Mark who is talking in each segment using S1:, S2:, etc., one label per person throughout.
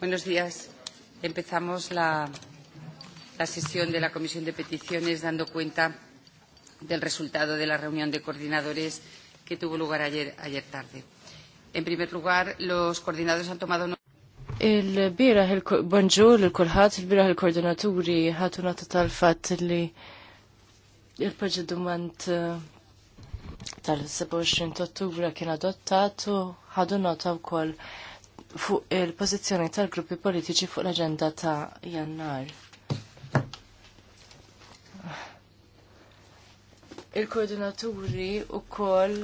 S1: Buenos días. Empezamos la, la sesión de la Comisión de Peticiones dando cuenta del resultado de la reunión de coordinadores que tuvo lugar ayer, ayer tarde. En primer lugar, los coordinadores han tomado
S2: Il-biraħ il-bonġur il-kulħat, il-biraħ il-koordinaturi ħatu nata tal-fat li il-proġedumant eh, tal-27 ottubra kien adottat u ħadu nata u koll fuq il-pożizzjoni tal-gruppi politiċi fuq l-aġenda ta' jannar. Il-koordinaturi u koll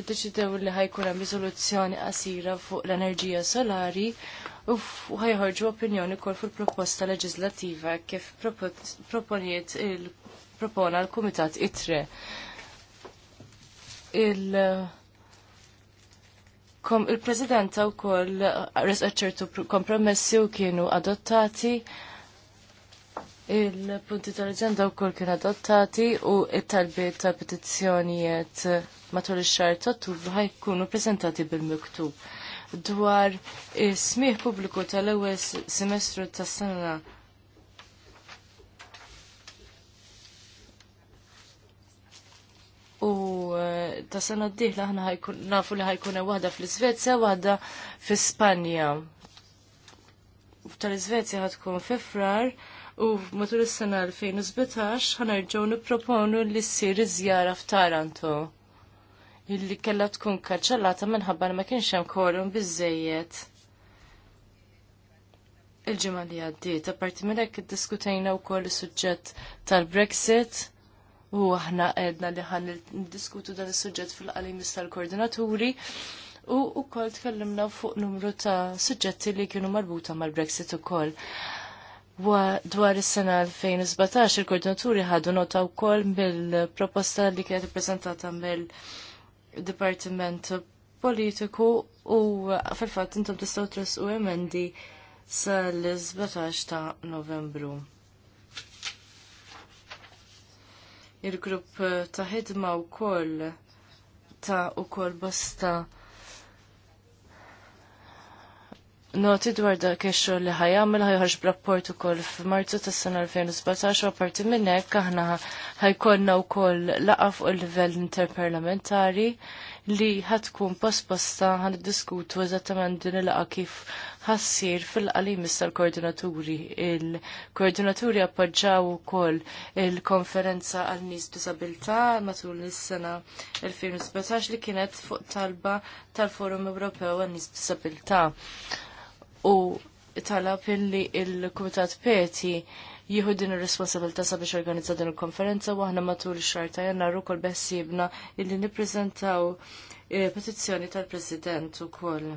S2: deċidew li ħajkun hemm riżoluzzjoni qasira fuq l-enerġija solari u ħajħorġu opinjoni wkoll fuq proposta leġislattiva kif proponiet il-propona l-Kumitat ITRE. Il- kom il-Presidenta u koll ċertu kompromessi u kienu adottati il-punti tal agenda u koll kienu adottati u il talbiet ta' petizzjonijiet matul ix xar ta' ottubru ħajkunu prezentati bil-miktub dwar is-smieħ pubbliku tal-ewwel semestru tas-sena u eh, ta' sena d-dihla ħna nafu li ħajkun waħda fl-Svezja, waħda fl-Spanja. Tal-Svezja ħatkun fi frar u matul is-sena 2017 ħanerġgħu nipproponu li ssir iżjara f'Taranto illi kella tkun kaċċellata minħabba ma kienx hemm korum biżejjed. Il-ġimgħa li għaddiet, apparti minn hekk iddiskutejna wkoll is-suġġett tal-Brexit u aħna għedna li ħan diskutu dan is-suġġett fil-qalim tal-koordinaturi. U ukoll tkellimna fuq numru ta' suġġetti li kienu marbuta mal-Brexit ukoll. Wa dwar is-sena 2017 il-koordinaturi ħadu nota wkoll mill-proposta li kienet ippreżentata mill-Dipartiment Politiku u fil-fatt intom tistgħu tresqu emendi sal-17 ta' Novembru. il-grupp ta' ħidma u koll ta' u koll bosta Noti dwar da kiexu li ħajamil ħajħarġ b'rapport u koll f'Marzu tas sena 2017 u parti minnek aħna ħajkonna u koll laqaf fuq il-livell interparlamentari li ħatkun pospasta ħan diskutu eżattament din il-laqa kif ħassir fil-qalim tal-koordinaturi. Il-koordinaturi appoġġaw ukoll il-konferenza għal nies b'disabilità matul is-sena 2017 li kienet fuq talba tal-Forum Ewropew għal nis b'disabilità. U talab illi il-Kumitat Peti jieħu din ir-responsabilità sabiex organizza din il-konferenza u aħna matul ix-xahar ta' jannar ukoll beħsiebna illi nippreżentaw eh, petizzjoni tal-President ukoll.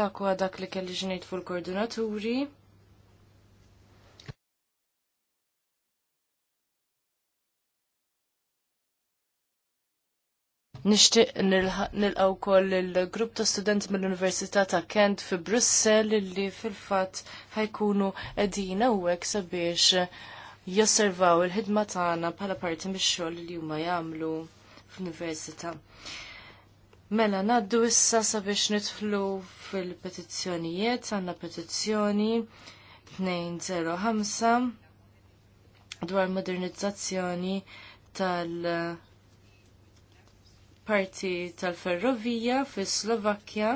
S2: Dak huwa dak li kelli ġnejt fuq il-koordinaturi. Nixtieq nilqgħu wkoll il-grupp ta' studenti mill-Università ta' Kent fi Brussell li fil fat ħajkunu qegħdin għek sabiex josservaw il-ħidma tagħna bħala parti mix-xogħol li huma jagħmlu fl-Università. Mela, naddu issa sabiex nidħlu fil-petizzjonijiet, għandna petizzjoni 205 dwar modernizzazzjoni tal- parti tal-ferrovija fi Slovakkja.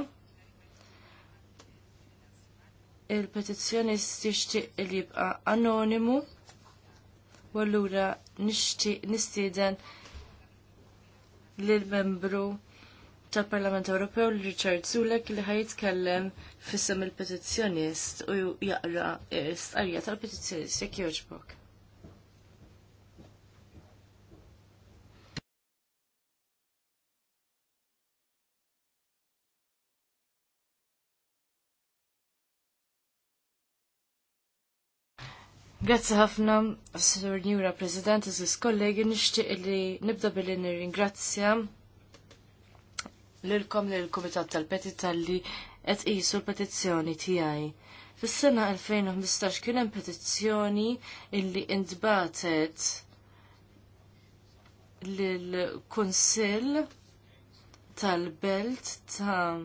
S2: Il-petizzjonist jixtieq li jibqa anonimu u allura nixtieq nistieden lill membru tal-Parlament Ewropew Richard Zulek li ħajtkellem fissem il-petizzjonist u jaqra stqarrija tal-petizzjonist jekk jogħġbok. Grazzi ħafna, Sur Njura President, Aziz kollegi, nixtieq li nibda billi nirringrazzja lilkom lill kumitat tal-Peti tal-li qed qisu l-petizzjoni tiegħi. Fis-sena 2015 kien hemm petizzjoni illi intbatet lill-Kunsill tal-Belt ta'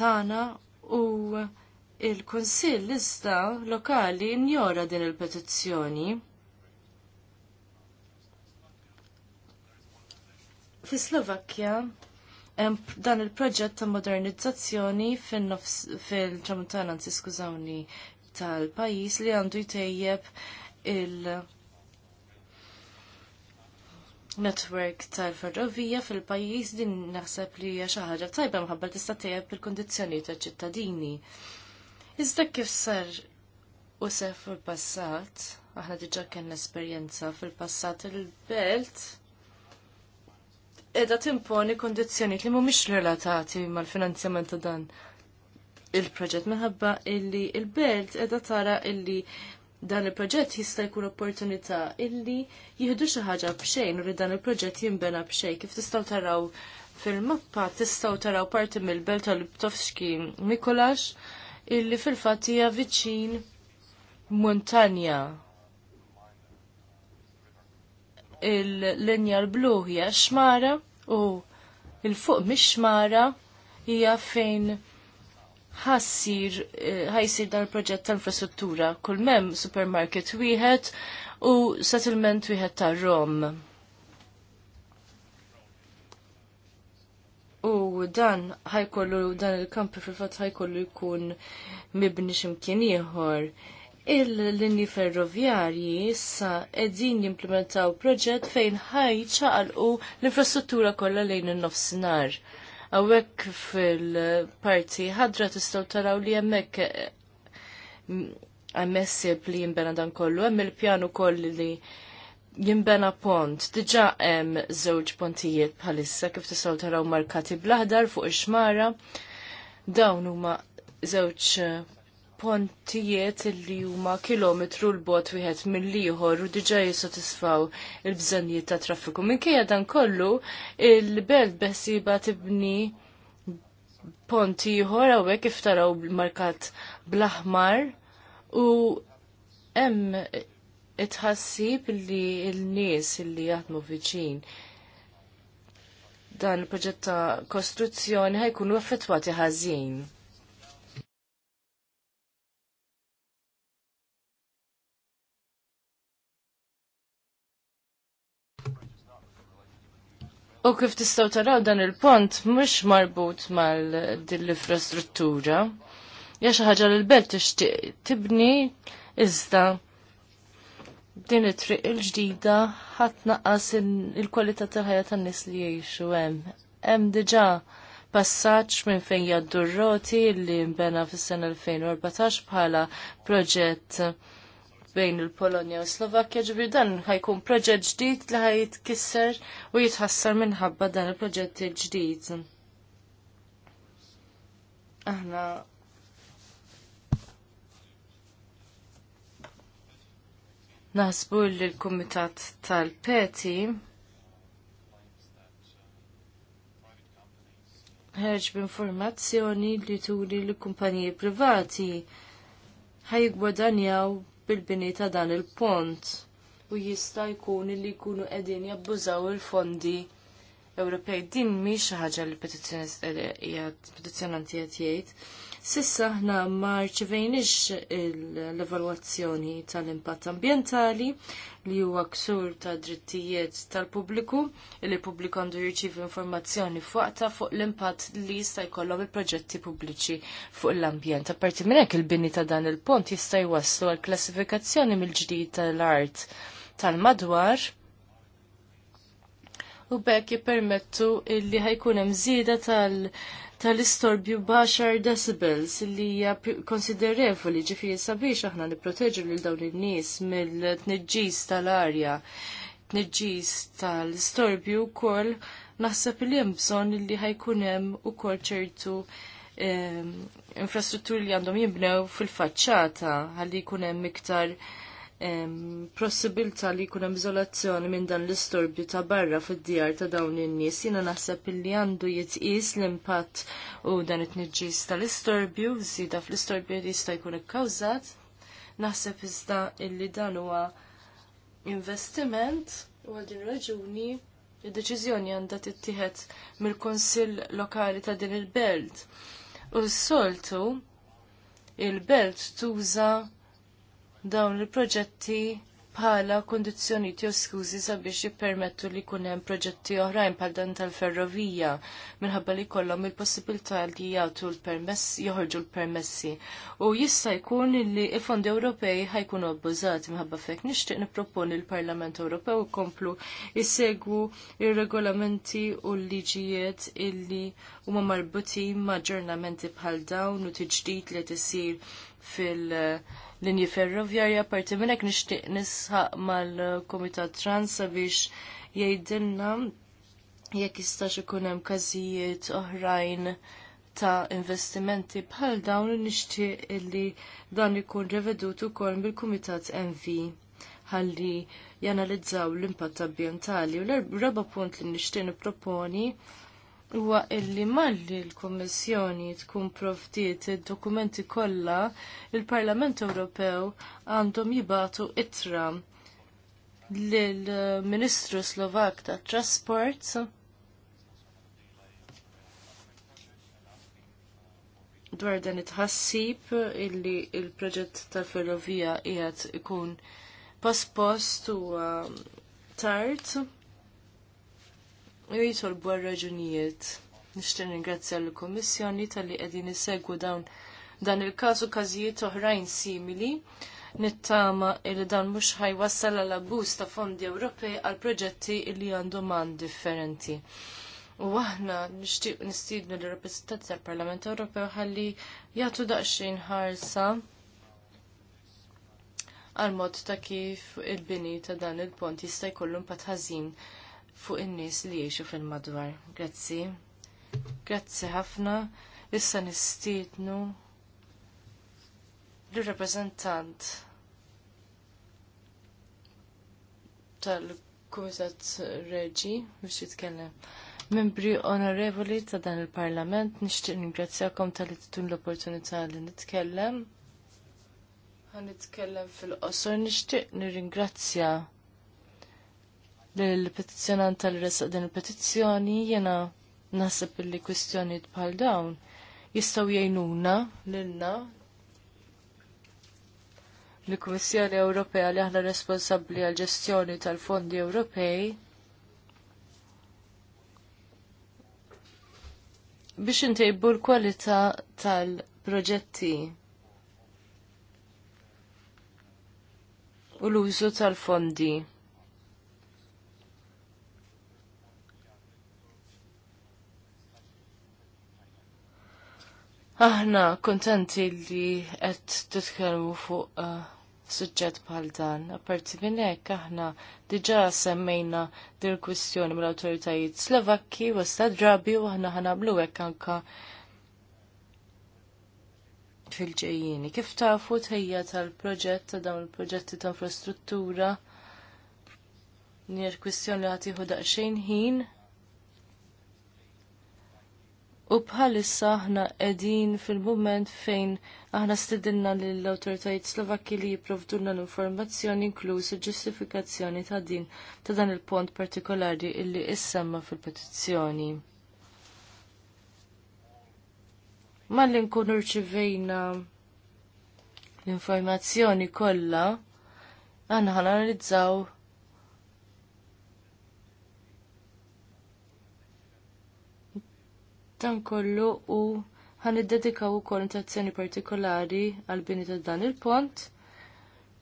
S2: tagħna u il-Kunsill iżda lokali injora din il-petizzjoni. Fi Slovakkja hemm dan il-proġett ta' modernizzazzjoni fil-tramuntana, anzi skużawni, tal-pajis li għandu jtejjeb il- network tal-ferrovija fil-pajjiż din naħseb li hija xi ħaġa tajba mħabba tista' tejjeb il-kundizzjoni tal-ċittadini. Iżda kif sar u sef fil-passat, aħna diġa kien esperjenza fil-passat il-belt, edha timponi kondizjoni li mumiex relatati mal-finanzjament ta' dan il-proġett minħabba illi il-belt edha tara illi dan il-proġett jista' jkun opportunità illi jieħdu xi ħaġa b'xejn u li dan il-proġett jinbena b'xejn kif tistgħu taraw fil-mappa tistgħu taraw parti mill-belt tal-Ptovski Mikolax illi fil-fatt hija viċin montanja. Il-linja l-blu hija xmara u il-fuq mix xmara hija fejn ħassir eh, ħajsir dan il-proġett tal infrastruttura kull mem supermarket wieħed u settlement wieħed ta' Rom. dan ħajkollu dan il-kampi fil-fatt ħajkollu jkun mibni ximkien ieħor. Il-linji ferroviarji issa qegħdin jimplementaw proġett fejn ħaj ċaqalqu l-infrastruttura kollha lejn in-nofsinhar. Hawnhekk fil-parti ħadra tistgħu taraw li hemmhekk għamessib eh, mm, li jimbena dan kollu, hemm il-pjanu kolli li jimbena pont. Diġa hemm żewġ pontijiet bħalissa kif tisaw taraw markati blaħdar fuq ixmara, Dawn huma żewġ eh, pontijiet li huma kilometru l bot wieħed mill-ieħor u diġa' jissatisfaw il-bżonnijiet ta' traffiku. Minkejja dan kollu il-belt beħsiba tibni ponti ieħor hawnhekk taraw markat blaħmar u hemm itħassib li il nies li jaħdmu viċin dan il-proġett ta' kostruzzjoni u effettwati ħażin. U kif tistaw taraw dan il-pont mhux marbut mal din l-infrastruttura. Ja xi ħaġa l-belt tixtieq tibni iżda din it-triq il-ġdida naqas il-kwalità tal-ħajja tan-nies li jgħixu hemm. Hemm diġà passaġġ minn fejn jgħaddu r-roti li nbena fis-sena 2014 bħala proġett bejn il-Polonja u Slovakkja ġbir dan ħajkun proġett ġdid li ħajtkisser u jitħassar minħabba dan il-proġett il-ġdid. Aħna Naħsbu li l-Kumitat tal-Peti ħerġ b'informazzjoni li turi li kumpaniji privati ħajgwadanjaw bil-bini ta' dan il-pont u jista' jkun li jkunu qegħdin jabbużaw il-fondi Ewropej. Din mhix xi ħaġa li eh, petizzjonanti qed jgħid Sissa ħna marċivejnix l-evalwazzjoni tal-impatt ambientali li huwa ksur ta' drittijiet tal-pubbliku li pubbliku għandu jirċiv informazzjoni ta' fuq l-impatt li jista' jkollhom il-proġetti pubbliċi fuq l-ambjent. Apparti minn hekk il-bini ta' dan il-pont jista' jwasslu għal klassifikazzjoni mill-ġdid tal-art tal-madwar u bekk jippermettu illi ħajkun hemm żieda tal-, -tal tal-istorbju baxar decibels li hija konsiderevoli ġifieri sabiex aħna nipproteġu lil dawn in-nies mill-tniġġis tal-arja, tniġġis tal-istorbju wkoll naħseb li hemm bżonn li ħajkun hemm ukoll ċertu infrastrutturi li għandhom jibnew fil-faċċata għalli jkun hemm iktar possibilità li jkun hemm iżolazzjoni minn dan l-istorbju ta' barra fid-djar ta' dawn in-nies. Jiena naħseb li għandu jitqis l-impatt u dan it-tniġġis tal-istorbju, żida fl-istorbju jista' jkun ikkawżat. Naħseb iżda illi dan huwa investiment u għal din raġuni id-deċiżjoni għandha tittieħed mill-Kunsill Lokali ta' din il-belt. U s-soltu il-belt tuża dawn il-proġetti bħala kondizjoni jew skużi sabiex jippermettu li jkun hemm proġetti oħrajn bħal dan tal-ferrovija minħabba li jkollhom il-possibilità li jagħtu l-permess joħorġu l-permessi. U jista' jkun li l-fondi Ewropej ħajkunu abbużati minħabba fek nixtieq nipproponi l-Parlament Ewropew ikomplu jsegwu ir-regolamenti u l-liġijiet illi huma marbutin ma' ġurnamenti bħal dawn u tiġdid li tisir fil- linji ferroviarja parti minnek nishtiq nisħaq mal-Komitat Trans biex jgħidilna jekk jistax ikun hemm każijiet oħrajn ta' investimenti bħal dawn nixtieq illi dan ikun revedut ukoll mill-Kumitat MV ħalli janalizzaw l-impatt ambjentali u l-raba punt li nixtieq nipproponi huwa illi malli l-Kommissjoni tkun provdiet id-dokumenti kollha, il-Parlament Ewropew għandhom jibatu itra lill-Ministru Slovak tat Trasport dwar dan it-ħassib illi il-proġett tal-ferrovija qiegħed ikun postpost u tard u jitolbu għal-raġunijiet. Nishtin ringrazzja l-Komissjoni tal-li għedin isegwu dawn dan il-kazu kazijiet oħrajn simili nittama li dan mhux ħajwassal għal abbuż ta' fondi Ewropej għal proġetti li għandhom man differenti. U aħna nixtieq nistiednu l rappresentanti tal-Parlament Ewropew għalli jagħtu daqsxejn ħarsa għal mod ta' kif il-bini ta' dan il-pont jista' jkollu ħażin fuq in-nies li jgħixu fil-madwar. Grazzi. Grazzi ħafna. Issa nistietnu. l reprezentant tal-Kumitat Reġi biex jitkellem. Membri onorevoli ta' dan il-Parlament, nixtieq ningrazzjakom tal-li titun l-opportunità li nitkellem. Għan nitkellem fil-qosor, nixtieq nirringrazzja l-petizjonant tal resa din il-petizjoni jena nasib li kwistjoni bħal dawn jistaw jajnuna l-inna l-Kummissjoni Ewropea li aħna responsabbli għal ġestjoni tal-fondi Ewropej biex intejbu l-kwalità tal-proġetti u l-użu tal-fondi. Aħna kontenti li qed titkellmu fuq eh, suġġett bħal dan. Apparti minn hekk aħna diġà semmejna din kwistjoni mill-awtoritajiet Slovakki u drabi u aħna ħanablu hekk anke fil-ġejjini. Kif tafu tħejja tal-proġett ta' dawn il-proġetti ta' infrastruttura? Nier kwistjoni li ħatiħu daqsxejn ħin U bħalissa aħna edin fil-moment fejn aħna stedinna l-autoritajiet Slovakki li jiprovdulna l-informazzjoni inkluż il-ġustifikazzjoni ta' din ta' dan il-pont partikolari illi issemma fil-petizzjoni. Malli nkunu rċivejna l-informazzjoni kollha, aħna analizzaw dan kollu u għan id u ukoll intazzjoni partikolari għal bini ta' dan il-pont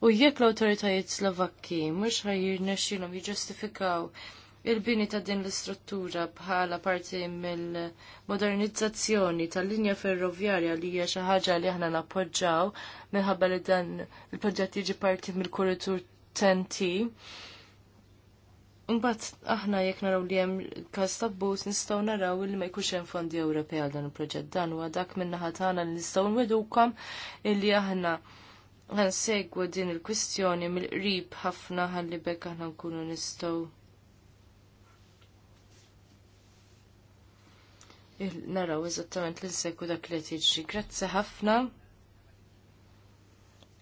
S2: u jekk l-autoritajiet Slovakki mhux ħajjir nesċilom jiġġustifikaw il-bini ta' din l-istruttura bħala parti mill-modernizzazzjoni tal-linja ferroviarja li hija xi ħaġa li aħna nappoġġaw minħabba li dan il-proġett jiġi parti mill-kuritur tenti. Mbatt, aħna jekk naraw li hemm każ tabbuż nistgħu naraw li ma jkunx hemm fondi Ewropej għal dan il-proġett dan huwa dak min-naħa tagħna li nistgħu nwedukom illi aħna segwa din il-kwistjoni mill-qrib ħafna ħalli bekk aħna nkunu nistgħu naraw eżattament li nsegwu dak li qed jiġri. Grazzi ħafna.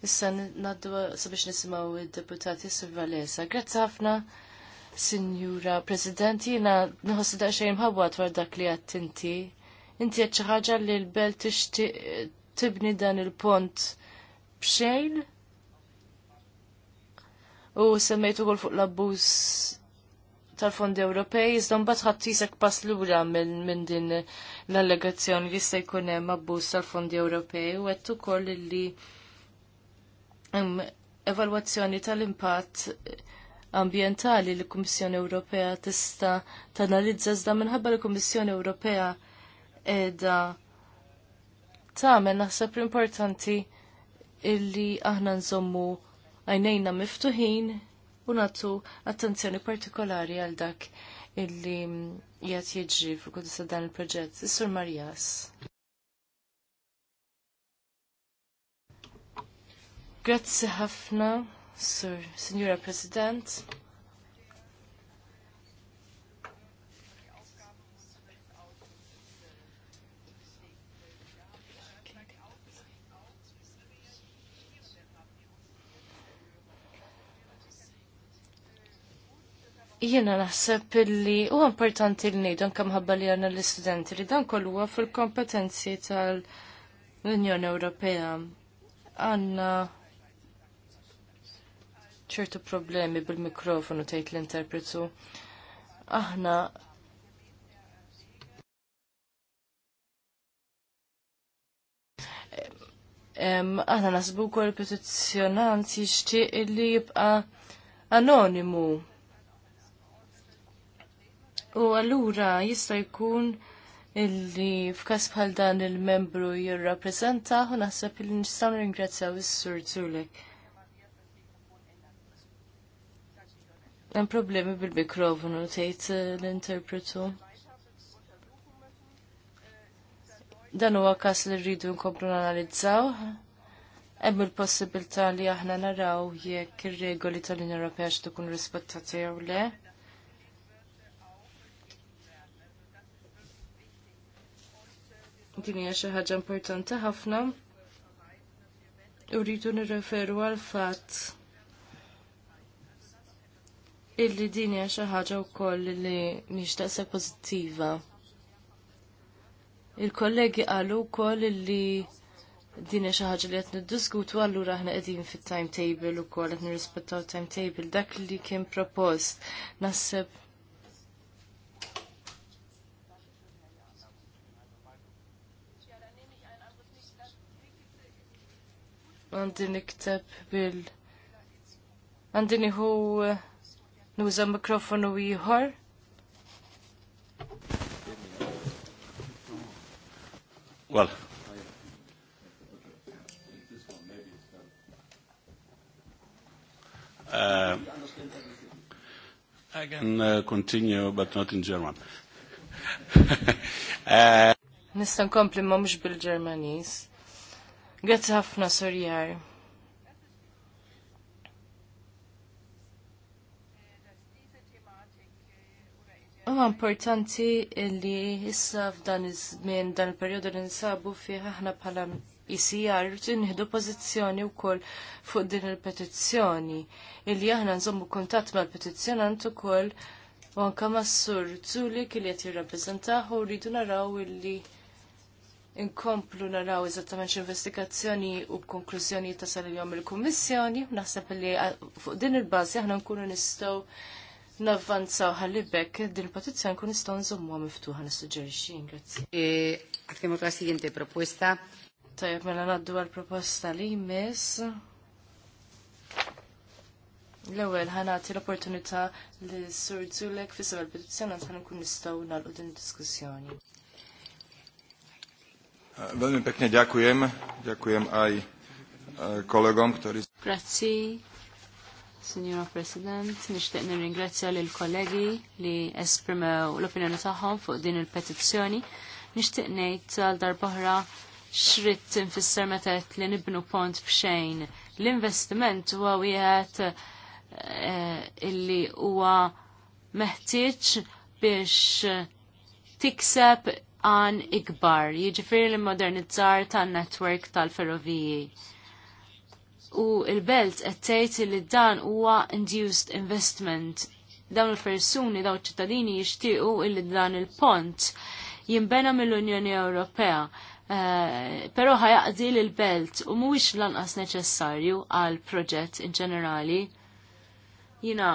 S2: Issa naddu sabiex nisimgħu id-deputati Sirvalesa. Grazzi ħafna. Sinjura President, jina nħossu daqxajn mħabwa dwar dak li għattinti. Inti għed ħaġa li l-belt tibni dan il-pont b'xejn. U semmejtu għol fuq l-abbuż tal-fondi Ewropej, iżdom bat pas pass lura minn din l-allegazzjoni li se jkun hemm abbuż tal-fondi Ewropej u għettu ukoll li mm, evalwazzjoni tal-impatt ambientali li l-Kummissjoni Ewropea tista' tanalizza iżda minħabba li l-Kummissjoni Ewropea qiegħda tagħmel naħseb importanti illi aħna nżommu għajnejna miftuħin u nagħtu attenzjoni partikolari għal dak illi jgħat jiġri fuq dan il-proġett. Is-Sur Marjas. Grazzi ħafna. Sur, Signora President. Jiena naħseb li u importanti li nejdu anke mħabba li għandna l-istudenti li dan kollu huwa fil-kompetenzi tal-Unjoni Ewropea. Għandna ċertu problemi bil-mikrofonu tgħid l-interpretu. Aħna aħna nasbu kol petizjonant jixtieq illi jibqa anonimu. U allura jista' jkun illi f'każ bħal dan il-membru jirrappreżenta u naħseb illi nistgħu ringrazzjaw is-Sur Zulek. Hemm problemi bil-mikrofonu tgħid eh, l-interpretu. Dan huwa każ li rridu nkomplu nanalizzaw. Hemm il-possibilità li aħna naraw jekk ir-regoli tal-Unjoni Ewropea x'tkun rispettati jew le. Din hija xi ħaġa importanti ħafna. U rridu nirreferu għal fatt illi dini xi ħaġa wkoll li nixtaq se pożittiva. Il-kollegi qalu wkoll illi din hija xi ħaġa li qed niddiskutu allura aħna qegħdin fit-timetable ukoll qed nirrispettaw timetable dak li kien propost. Naħseb għandi nikteb bil għandi niħu uh, Nuża mikrofonu ieħor.
S1: Well, Uh, I can uh, continue, but not in German. Uh,
S2: Nistan kompli ma mux bil-Germanis. Grazie ħafna, Sorjar. Huwa importanti li issa f'dan iż-żmien dan il-perjodu li nsabu fih aħna bħala ICR e tinħdu pożizzjoni wkoll fuq din il-petizzjoni illi aħna nżommu kuntatt mal-petizzjonant ukoll u anke mas-sur Zuli kien qed jirrappreżentaw u rridu naraw illi inkomplu naraw eżattament investigazzjoni u konklużjoni ta' sal-jom il-Kummissjoni, naħseb li uh, fuq din il-bażi aħna nkunu nistgħu navvanza ħallibek din il-petizzja nkun nistgħu nżommuha miftuħa nissuġġerixxi. Grazzi. Għatkemmu e, la siguiente proposta. Tajjeb mela ngħaddu għall-proposta li jmiss. L-ewwel ħa nagħti l-opportunità li Sur Zulek fi sebel petizzjoni għandha nkun nistgħu nagħlqu din id-diskussjoni. Veľmi pekne ďakujem. Ďakujem aj e, kolegom, ktorí...
S3: Grazie Signora President, nishtiq nirringrazzja lil kollegi li esprimew l-opinjoni tagħhom fuq din il-petizzjoni. Nixtieq ngħid għal darb'oħra xrid tinfisser meta qed li nibnu pont b'xejn. L-investiment huwa wieħed eh, illi huwa meħtieġ biex tikseb għan ikbar, jiġifieri l-modernizzar tan-netwerk tal-ferroviji u il-belt qed tgħid li dan huwa induced investment. Dawn il-persuni, dawn iċ-ċittadini jixtiequ illi dan il-pont jimbena mill-Unjoni Ewropea. Uh, eh, pero ħajaqdi l-belt u mhuwiex lanqas neċessarju għal proġett in ġenerali. Jina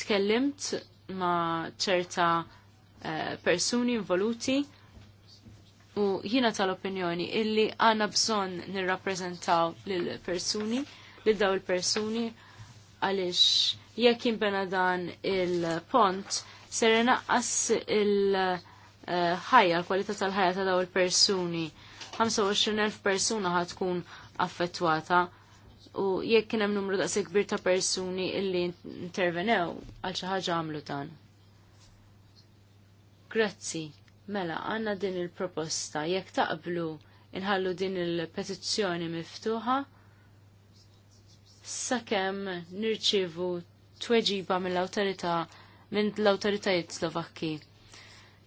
S3: tkellimt ma ċerta uh, persuni involuti U jiena tal-opinjoni illi għanna bżon nirrappreżentaw l persuni lil daw il-persuni, għalix jekk jimbena dan il-pont, ser naqqas il-ħajja, l-kwalità tal-ħajja ta' daw il-persuni. 25.000 persuna ħatkun affettwata u jekk kien hemm numru daqs kbir ta' persuni illi intervenew għal xi ħaġa għamlu dan. Grazzi. Mela, għanna din il-proposta, jekk taqblu inħallu din il-petizzjoni miftuħa, sakemm nirċivu tweġiba mill awtorità minn l awtoritajiet Slovakki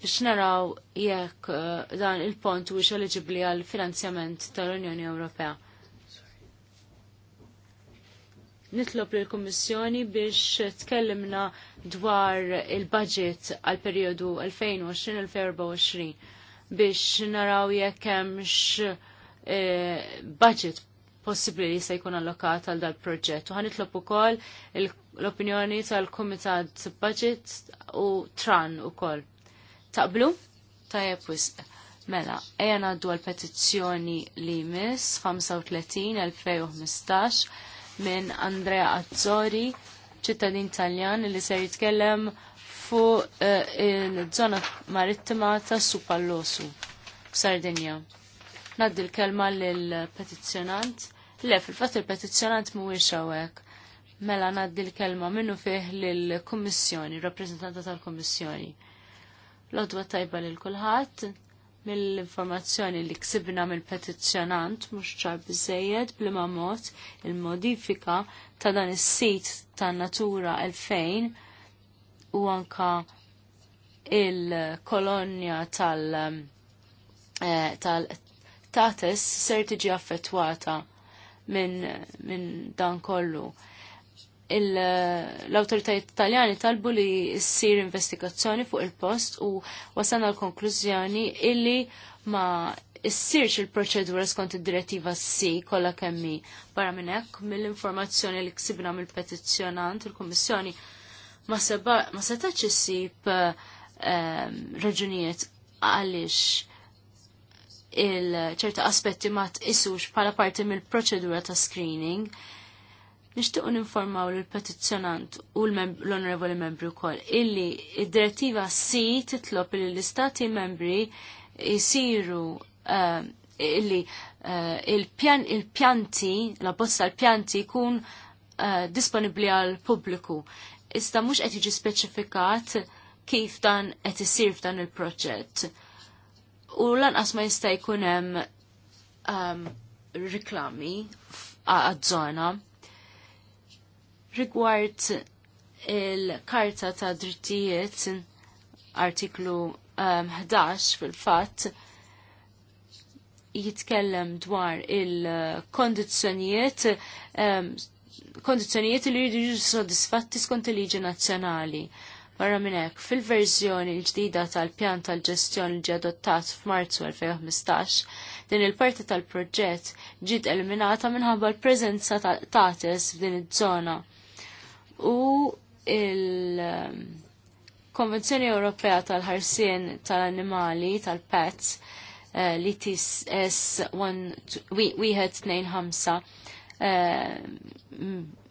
S3: biex naraw jekk eh, dan il-pont huwiex eliġibbli għal finanzjament tal-Unjoni Ewropea. nitlob lill kummissjoni biex tkellimna dwar il-budget għal periodu 2020-2024 biex naraw jekk hemmx budget possibbli li se jkun allokat għal dal-proġett. U ħanitlob ukoll l-opinjoni tal-Kumitat Budget u Tran ukoll. Taqblu? Tajjeb wisq. Mela, ejja naddu għal petizzjoni li mis 35-2015 minn Andrea Azzori, ċittadin Taljan li ser jitkellem fuq eh, il-żona marittima ta' Supallosu f'Sardinja. Naddi l-kelma lill-petizzjonant. Le, fil-fatt il-petizzjonant mhuwiex hawnhekk. Mela naddi l-kelma minnu fih lill-Kummissjoni, rappreżentanta tal-Kummissjoni. odwa tajba lil kulħadd, mill-informazzjoni li ksibna mill-petizzjonant mhux ċar biżejjed bliema mod il-modifika ta' dan is-sit ta' Natura 2000 u anka il-kolonja tal- eh, tal tates ser tiġi affettwata minn min dan kollu l-autoritajiet italjani talbu li ssir investigazzjoni fuq il-post u wasana l-konklużjoni illi ma s-sirx il-proċedura skont id-direttiva C kollha kemmi. Barra minn hekk mill-informazzjoni li ksibna mill-petizzjonant il-Kummissjoni ma setax issib ehm, raġunijiet għaliex il-ċerta aspetti ma tqisux bħala parti mill-proċedura ta' screening Nixtiequ ninformaw lill petizzjonant u l-onorevoli membri wkoll illi id-direttiva si titlob li l-istati membri jisiru eh, illi eh, il-pjanti, la bozza l-pjanti kun eh, disponibli għal pubbliku. Iżda mhux qed jiġi speċifikat kif dan qed isir f'dan il-proġett. U lanqas ma jista' jkun hemm ehm, riklami għad-żona rigward il-Karta ta' Drittijiet artiklu um, 11 fil-fatt jitkellem dwar il-kondizzjonijiet um, li jridu jiġu sodisfatti skont il-liġi nazzjonali. Barra minn hekk, fil-verżjoni l-ġdida tal-pjan tal-ġestjoni ġi adottat f'Marzu 2015, din il-parti tal-proġett ġiet eliminata minħabba l-preżenza ta' tates f'din iż-żona u il-Konvenzjoni Ewropea tal-ħarsien tal-animali tal-pets eh, li uh, wieħed tnejn 1225 eh,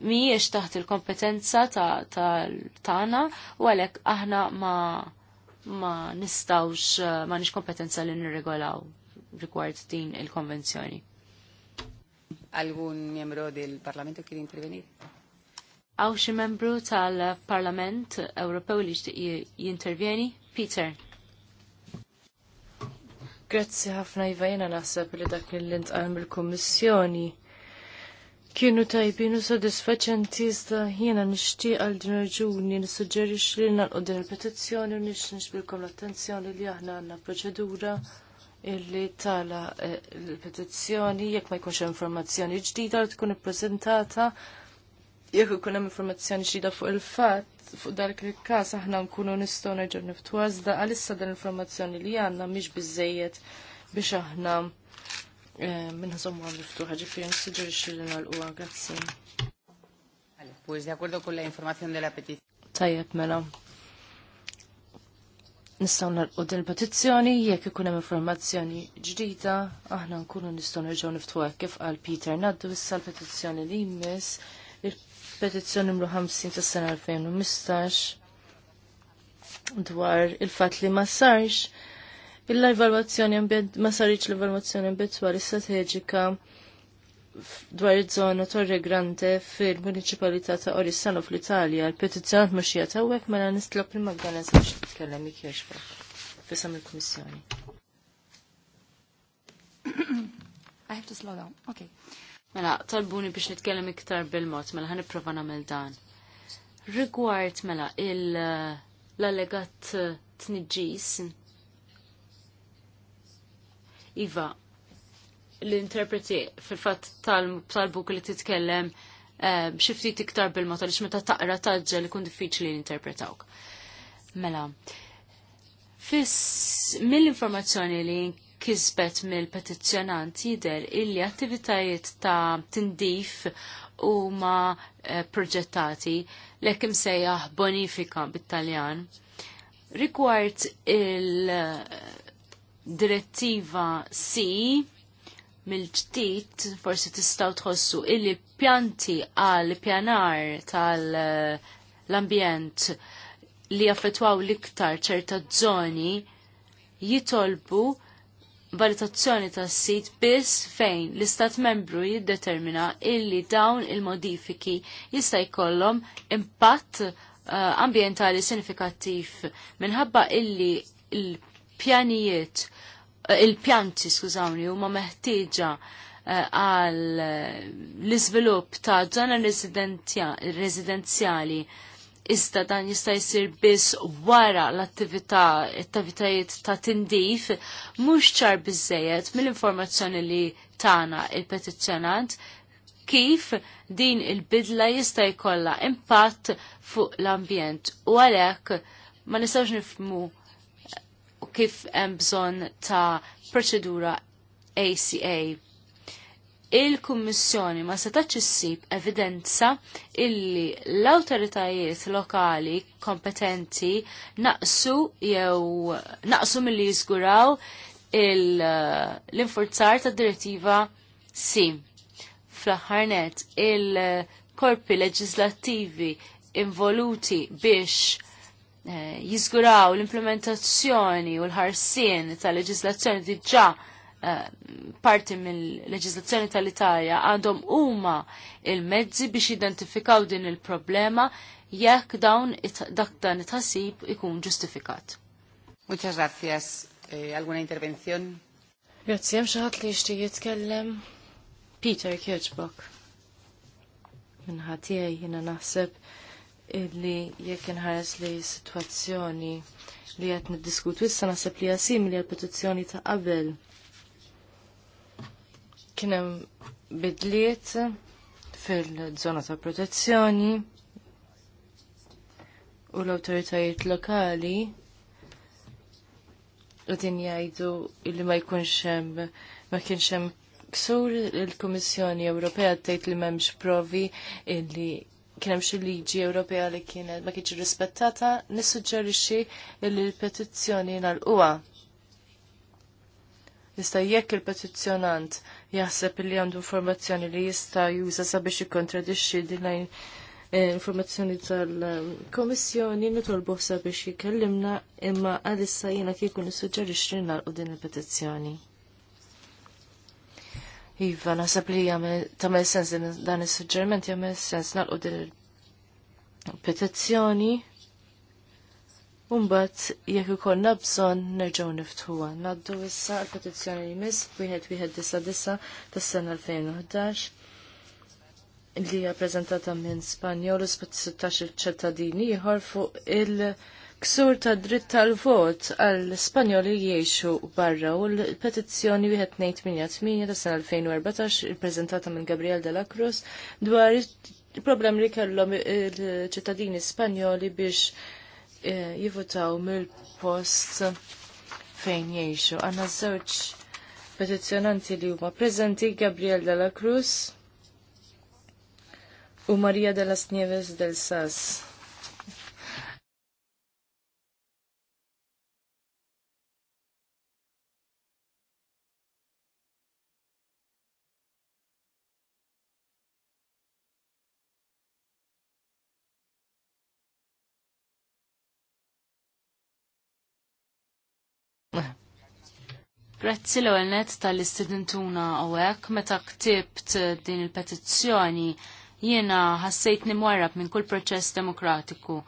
S3: mhijiex taħt il-kompetenza tagħna u għalhekk aħna ma ma nistawx eh, ma nix kompetenza li nirregolaw rigward din il-konvenzjoni.
S1: Algun membro del Parlamento kien intervenir?
S3: Għaw xi membru tal-Parlament Ewropew li jixtieq jintervjeni? Peter.
S2: Grazzi ħafna Iva naħseb li dak li ntqal mill-Kummissjoni kienu tajbin u sodisfaċenti iżda jiena nixtieq għal din raġuni nissuġġerix li nalqu din il-petizzjoni u nix bilkom l-attenzjoni li aħna għandna proċedura illi tala eh, l-petizzjoni jekk ma jkunx informazzjoni ġdida li tkun ippreżentata jekk ikun hemm informazzjoni ġdida fuq il-fatt fuq dak il-każ aħna nkunu nistgħu nerġgħu niftu għażda għalissa dan l-informazzjoni li għandna mhix biżejjed biex aħna eh, minn ħażhom
S1: għal miftuħa ġifieri nissuġġerixxi li nagħlquha grazzi. Pues de acuerdo con la información de la petición.
S2: Tajjeb mela. Nistgħu narqu din il-petizzjoni jekk ikun hemm informazzjoni ġdida aħna nkunu nistgħu nerġgħu niftuha kif qal Peter Naddu issa l-petizzjoni li jmiss petizzjoni numru 50 tas sena 2015 dwar il-fat li ma sarx il-evalwazzjoni ma sarx l-evalwazzjoni ambedwari strateġika dwar iż-żona Torre Grande fil-Municipalità ta' Orissano fl-Italja. Il-petizzjoni mhux ta' hekk mela nitlob il-Magdalena biex titkellem jikjexfa fisam il-Kummissjoni.
S1: I have to slow down. Okay.
S3: Mela, talbuni biex nitkellem iktar bil-mod, mela ħan nipprova nagħmel dan. Rigward mela il uh, l-allegat uh, t-nġis. Iva, l-interpreti fil-fatt tal-buk li titkellem uh, xi ftit iktar bil-mod għaliex meta taqra li ikun diffiċli l-interpretawk. Mela, fis mill-informazzjoni li kisbet mill-petizzjonant jider illi attivitajiet ta' tindif u ma eh, proġettati l-ekim sejjaħ bonifika bit-Taljan. Rigward il-direttiva eh, C mill ġtit forsi tistaw tħossu illi pjanti għal pjanar tal-ambjent eh, li jaffetwaw l-iktar ċerta zoni jitolbu valutazzjoni tas sit biss fejn l-istat membru jiddetermina illi dawn il-modifiki jista' jkollhom impatt uh, ambientali sinifikattiv minħabba illi l pjanijiet eh, il-pjanti skużawni huma meħtieġa eh, għal l-iżvilupp ta' żona residenzjali iżda dan jista' jsir biss wara l-attività attivitajiet ta' tindif mhux ċar biżejjed mill-informazzjoni li tana il-petizzjonant kif din il-bidla jista' jkollha impatt fuq l-ambjent u għalhekk ma nistgħux nifhmu kif hemm bżonn ta' proċedura ACA il-Kummissjoni ma setax issib evidenza illi l-awtoritajiet lokali kompetenti naqsu jew naqsu milli jiżguraw l-infurzar ta' direttiva sim. Fl-ħarnet il-korpi leġislattivi involuti biex eh, jizguraw l-implementazzjoni u l-ħarsien ta' leġislazzjoni diġa Eh, parti mill-leġizlazzjoni tal-Italja għandhom huma il-mezzi biex identifikaw din il-problema jekk dawn dak dan it-ħassib ikun ġustifikat. Muchas gracias.
S1: Eh, alguna intervención?
S2: Grazie, hemm xi ħadd li jixtieq jitkellem. Peter Kirchbock. Minħat tiegħi jiena naħseb illi jekk inħares li sitwazzjoni li qed niddiskutu issa naħseb li simili għall petizzjoni ta' qabel Kienem bidliet fil-zona ta' protezzjoni u l-autoritajiet lokali u din jgħidu li ma jkunx hemm ma kienx hemm ksur il-Kummissjoni Ewropea tgħid li m'hemmx provi illi kien hemm xi liġi Ewropea li kienet ma kienx rispettata, nissuġġerixxi li l-petizzjoni nagħlquha. Iżda jekk il-petizzjonant jaħseb li għandu informazzjoni li jista' juża sabiex jikkontradixxi din eh, informazzjoni tal-Komissjoni nitolbu sabiex jikellimna imma għalissa jiena kieku nissuġġerixxi nagħlqu din il-petizzjoni. Iva, naħseb li tagħmel sens dan is suġġerimenti jagħmel sens nagħlqu din il-petizzjoni. Umbat, jekk ikollna bżonn nerġgħu niftuwa. Naddu issa l-petizzjoni li mis, wieħed wieħed disa disa tas-sena 2011 li hija minn Spanjolu u 16 ċittadini ieħor fuq il-ksur ta' dritt tal-vot għal Spanjoli li jgħixu barra u l-petizzjoni wieħed ngħid 88 tas-sena 2014 il-prezentata minn Gabriel de la Cruz dwar il-problem li kellhom il-ċittadini Spanjoli biex Eh, jivutaw mill-post fejn jiexu. Għanna żewġ petizjonanti li huma preżenti Gabriel Della Cruz u Maria las Snieves del Sas.
S3: Grazzi l ewwel net tal-istudentuna għawek, meta ktibt din il-petizzjoni jiena ħassejt nimwarrab minn kull proċess demokratiku.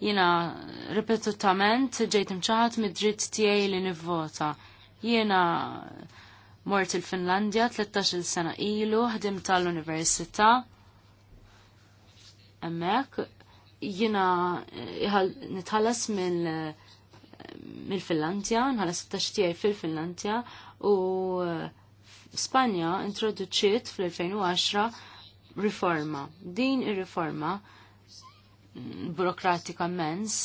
S3: Jiena ripetutament ġejt imċaħat mid-dritt tiegħi li nivvota. Jiena mort il-Finlandja 13 sena ilu, ħdim tal-università. Emmek, jiena nitħallas mill mill-Finlandja, nħala 16 tijaj fil-Finlandja u eh, Spanja introduċiet fl-2010 riforma. Din ir-riforma mm, burokratika mens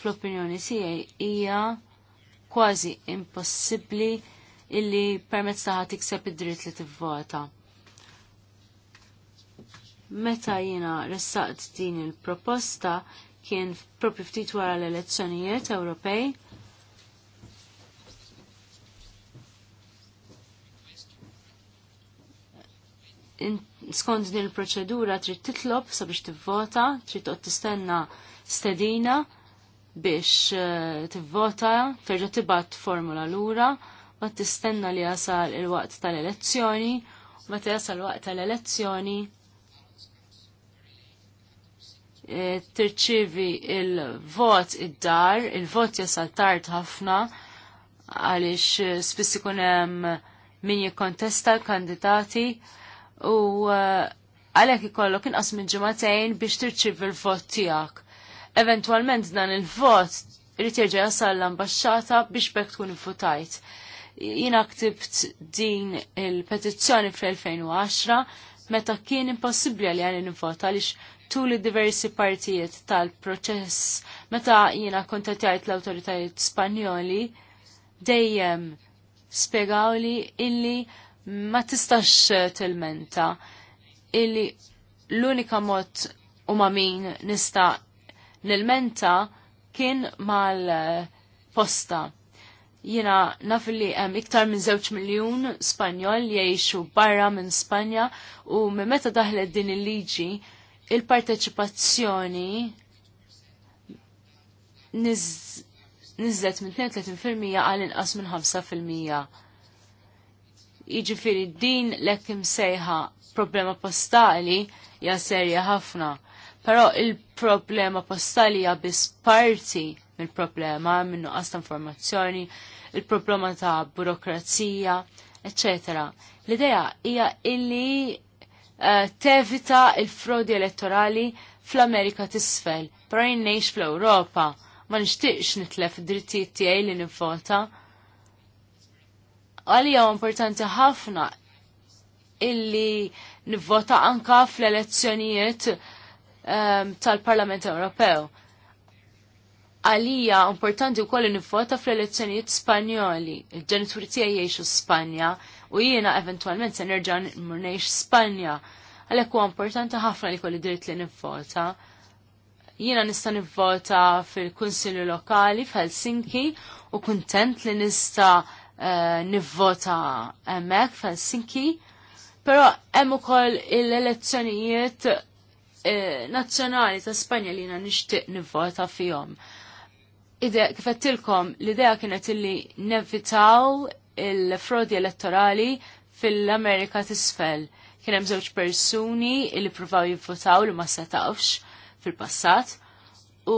S3: fl-opinjoni tiegħi hija kważi impossibbli illi permezz taħat tikseb id-dritt li tivvota meta jina ressaqt din il-proposta, kien propri ftit wara l-elezzjonijiet Ewropej. skont din il-proċedura trid titlob sabiex tivvota, trid toqgħod tistenna stedina biex eh, tivvota, terġa' tibgħat formula lura, ma tistenna li jasal il-waqt tal-elezzjoni, ma jasal waqt tal-elezzjoni Eh, tirċivi il-vot id-dar, il-vot jasal tard ħafna għaliex eh, spiss ikun hemm min jikkontesta l-kandidati u eh, għalhekk ikollok inqas minn ġimagħtejn biex tirċivi l-vot tiegħek. Eventwalment dan il-vot irid jerġa' jasal l ambasċata biex bekk tkun votajt. Jiena ktibt din il-petizzjoni fl-2010 meta kien impossibbli għalli n-vota għaliex tul diversi partijiet tal-proċess. Meta jiena kontattajt l-autoritajiet Spanjoli, dejjem li illi ma tistax tilmenta illi l-unika mod u ma min nista nilmenta kien mal-posta jina naf li hemm iktar minn żewġ miljun Spanjol jgħixu barra minn Spanja u minn meta daħlet din il-liġi il-parteċipazzjoni nizzet minn 32% għal inqas minn 5%. Jiġifieri din lekk imsejħa problema postali hija serja ħafna. Però il-problema postali hija biss parti mill-problema minn nuqqas ta' informazzjoni, il-problema ta' burokrazija, eccetera. L-idea hija illi Eh, tevita il-frodi elettorali fl-Amerika tisfel. Pra jinnejx fl-Europa, ma nixtieqx nitlef drittijiet tiegħi li nivvota. Għalija importanti ħafna illi nivvota anka fl-elezzjonijiet um, tal-Parlament Ewropew. Għalija importanti u koll nivvota fl-elezzjonijiet Spanjoli. Il-ġenituri tiegħi jgħixu Spanja, u jiena eventualment se nerġa' murnejx Spanja. Għalhekk huwa importanti ħafna li kolli dritt li nivvota. Jiena nista' nivvota fil-Kunsilju Lokali f'Helsinki u kuntent li nista' eh, nivvota hemmhekk f'Helsinki. Però hemm ukoll l-elezzjonijiet eh, nazzjonali ta' Spanja li jiena nixtieq nivvota fihom idea, kifettilkom, l-idea kienet illi nevitaw il-frodi elettorali fil-Amerika tisfel. Kien hemm żewġ persuni li provaw jivvotaw li ma setawx fil-passat u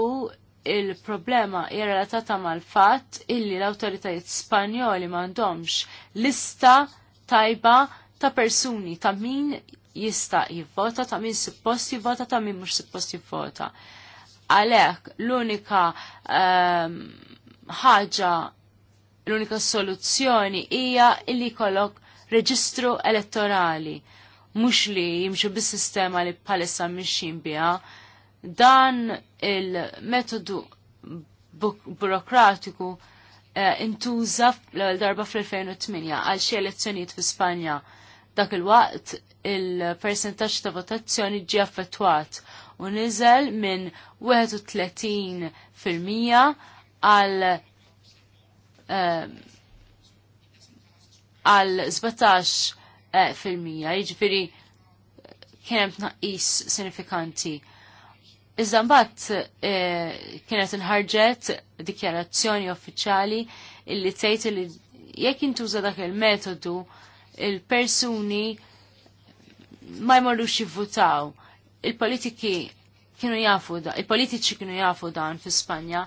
S3: il-problema hija relatata mal-fatt illi l-awtoritajiet Spanjoli m'għandhomx lista tajba ta' persuni ta' min jista' jivvota, ta' min suppost jivvota, ta' min mhux suppost jivvota. Għalhekk l-unika ehm, ħaġa l-unika soluzzjoni hija li jkollok reġistru elettorali, mhux li jimxu bis-sistema li bħalissa mxin biha. Dan il-metodu burokratiku eh, intuża l-ewwel darba fl-2008 għal xi elezzjonijiet fi Spanja. Dak il-waqt il-persentaġġ ta' votazzjoni ġie affettwat u niżel minn 31% għal Um, għal 17 eh, fil-mija, jiġifieri kien hemm tnaqqis sinifikanti. Iżda mbagħad eh, kienet nħarġet dikjarazzjoni uffiċjali illi tgħid li jekk intuża dak il-metodu il-persuni ma jmorrux jivvutaw. Il-politiki kienu jafu da, il-politiċi kienu jafu dan fi Spanja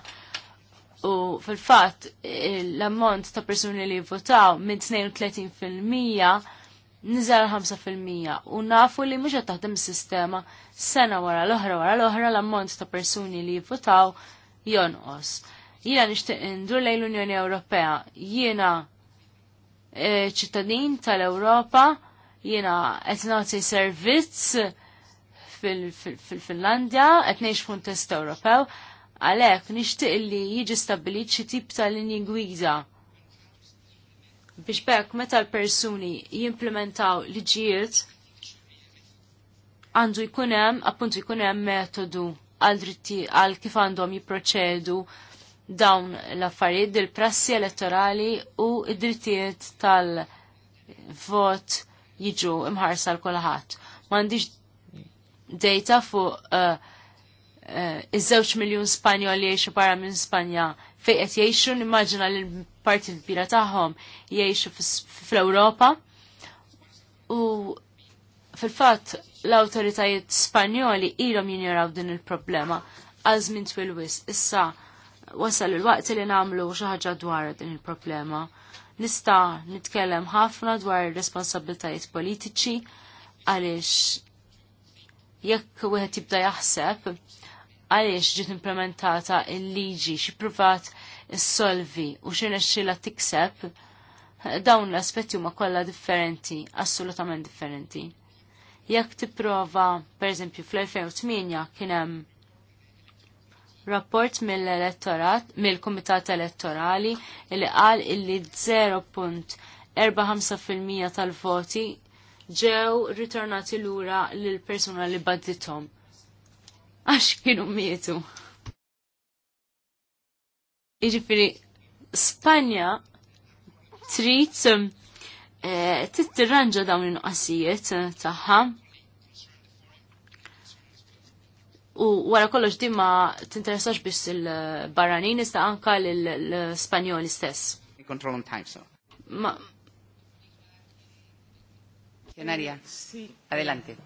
S3: U fil-fatt l-ammont ta' persuni li votaw minn 32% nizal 5% u nafu li mhux qed taħdem sistema sena wara l-oħra wara l-oħra l-ammont ta' persuni li votaw jonqos. Jiena nixtieq indur lejn l-Unjoni Ewropea. Jiena eh, ċittadin tal-Ewropa, jiena qed nagħti servizz fil-Finlandja, qed ngħix test Ewropew, Għalhekk nixtieq li jiġi stabilit xi tip ta' linji gwiza biex bekk meta l-persuni jimplementaw liġijiet għandu jkun hemm appuntu jkun hemm metodu għal dritti għal kif għandhom jipproċedu dawn l-affarijiet il-prassi elettorali u id-drittijiet tal-vot jiġu imħarsa l kulħadd. M'għandix data fuq uh, Eh, iż-żewġ miljun Spanjoli jgħixu barra minn Spanja fej qed jgħixu nimmaġina li l-parti kbira tagħhom jgħixu fl-Ewropa u fil-fatt l-awtoritajiet Spanjoli ilhom jinjaraw din il-problema għal minn twil wis issa wasal il-waqt li nagħmlu xi ħaġa dwar din il-problema. Nista' nitkellem ħafna dwar ir politiċi għaliex jekk wieħed jibda jaħseb għaliex ġiet implementata il-liġi xi privat issolvi u xi xila tikseb dawn l-aspetti huma kollha differenti, assolutament differenti. Jekk tipprova, pereżempju fl-2008 kien hemm rapport mill-elettorat, mill-Kumitat Elettorali li qal illi 0.45% tal-voti ġew ritornati lura lill persuna li badditom għax kienu mietu. Iġifiri, Spanja trid eh, tittirranġa dawn il-nuqqasijiet eh, tagħha. U wara kollox din ma tinteressax biex il-barranin iżda anka l-Spanjoli
S1: stess. Kontrollum time so. Ma. Adelante.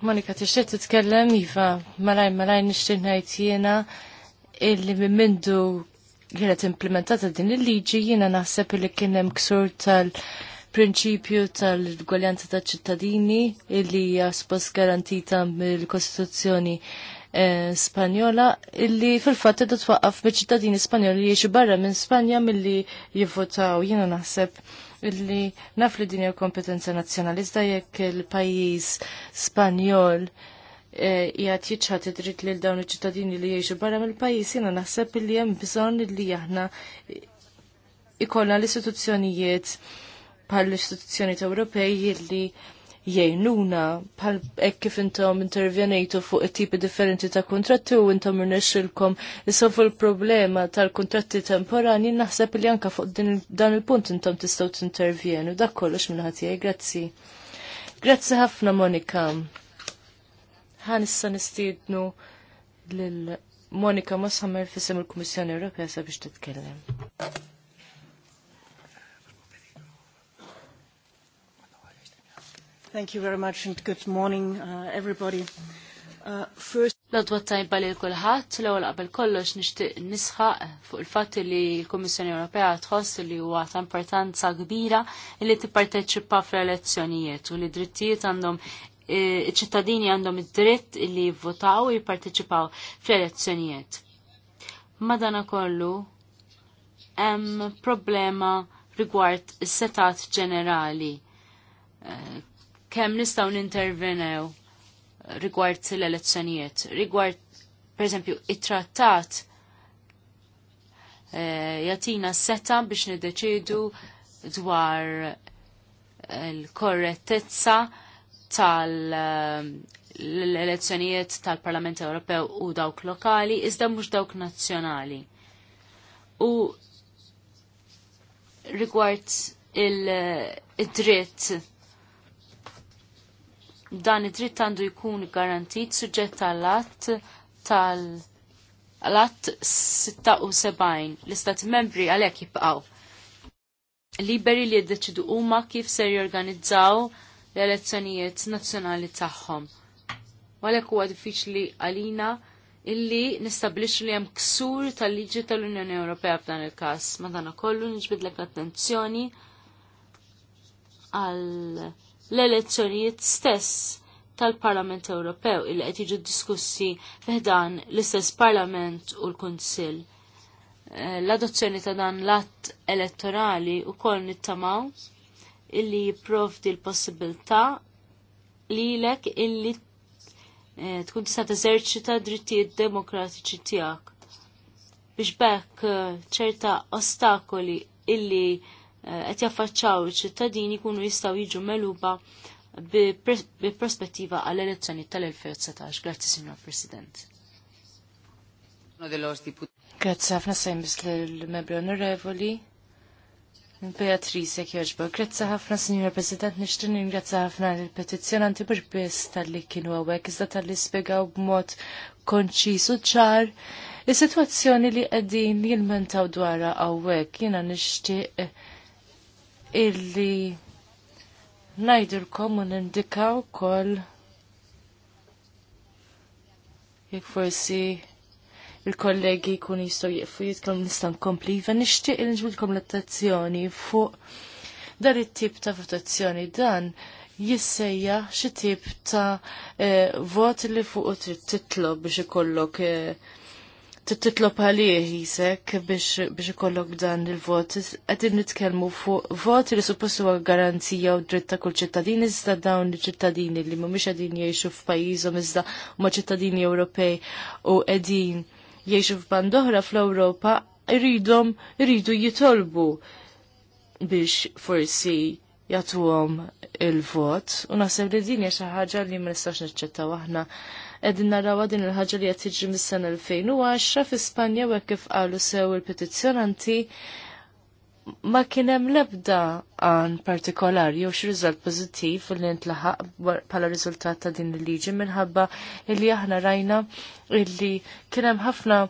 S2: Monika, t titkellem, t-tkellem, Iva, malaj, malaj, nishtiet najt jena illi minn mindu kienet implementata din il-liġi jiena naħseb li kien hemm ksur tal-prinċipju tal-gwaljanza taċ ċittadini illi hija garantita mill-Kostituzzjoni eh, Spanjola illi fil-fatt id twaqqaf biċ ċittadini Spanjoli li jiexu barra minn Spanja milli jivvotaw jiena naħseb illi naf li din kompetenza nazjonalista jekk il-pajjiż Spanjol eh, jgħat jitxħat id-dritt li dawn iċ-ċittadini li jgħixu barra mill pajis jina naħseb li hemm bżonn li aħna ikollna l-istituzzjonijiet pal l-istituzzjonijiet Ewropej li jgħinuna bħal hekk kif intom intervjenejtu fuq it-tipi differenti ta' kontratti u intom irnexxilkom isolvu l-problema tal-kontratti temporani naħseb li anka fuq dan il-punt intom tistgħu tintervjenu. Dak kollox minn ħadd grazzi. Grazzi ħafna Monika. Ħan issa nistiednu lil Monika Moshammer fisem il-Kummissjoni Ewropea sabiex titkellem.
S4: Thank you very much and good morning uh, everybody. Uh, first
S3: l tajba li l-kulħat, l għol qabel kollox nishtiq nisħaq fuq il-fat li l komissjoni Ewropea tħoss li huwa ta' importanza kbira li t-parteċipa fl-elezzjonijiet u li drittijiet għandhom e, iċ-ċittadini għandhom id-dritt li jivvotaw u jipparteċipaw fl-elezzjonijiet. Madana kollu, hemm problema rigward is-setat ġenerali kemm nistgħu nintervenew rigward l-elezzjonijiet, rigward pereżempju it-trattat eh, jatina seta biex nideċidu dwar il eh, korrettezza tal-elezzjonijiet eh, tal-Parlament Ewropew u dawk lokali, iżda mhux dawk nazzjonali. U rigward il-dritt dan id-dritt għandu jkun garantit suġġett għall-att tal-att 76 l-istati membri għalhekk jibqgħu. Liberi li jiddeċidu huma kif ser jorganizzaw l-elezzjonijiet nazzjonali tagħhom. Għalhekk huwa diffiċli għalina illi nistablix li hemm ksur tal-liġi tal-Unjoni Ewropea f'dan il-każ. Madana kollu niġbidlek l-attenzjoni għal l-elezzjonijiet stess tal-Parlament Ewropew il qed jiġu diskussi fiħdan l-istess Parlament u l-Kunsill. Eh, l-adozzjoni ta' dan l-att elettorali u koll nittamaw illi jipprovdi l-possibilità li lek illi eh, tkun tista' teżerċita drittijiet demokratiċi tiegħek. Biex bekk eh, ċerta ostakoli illi qed jaffaċċaw iċ-ċittadini jkunu jistgħu jiġu meluba bi prospettiva għall elezzjoni tal-2019. Grazzi, Signor President.
S2: Grazzi ħafna sejmis l-membri onorevoli. Beatrice Kjoġbo, grazzi ħafna, Signor President, nishtin ingrazzi ħafna l-petizjonanti birbis tal-li kienu għawek, iżda tal-li spiegaw b'mod konċis u ċar. Is-situazzjoni li għedin jilmentaw dwara għawek, jina nishtiq illi najdilkom u nindikaw kol jek forsi il-kollegi kun jistaw jifu jitkom nistan kompli, va nixtieq il nġbilkom l attazzjoni fuq dan it-tip ta' votazzjoni dan jissejja xi tip ta' eh, vot li fuq titlob biex ikollok eh, titlob għalih jisek biex ikollok dan il-vot. Għedin nitkelmu fuq vot li suppostu għal garanzija u dritt ta' kull ċittadini, iżda dawn il-ċittadini li mumiex għedin jiexu f'pajjiżhom iżda ma' ċittadini Ewropej u għedin jiexu oħra fl-Ewropa, iridom, iridu jitolbu biex forsi jagħtuhom il-vot. U naħseb li din hija xi ħaġa li ma nistax niċċettaw aħna Edin narawa din il-ħagġa li qed iġri mis-sena 2010 fi Spanja u kif qalu sew il-petizzjonanti ma kien hemm l-ebda għan partikolari jew xi riżult pożittiv li ntlaħaq bħala riżultat ta' din il-liġi minħabba li aħna rajna illi kien hemm ħafna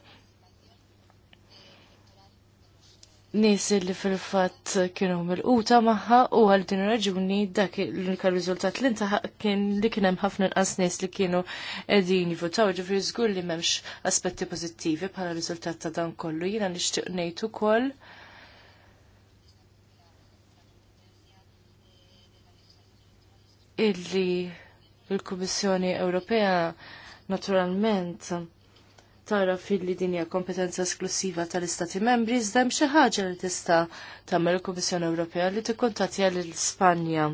S2: nies li fil-fatt kienu mil quta magħha u għal din raġuni dak l-unika riżultat li intaħaq kien li kien hemm ħafna inqas nies li kienu qegħdin jivutaw ġifri żgur li m'hemmx aspetti pożittivi bħala riżultat ta' dan kollu jiena nishtiq ngħid ukoll illi il-Kummissjoni Ewropea naturalment tara fil-li dinja kompetenza esklusiva tal-Istati membri, zdem xi ħaġa li tista' tagħmel il-Kummissjoni Ewropea li t-kontatja lill-Spanja.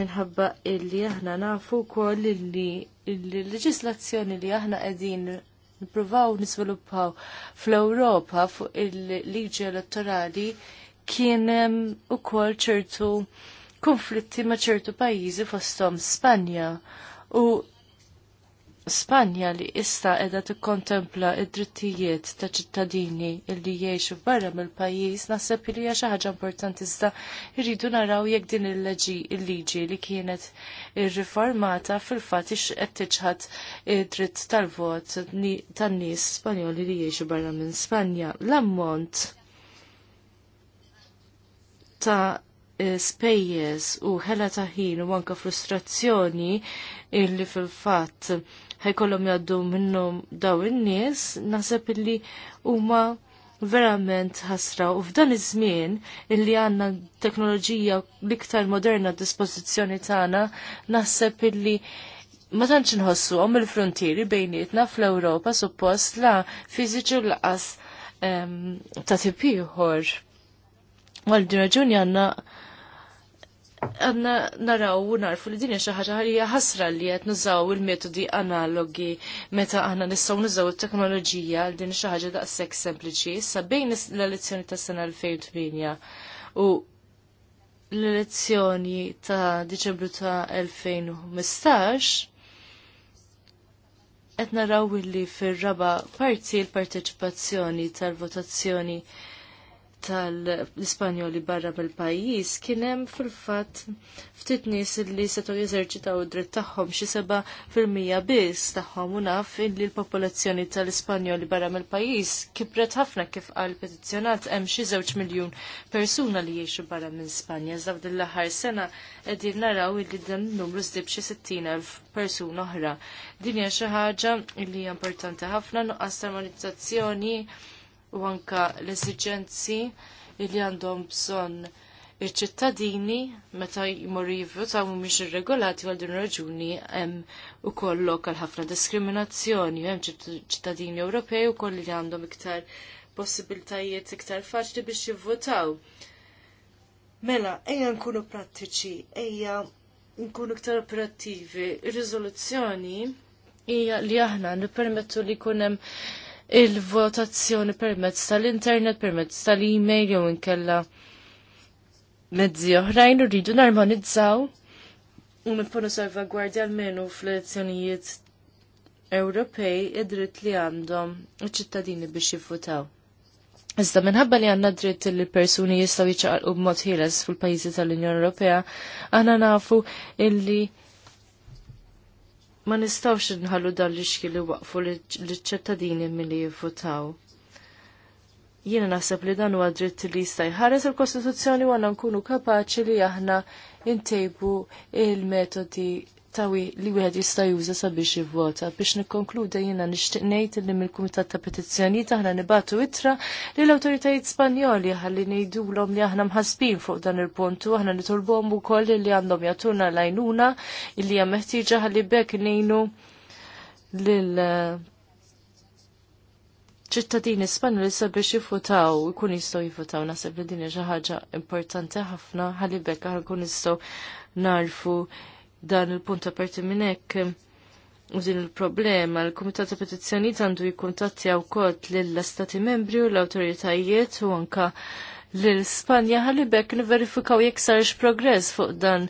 S2: Minħabba illi aħna nafu wkoll illi l leġislazzjoni li aħna qegħdin nippruvaw nisviluppaw fl-Ewropa fuq il-liġi elettorali kien ukoll ċertu konflitti ma' ċertu pajjiżi fosthom Spanja. U Spanja li issa edha tikkontempla id-drittijiet ta' ċittadini illi jgħixu barra mill-pajjiż naħseb li hija xi ħaġa importanti iżda jridu naraw jekk din il-liġi leġi li kienet irriformata fil-fatt qed tiġħad id-dritt tal-vot tan-nies Spanjoli li jgħixu barra minn Spanja. L-ammont ta' spejjeż u ħela ta' ħin u anka frustrazzjoni illi fil-fatt ħajkollhom jgħaddu minnhom daw in-nies, naħseb illi huma verament ħasra u f'dan iż-żmien illi għandna teknoloġija l-iktar moderna d dispożizzjoni tagħna naħseb illi ma tantx inħossu għom il-frontieri bejnietna fl-Ewropa suppost la fiżiċu laqas ta' tipiħor. Għal din raġuni għandna għanna naraw u narfu li dinja xaħġa ħarija ħasra li għet nużaw il-metodi analogi meta għanna nissaw nużaw il-teknoloġija għal din xaħġa daqsek sempliċi sabbejn l-elezzjoni ta' sena 2008 u l-elezzjoni ta' Diċembru ta' 2015 qed naraw li fir-raba parti l-parteċipazzjoni tal-votazzjoni tal-Ispanjoli barra mill-pajjiż kien hemm fil-fatt ftit nies li setgħu jeżerċitaw id-dritt tagħhom xi seba' fil-mija biss tagħhom u naf li l-popolazzjoni tal-Ispanjoli barra mill-pajjiż kibret ħafna kif qal petizzjonat hemm xi żewġ miljun persuna li jgħixu barra minn Spanja. żaw din l-aħħar sena qegħdin naraw li dan numru żdieb xi elf persuna oħra. Din hija xi ħaġa li hija importanti ħafna nuqqas tal-monetizzazzjoni u anka l-esigenzi li għandhom bżonn iċ-ċittadini meta jmorru jivvotaw mhumiex irregolati għal din raġuni hemm ukoll lokal ħafna diskriminazzjoni, hemm ċittadini Ewropej ukoll li għandhom iktar possibiltajiet iktar faċli biex jivvotaw. Mela, ejja nkunu prattiċi, ejja nkunu iktar operattivi. Ir-riżoluzzjoni hija li aħna nippermettu li jkun hemm il-votazzjoni permezz tal-internet, permezz tal-email jew inkella mezzi oħrajn u rridu narmonizzaw u nipponu salvagwardja almenu fl-elezzjonijiet Ewropej id-dritt li għandhom iċ-ċittadini biex jivvutaw. Iżda minħabba li għanna dritt li persuni jistaw jiċaqalqu b'mod ħieles fil-pajjiżi tal-Unjoni Ewropea, għanna nafu illi ma nistawx nħallu dan l-ixki li waqfu liċ ċittadini milli jivvotaw. Jiena naħseb li dan huwa dritt li jista' jħares il-Kostituzzjoni u għandna nkunu kapaċi li aħna intejbu il-metodi tawi li wieħed jista' juża sabiex jivvota. Biex nikkonkluda jiena nixtieq ngħid li mill-Kumitat ta' Petizzjonijiet aħna nibatu ittra li l-awtoritajiet Spanjoli ħalli ngħidulhom li aħna mħassbin fuq dan il-punt u aħna nitolbhom ukoll li għandhom jagħtuna lajnuna li hija meħtieġa ħalli bekk ngħinu lil eh, ċittadini Spanjoli sabiex jifutaw, ikun jistgħu jifutaw, naħseb li din hija xi ħaġa importanti ħafna ħalli bekk aħna nkun jistgħu narfu dan il-punt parti minn hekk u din il-problema. Il-Kumitat ta' Petizzjonijiet għandu għaw wkoll lill-Stati Membri u l-awtoritajiet u anka l-Spanja ħalli bekk niverifikaw jekk sarx progress fuq dan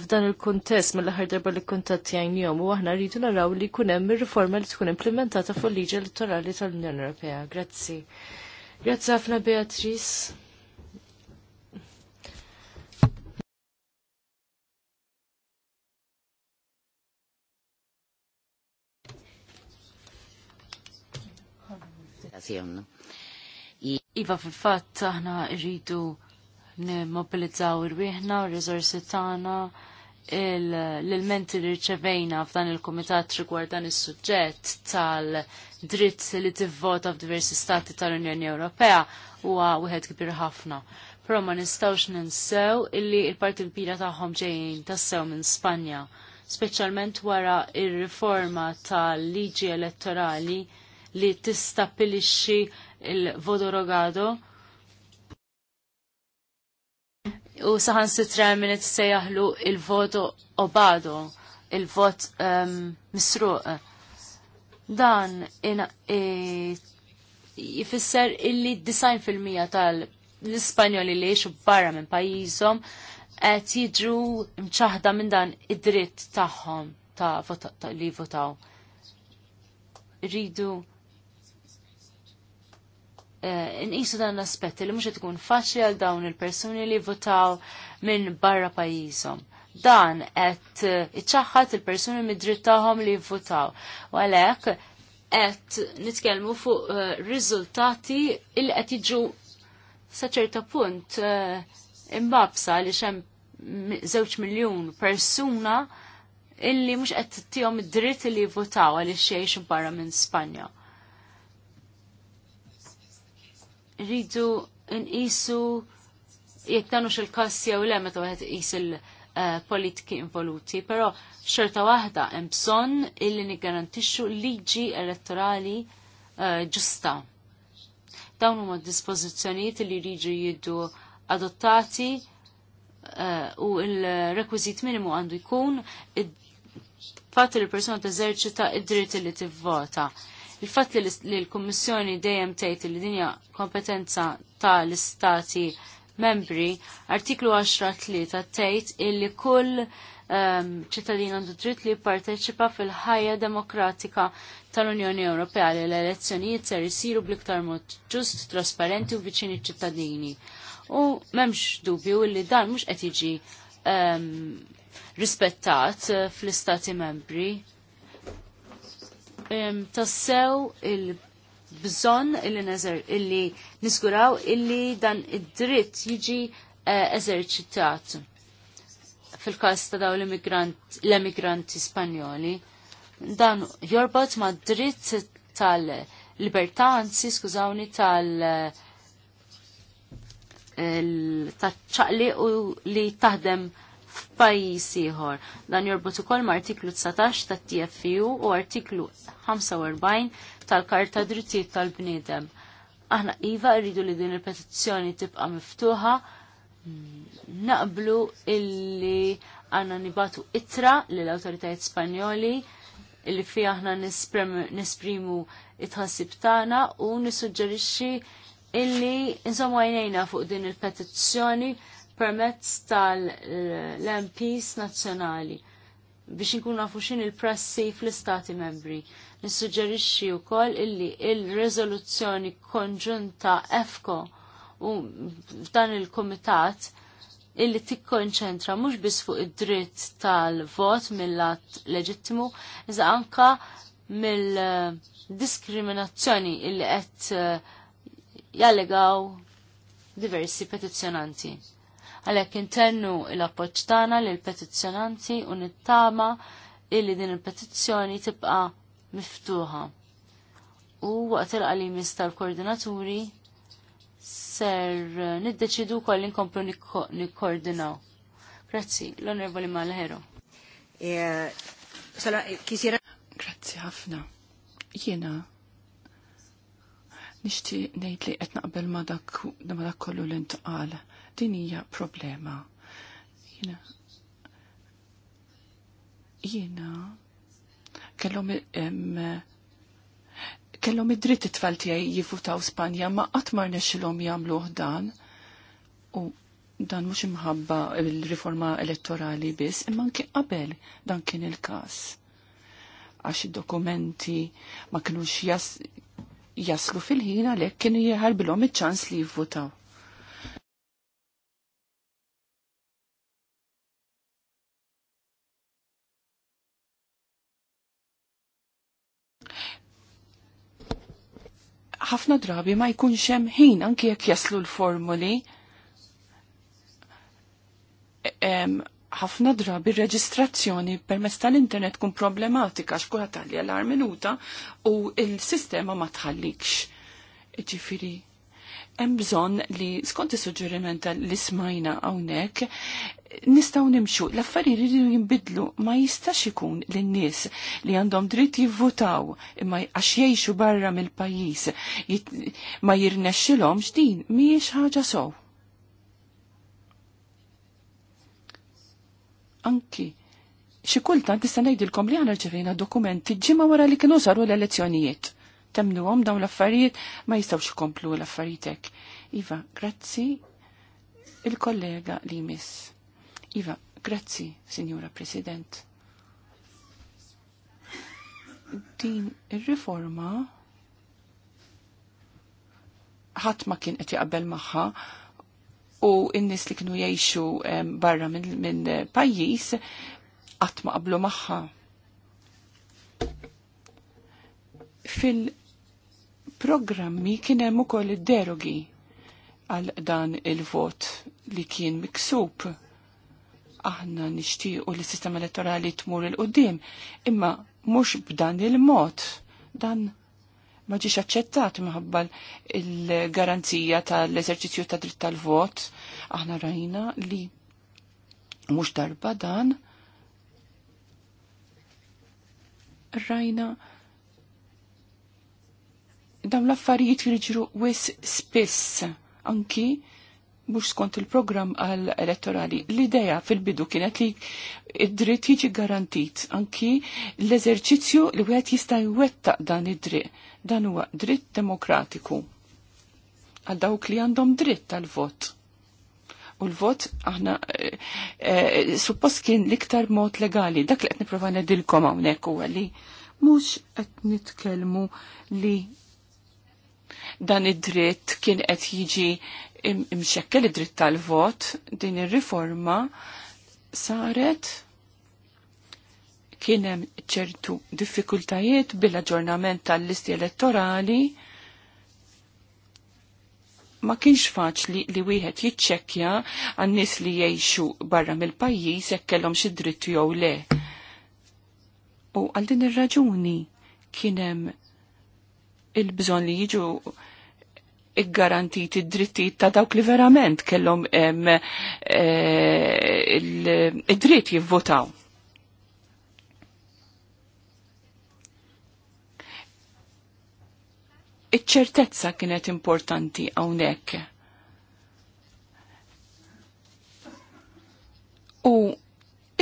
S2: f'dan il-kontest mill-aħħar darba li għajn jom u aħna rridu naraw li jkun hemm ir-riforma li tkun implementata fuq liġi elettorali tal-Unjoni Ewropea. Grazzi. Grazzi ħafna Beatrice.
S1: l Iva
S3: fil-fatt aħna rridu nimmobilizzaw ir-wieħna, r rizorsi tagħna, l-elementi li rċevejna f'dan il-Komitat rigward dan is-suġġett tal-dritt li tivvota f'diversi stati tal-Unjoni Ewropea huwa wieħed kbir ħafna. Però ma nistgħux ninsew illi l-parti kbira tagħhom ġejjin tassew minn Spanja, speċjalment wara il riforma tal-liġi elettorali li tistabilixxi il-Vodorogado. U saħan sitra minnet se jaħlu il-voto obado, il-vot um, misruq. Dan in, e, jifisser illi 90% tal-Ispanjoli li jiexu barra minn pajizom qed jidru mċaħda minn dan id-dritt tagħhom ta', ta, ta li votaw. Ridu Eh, inqisu dan l-aspetti li mhux qed ikun faċli għal dawn il-persuni li votaw minn barra pajjiżhom. Dan qed eh, iċċaħħad il-persuni mid-dritt tagħhom li jivvotaw. U għalhekk qed nitkellmu fuq eh, riżultati li qed jiġu sa ċerta punt imbabsa li xem żewġ miljun persuna illi mhux qed tihom id-dritt li votaw għaliex jgħixu barra minn Spanja rridu nqisu jekk danux il-kass jew le meta wieħed qis il-politiki involuti, però xorta waħda hemm bżonn illi niggarantixxu liġi elettorali eh, ġusta. Dawn huma dispożizzjonijiet li jridu jiddu adottati eh, u il rekwiżit minimu għandu jkun fatt li l-persuna teżerċita id-dritt li tivvota. vota Il-fatt li l-Kummissjoni dejjem tgħid li dinja kompetenza tal-istati membri, artiklu 10-3 tgħid illi kull ehm, ċittadin għandu dritt li jipparteċipa fil-ħajja demokratika tal-Unjoni Ewropea li l-elezzjonijiet ser jisiru bliktar mod ġust, trasparenti u viċini ċittadini. U memx dubju li dan mhux qed jiġi ehm, rispettat eh, fl-istati membri tassew il-bżon illi nezer illi niskuraw illi dan id-dritt jiġi eh, eżerċitat fil-kas ta' daw l-emigranti spanjoli. Dan jorbot ma' dritt tal-libertà, anzi, skużawni, tal- eh, taċċaqli u li taħdem f'pajjiż ieħor. Dan jorbot ukoll ma' artiklu 19 tat-TFU u artiklu 45 tal-Karta Drittijiet tal-Bniedem. Aħna iva rridu li din il-petizzjoni tibqa' miftuħa mm, naqblu illi għanna nibatu itra l awtoritajiet spanjoli illi fi aħna nisprimu it-ħassib tagħna u nissuġġerixxi illi insomma għajnejna fuq din il-petizzjoni permezz tal-MPs nazzjonali biex nkun nafu xin il-prassi fl-istati membri. Nissuġġerixxi wkoll illi il-reżoluzzjoni konġunta EFCO u dan il-komitat illi tikkonċentra mhux biss fuq id-dritt tal-vot mill-att leġittimu, iżda anka mill-diskriminazzjoni illi qed eh, jallegaw diversi petizzjonanti għalhekk intennu l-appoġġ tagħna l petizzjonanti u nittama illi din il-petizzjoni tibqa' miftuħa. U waqt il-qalimis tal-koordinaturi ser niddeċidu koll nkomplu nikkoordinaw. Grazzi, l-Onorevoli Malħero. Eh,
S4: eh, Grazzi ħafna. Jiena nishti nejt li qed naqbel ma dak kollu l-intqal din hija problema. Jiena jiena kellhom kellhom id-dritt it-tfal tiegħi jivvutaw Spanja ma qatt ma rnexxilhom jagħmluh dan u dan mhux imħabba l-riforma elettorali biss, imma anke qabel dan kien il-każ. Għax id-dokumenti ma kinux jaslu fil ħina lek kienu jħarbilhom iċ-ċans li jivvutaw. ħafna drabi ma jkunx hemm ħin anki jekk jaslu l-formuli. ħafna drabi reġistrazzjoni permezz tal-internet kun problematika xkura tal għal minuta u il-sistema ma tħallikx. Ġifiri, hemm bżonn li skont is-suġġeriment li smajna hawnhekk nistgħu nimxu l-affarijiet iridu jinbidlu ma jistax ikun l nies li għandhom dritt jivvutaw imma għax jgħixu barra mill-pajjiż ma jirnexxilhomx din mhijiex ħaġa sow. Anki xi kultant ngħidilkom li għana ġevina dokumenti ġimgħa wara li kienu saru l-elezzjonijiet temnuhom dawn l-affarijiet ma jistgħux ikomplu l-affarijiet Iva, grazzi il-kollega li miss. Iva, grazzi, Signora President. Din ir-riforma ħadd ma kien qed jaqbel magħha u n-nies li kienu jgħixu barra minn pajjiż qatt ma qablu magħha. Fil- programmi kien hemm ukoll id-derogi għal dan il-vot li kien miksub. Aħna nixtiequ li sistema elettorali tmur il-qudiem, imma mhux b'dan il-mod. Dan ma ġiex aċċettat minħabba il-garanzija tal-eżerċizzju ta' dritt tal-vot. Aħna rajna li mhux darba dan rajna dawn l-affarijiet jirġru wis spiss anki mhux skont il-programm għal elettorali. L-idea fil-bidu kienet li id-dritt jiġi garantit anki l-eżerċizzju li wieħed jista' jwettaq dan id-dritt. Dan huwa dritt demokratiku għal dawk li għandhom dritt tal-vot. U l-vot aħna e, e, suppost kien l-iktar mod legali, dak li qed nipprova nedilkom hawnhekk huwa li mhux qed nitkellmu li Dan id-dritt kien qed jiġi imxekkel id-dritt tal-vot din ir-riforma saret kien hemm ċertu diffikultajiet bil-aġġornament tal-listi elettorali ma kienx faċli li wieħed jiċċekkja għan-nies li jgħixu barra mill-pajjiż jekk kellhom xi dritt jew le. U għal din ir-raġuni kien hemm il-bżon li jiġu garantiti id-drittijiet ta' dawk li verament kellhom eh, id-dritt jivvotaw. Iċ-ċertezza kienet importanti hawnhekk. U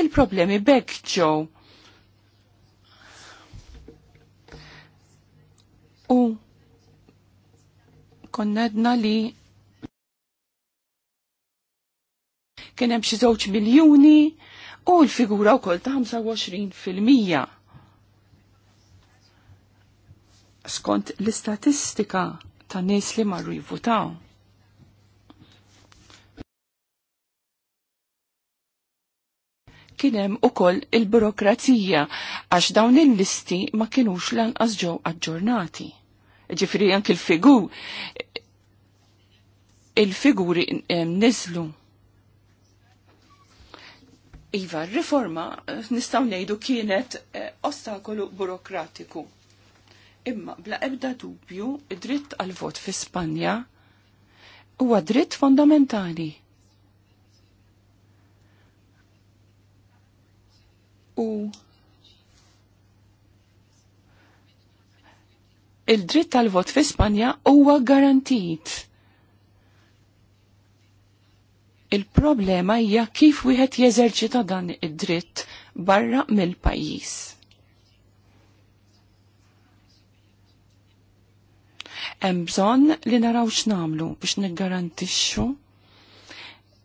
S4: il-problemi bekk ġew U konnedna li kien hemm xi żewġ miljuni u l-figura wkoll ta' 25 fil-mija. Skont l-istatistika ta' nies li marru jivvutaw. kienem u koll il-burokrazija għax dawn il-listi ma kienux lanqas ġew aġġornati. Ġifri anki il-figur il-figuri nizlu. Iva, riforma nistaw nejdu kienet eh, ostakolu burokratiku. Imma bla ebda dubju, dritt għal-vot fi Spanja huwa dritt fondamentali u il-dritt tal-vot fi Spanja huwa garantit. Il-problema hija kif wieħed jeżerċita dan id-dritt barra mill-pajjiż. Hemm bżonn li naraw x'namlu biex niggarantixxu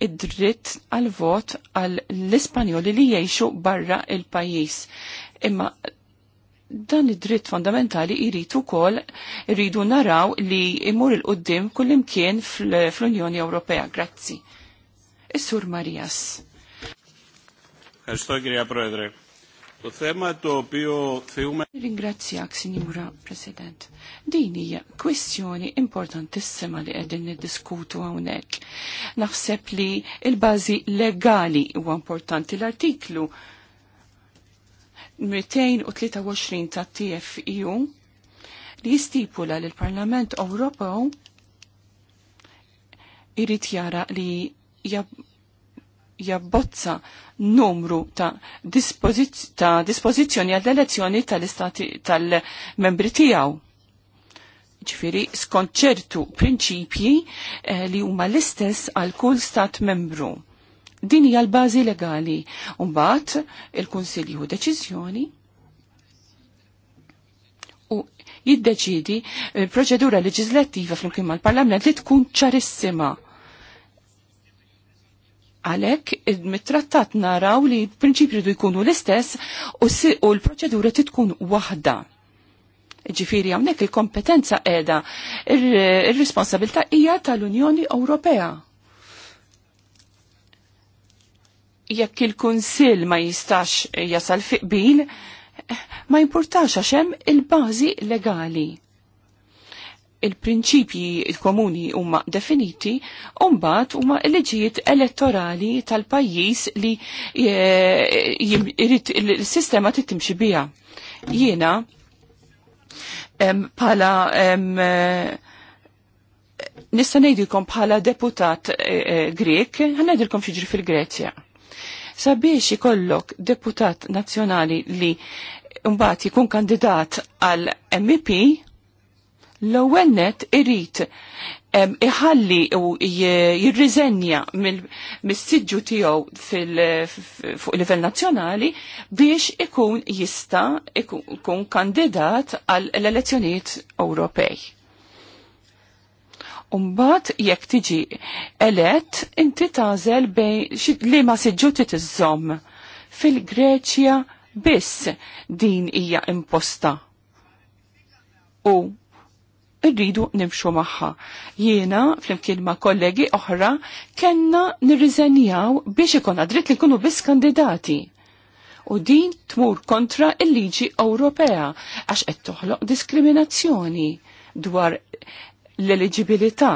S4: id-dritt għal vot għal l-Ispanjoli li jgħixu barra il-pajis. Imma dan id-dritt fondamentali irritu kol iridu naraw li imur il-qoddim kullimkien fl-Unjoni Ewropea. Grazzi. Is-Sur Marijas. Għaxtogri, Prodre. Το θέμα Ringrazzjak, Signora President. Din hija kwestjoni importantissima li qegħdin niddiskutu hawnhekk. Naħseb li l-bażi legali huwa importanti l-artiklu 223 ta' tfu e li jistipula li l-Parlament Ewropew irid jara li jabbozza numru ta' dispożizzjoni għal elezzjoni tal-istati tal-membri tiegħu. Ġifiri skont ċertu prinċipji eh, li huma l-istess għal kull stat membru. Din hija l-bażi legali. Mbagħad il-Kunsill jieħu deċiżjoni u jiddeċidi eh, proċedura leġislattiva flimkien mal-Parlament li tkun ċarissima Għalek, mit-trattat naraw li l-prinċipju du jkunu l-istess u, u l-proċedura titkun wahda. Ġifiri, għamnek il-kompetenza edha, il-responsabilta hija tal-Unjoni Ewropea. Jekk il-Kunsil ma jistax jasal fiqbil, ma jimportax għaxem il-bazi legali il-prinċipji komuni huma definiti, umbat huma l-liġijiet elettorali tal-pajjiż li eh, jirrit il-sistema titimxi biha. Jiena pala eh, nista' ngħidilkom bħala deputat eh, Grek, ħanajdilkom xiġri fil-Greċja. Sabiex ikollok deputat nazzjonali li mbagħad jkun kandidat għal MEP l-ewwel net irid iħalli u jirriżenja mis-siġġu tiegħu fuq livell nazzjonali biex ikun jista' ikun kandidat għal l-elezzjonijiet Ewropej. Umbat jekk tiġi elett inti tażel bejn li ma siġġu titiżomm fil-Greċja biss din hija imposta. U irridu nimxu maħħa. Jiena, flimkien ma' kollegi oħra, kenna nirriżenjaw biex ikonna dritt li kunu biss kandidati. U din tmur kontra il-liġi Ewropea għax qed toħloq diskriminazzjoni dwar l-eligibilità.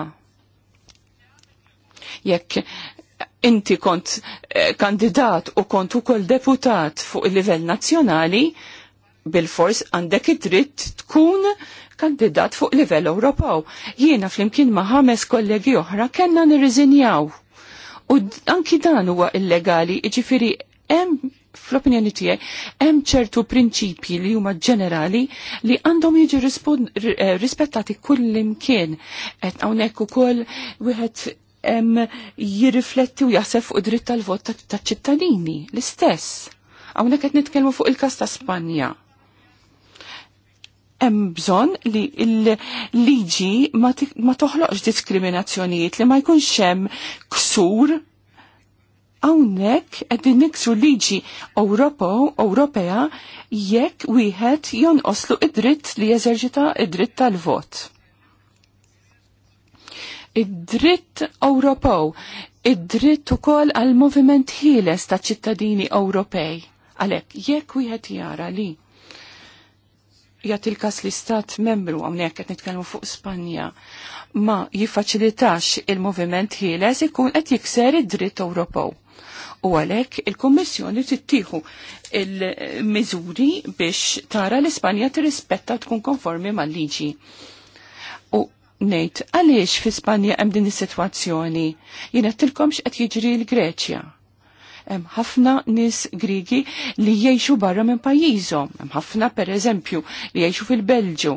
S4: Jekk inti kont eh, kandidat u kont ukoll deputat fuq il-livell nazzjonali, bil-fors għandek id-dritt tkun kandidat fuq livell Ewropew. Jiena flimkien ma' ħames kollegi oħra kellna nirriżinjaw. U anki dan huwa illegali, jiġifieri hemm fl-opinjoni tiegħi hemm ċertu prinċipji li huma ġenerali li għandhom jiġu eh, rispettati kull imkien. Qed hawnhekk ukoll wieħed jirrifletti u jaħseb fuq dritt tal-vot taċ-ċittadini l-istess. Hawnhekk qed nitkellmu fuq il-każ ta' Spanja hemm bżonn li l-liġi ma toħloqx diskriminazzjonijiet li ma jkunx hemm ksur hawnhekk qegħdin niksu liġi Ewropew Ewropea jekk wieħed jonqoslu id-dritt li jeżerġita id-dritt tal-vot. Id-dritt Ewropew, id-dritt ukoll għal moviment ħieles ta' ċittadini Ewropej. Għalhekk jekk wieħed jara li jgħat il-kas li stat membru għamnek għet nitkellmu fuq Spanja ma jiffaċilitax il-moviment ħieles ikun qed jikser id-dritt Ewropew. U għalek il-Kommissjoni tittieħu il-miżuri biex tara l-Ispanja tirrispetta tkun konformi mal-liġi. U nejt, għaliex fi Spanja hemm din is-sitwazzjoni? Jien qed tilkomx qed jiġri l-Greċja Hemm ħafna nis Grigi li jgħixu barra minn pajjiżhom. Hemm ħafna pereżempju li jgħixu fil-Belġju.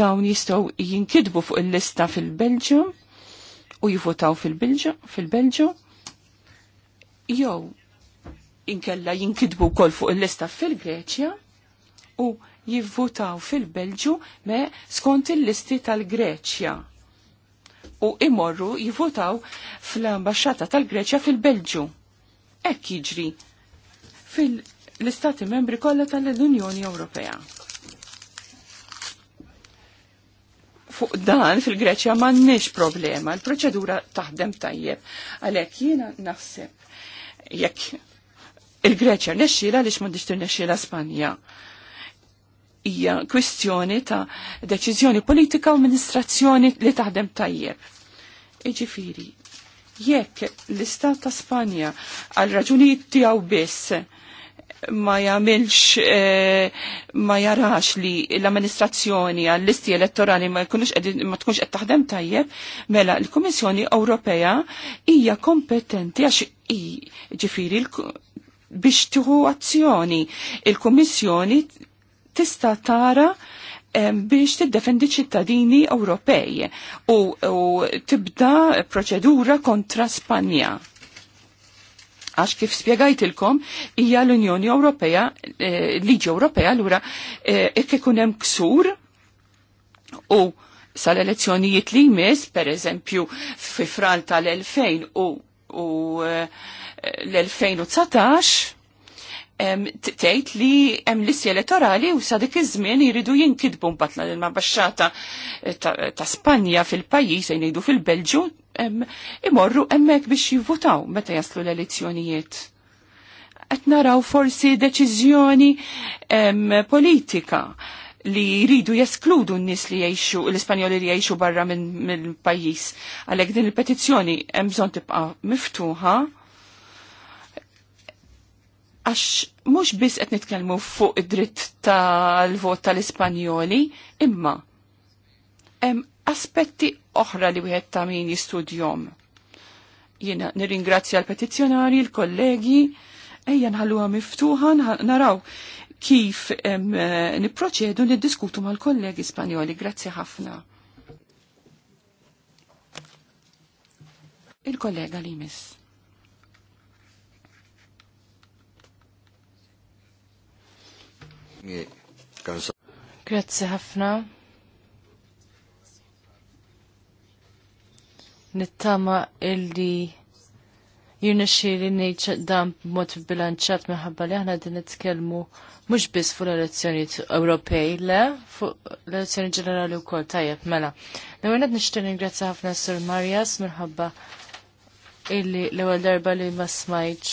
S4: Dawn jistgħu jinkidbu fuq il-lista fil-Belġju u jivvotaw fil-Belġju fil belġu Jew inkella jinkidbu wkoll fuq il-lista fil-Greċja u jivvotaw fil-Belġju me skont il-listi tal-Greċja u imorru jivvotaw fl-ambasċata tal-Greċja fil-Belġju. Ekk jiġri fil-istati membri kollha tal-Unjoni Ewropea. fuq dan fil-Greċja m'għandniex problema, l proċedura taħdem tajjeb. Għalhekk jiena naħseb jekk il-Greċja nexxiela għaliex m'għandix tirnexxiela Spanja. Hija kwistjoni ta' deċiżjoni politika u amministrazzjoni li taħdem tajjeb. Iġifiri, jekk l-Istat ta' Spanja għal raġunijiet tiegħu biss ma jagħmilx eh, ma jarax li l-amministrazzjoni għall-listi elettorali ma, qed, ma tkunx qed taħdem tajjeb, mela l-Kummissjoni Ewropea hija kompetenti għax ġifieri biex tieħu azzjoni. Il-Kummissjoni tista tara biex tiddefendi ċittadini Ewropej u, u tibda proċedura kontra Spanja. Għax kif spiegajtilkom, hija l-Unjoni Ewropea, eh, liġi Ewropea allura eh, ikun hemm ksur u sal-elezzjonijiet li jmiss, per eżempju, fi fral tal-2000 u, u eh, l-2019, tgħid li hemm lissi elettorali u sa dik iż-żmien jiridu jinkidbu mbagħad l-ambaxxata eh, ta' Spanja fil-pajjiż se jgħidu fil-Belġju imorru hemmhekk biex jivvutaw meta jaslu l-elezzjonijiet. Qed naraw forsi deċiżjoni politika li jridu jeskludu n-nis li jgħixu l-Ispanjoli li jgħixu barra minn pajjiż għalhekk din il petizzjoni hemm bżonn tibqa miftuħa Għax mhux biss qed nitkellmu fuq id-dritt tal-vot tal-Ispanjoli, imma hemm aspetti oħra li wieħed ta' min jistudjom. Jiena nirringrazzja l-petizzjonari, l-kollegi, ejja nħalluha miftuħa, naraw kif eh, niproċedu niddiskutu mal-kollegi Spanjoli. Grazzi ħafna. Il-kollega li miss. Grazzi ħafna.
S2: Nittama illi jirna li nejċa dan mod bilanċat minħabba li aħna din nitkellmu mhux biss fuq l-elezzjonijiet Ewropej, le fuq l-elezzjoni ġenerali wkoll tajjeb mela. L-ewwel qed ħafna Sur Marjas minħabba illi l-ewwel darba li ma smajtx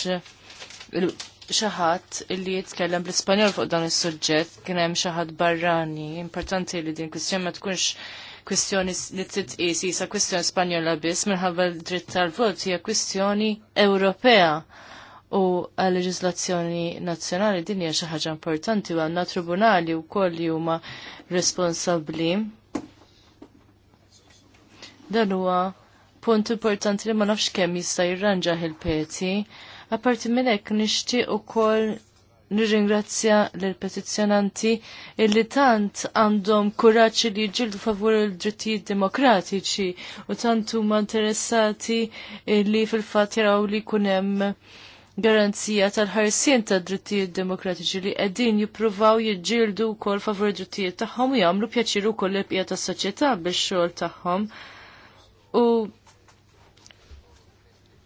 S2: xi ħadd illi jitkellem bl-Ispanjol fuq dan is-suġġett kien hemm xi ħadd barrani. Importanti li din kwistjoni ma tkunx kwistjoni li titqis isa kwistjoni Spanjola biss minħabba dritt tal-vot hija kwistjoni Ewropea. U għal leġislazzjoni nazzjonali din hija xi ħaġa importanti u għandna tribunali wkoll li huma responsabbli. Dan huwa punt importanti li ma nafx kemm jista' jirranġaħ il-peti Apparti minn hekk nixtieq ukoll nirringrazzja l-petizzjonanti illi tant għandhom kuraċ li jġildu favur l drittijiet demokratiċi u tant huma interessati illi fil-fatt jaraw li kunem garanzija tal-ħarsien ta' drittijiet demokratiċi li qegħdin jippruvaw jiġġieldu wkoll favur drittijiet tagħhom u jagħmlu pjaċir ukoll l bqija tas-soċjetà bix-xogħol tagħhom. U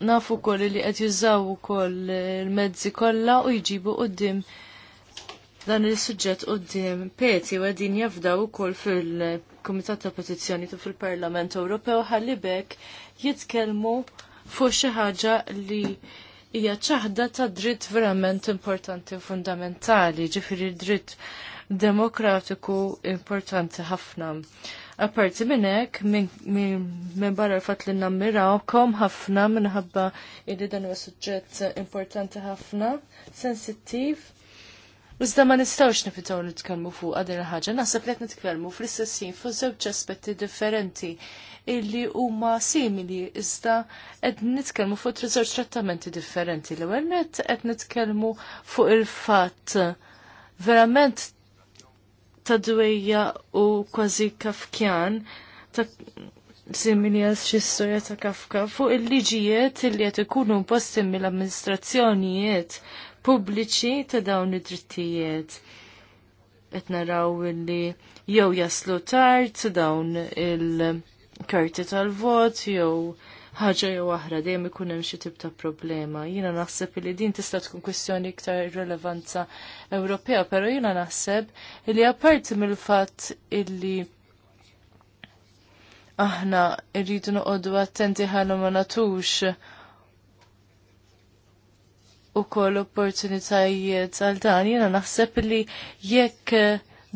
S2: nafu kol li qed jużaw ukoll il-mezzi kollha u jġibu qudiem dan il-suġġett qudiem peti u qegħdin jafdaw kol fil-Kumitat ta' Petizzjoni tu fil-Parlament Ewropew ħalli bekk jitkellmu fuq xi ħaġa li hija ċaħda ta' dritt verament importanti u fundamentali, ġifieri dritt demokratiku importanti ħafna. Apparti minn hekk minn barra l fat li nammirawkom ħafna minħabba li dan huwa suġġett importanti ħafna, sensittiv. Iżda ma nistawx nifitaw nitkellmu fuq għadin ħaġa, naħseb li qed nitkellmu fl-istessin fuq żewġ aspetti differenti illi huma simili iżda qed nitkellmu fuq żewġ trattamenti differenti. L-ewwel qed nitkellmu fuq il-fatt verament ta' dwejja u kważi kafkjan ta' simili għal xi storja ta' Kafka fuq il-liġijiet li qed ikunu imposti mill-amministrazzjonijiet pubbliċi ta' dawn id-drittijiet. Qed naraw li jew jaslu tard dawn il-karti tal-vot jew ħaġa jew oħra dejjem ikun hemm xi tip ta' problema. Jiena naħseb li din tista' tkun kwestjoni iktar rilevanza Ewropea, però jiena naħseb li apparti mill-fatt illi aħna rridu noqogħdu attenti ħalu ma nagħtux ukoll opportunitajiet għal dan jiena naħseb li jekk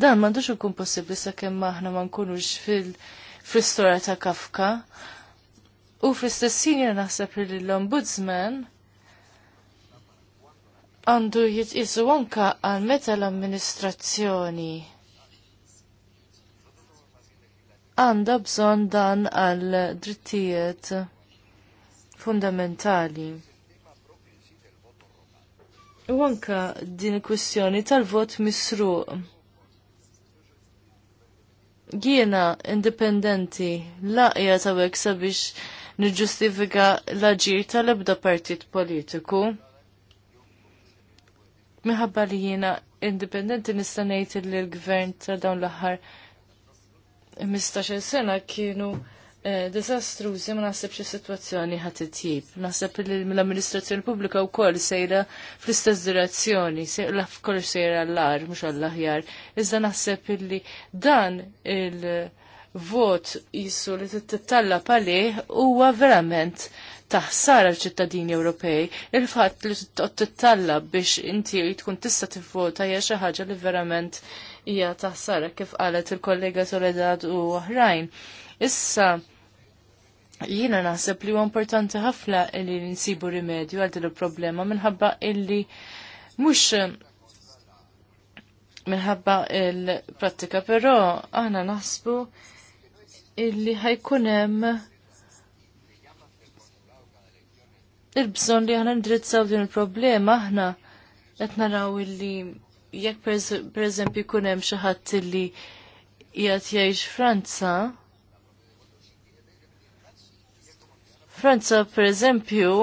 S2: Dan m'għandux ikun possibbli sakemm aħna ma nkunux fil-istorja ta' Kafka. U fl-istessin jena naħseb li l-ombudsman għandu jitqisu anka għal meta l-amministrazzjoni għanda bżon dan għal drittijiet fundamentali. U anka din kwistjoni tal-vot misruq. Jiena indipendenti laqja tawek sabiex niġġustifika l-aġir tal-ebda partit politiku. Minħabba li jiena indipendenti nista' ngħid li l-gvern ta' dawn l-aħħar 15-il sena kienu eh, disastrużi ma naħsebx is-sitwazzjoni ħadd itjib. Naħseb li l-amministrazzjoni pubblika wkoll sejra fl-istess direzzjoni, kollox sejra l-ar mhux għall-aħjar. Iżda naħseb illi dan il- vot jissu li tittalla pali huwa verament taħsar l-ċittadini Ewropej il-fatt li tittalla biex inti tkun tista' tivvota hija xi ħaġa li verament hija taħsara kif qalet il-kollega Soledad u oħrajn. Issa jiena naħseb li huwa importanti ħafna li nsibu rimedju għal din il-problema minħabba illi mhux minħabba il-prattika, però aħna naħsbu illi ħajkunem il-bżon li ħana ndrizzaw din il-problema aħna qed naraw illi jekk pereżempju jkun hemm xi ħadd illi qiegħed jgħix Franza. Franza pereżempju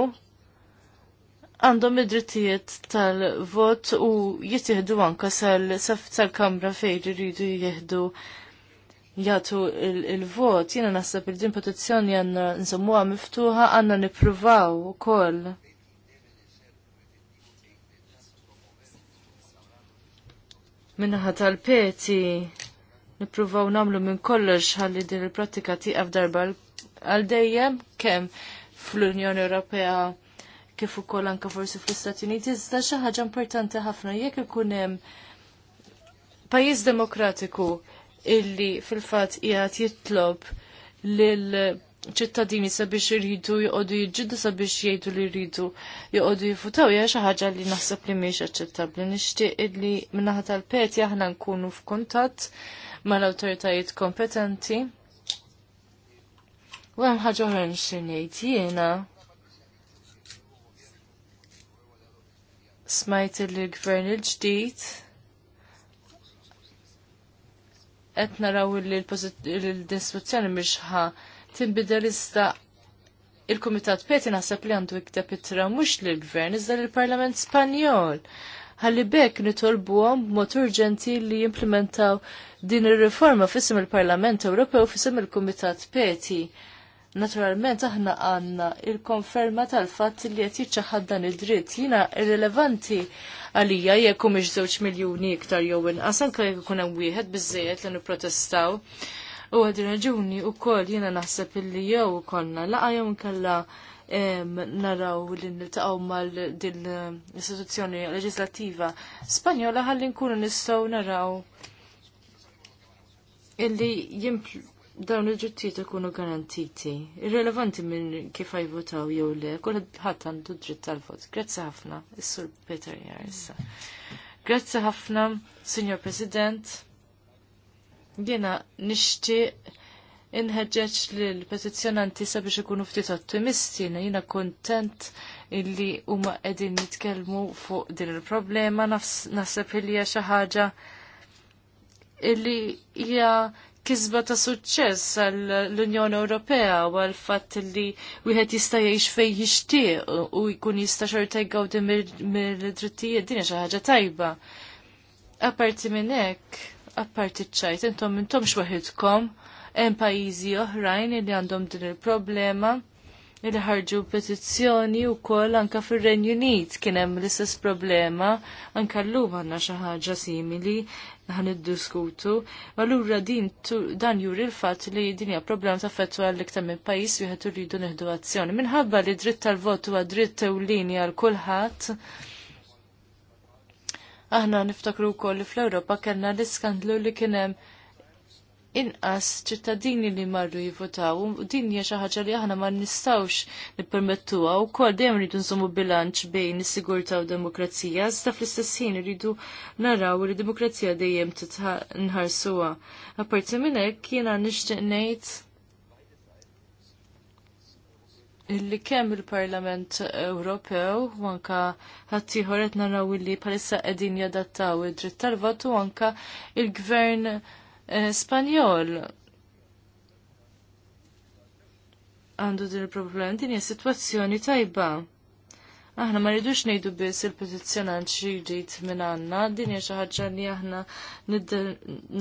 S2: għandhom id-drittijiet tal-vot u jittieħdu anka sal-kamra fejn iridu jieħdu jgħatu il-vot, jiena naħseb il din petizzjoni għandna nsemmuha miftuħa għandna nippruvaw ukoll. Minnaħa tal-peti nippruvaw namlu minn kollox ħalli din il-prattika tieqaf darba għal dejjem kemm fl-Unjoni Ewropea kif ukoll anke forsi fl-Istati Uniti, iżda xi ħaġa importanti ħafna jekk ikun hemm pajjiż demokratiku illi fil-fat jgħat jitlob lil ċittadini sabiex jridu jgħodu jiġġidu sabiex jgħidu li jridu joqogħdu jifutaw jgħax xi ħaġa li naħseb li mhijiex aċċettabbli. Nixtieq illi minnaħat tal-peti aħna nkunu f'kuntatt mal-awtoritajiet kompetenti. U hemm ħaġa ħren nixtieq jena jiena. Smajt il-gvern il-ġdid qed raw li l-distruzzjoni mhix ħa tinbidel iżda il-Kumitat Peti naħseb li għandu ikteb ittra mhux lill-Gvern iżda lill-Parlament Spanjol. Ħalli bekk nitolbuhom b'mod urġenti li jimplementaw din ir-riforma fissim il-Parlament Ewropew fisim il-Kumitat Peti. Naturalment aħna għanna il-konferma tal-fatt li qed jiċċaħad dan id-dritt. Jina irrilevanti għalija jekk mhux żewġ miljuni iktar jew inqas anke jekk ikun hemm wieħed biżejjed li nipprotestaw. U għad raġuni u kol jena naħseb illi jew konna laqa jew kalla naraw li nil-taqaw mal din l-istituzzjoni leġislattiva Spanjola ħalli nkunu nistgħu naraw illi dawn il-ġittijiet ikunu garantiti, irrelevanti minn kif jivvotaw jew le, kulħadd għandu dritt tal-vot. Grazzi ħafna, is-Sur Peter Jarissa. Grazzi ħafna, Signor President. Jiena nixtieq inħeġġeġ lill-petizzjonanti sabiex ikunu ftit ottimisti, jiena kontent illi huma qegħdin jitkellmu fuq din il-problema, naħseb illi hija xi ħaġa illi hija kisba ta' suċċess għall-Unjoni Ewropea u għal-fatt li wieħed jista' jgħix fejn jixtieq u jkun jista' xorta jgawdi mill-drittijiet din xi ħaġa tajba. Apparti minn hekk, apparti ċajt, intom intomx waħedkom hemm pajjiżi oħrajn li għandhom din il-problema li ħarġu petizzjoni u koll anka fil-Renju Unit kienem l-istess problema anka l-lum għanna xaħġa simili għan id-diskutu. Allura din dan juri l-fat li din hija problema ta' fettu għall-iktar minn pajis wieħed rridu neħdu azzjoni. Minħabba li dritt tal-votu huwa dritt lini għal kulħadd. Aħna niftakru wkoll li fl-Ewropa kellna l-iskandlu li kien hemm inqas ċittadini li marru jivotaw u din hija xi ħaġa li aħna ma nistgħux nippermettuha wkoll dejjem rridu nżommu bilanċ bejn is-sigurtà u demokrazija, iżda fl-istess ħin irridu naraw li demokrazija dejjem nħarsuha. Apparti minn hekk jiena nixtieq ngħid illi kemm il-Parlament Ewropew u anka ħaddieħor qed naraw illi bħalissa qegħdin jadattaw id-dritt tal-vot u anka il-Gvern Eh, Spanjol għandu din il-problem, din hija sitwazzjoni tajba. Aħna ma rridux ngħidu biss il-petizzjonant xi jrid minn għandna, din hija xi ħaġa li aħna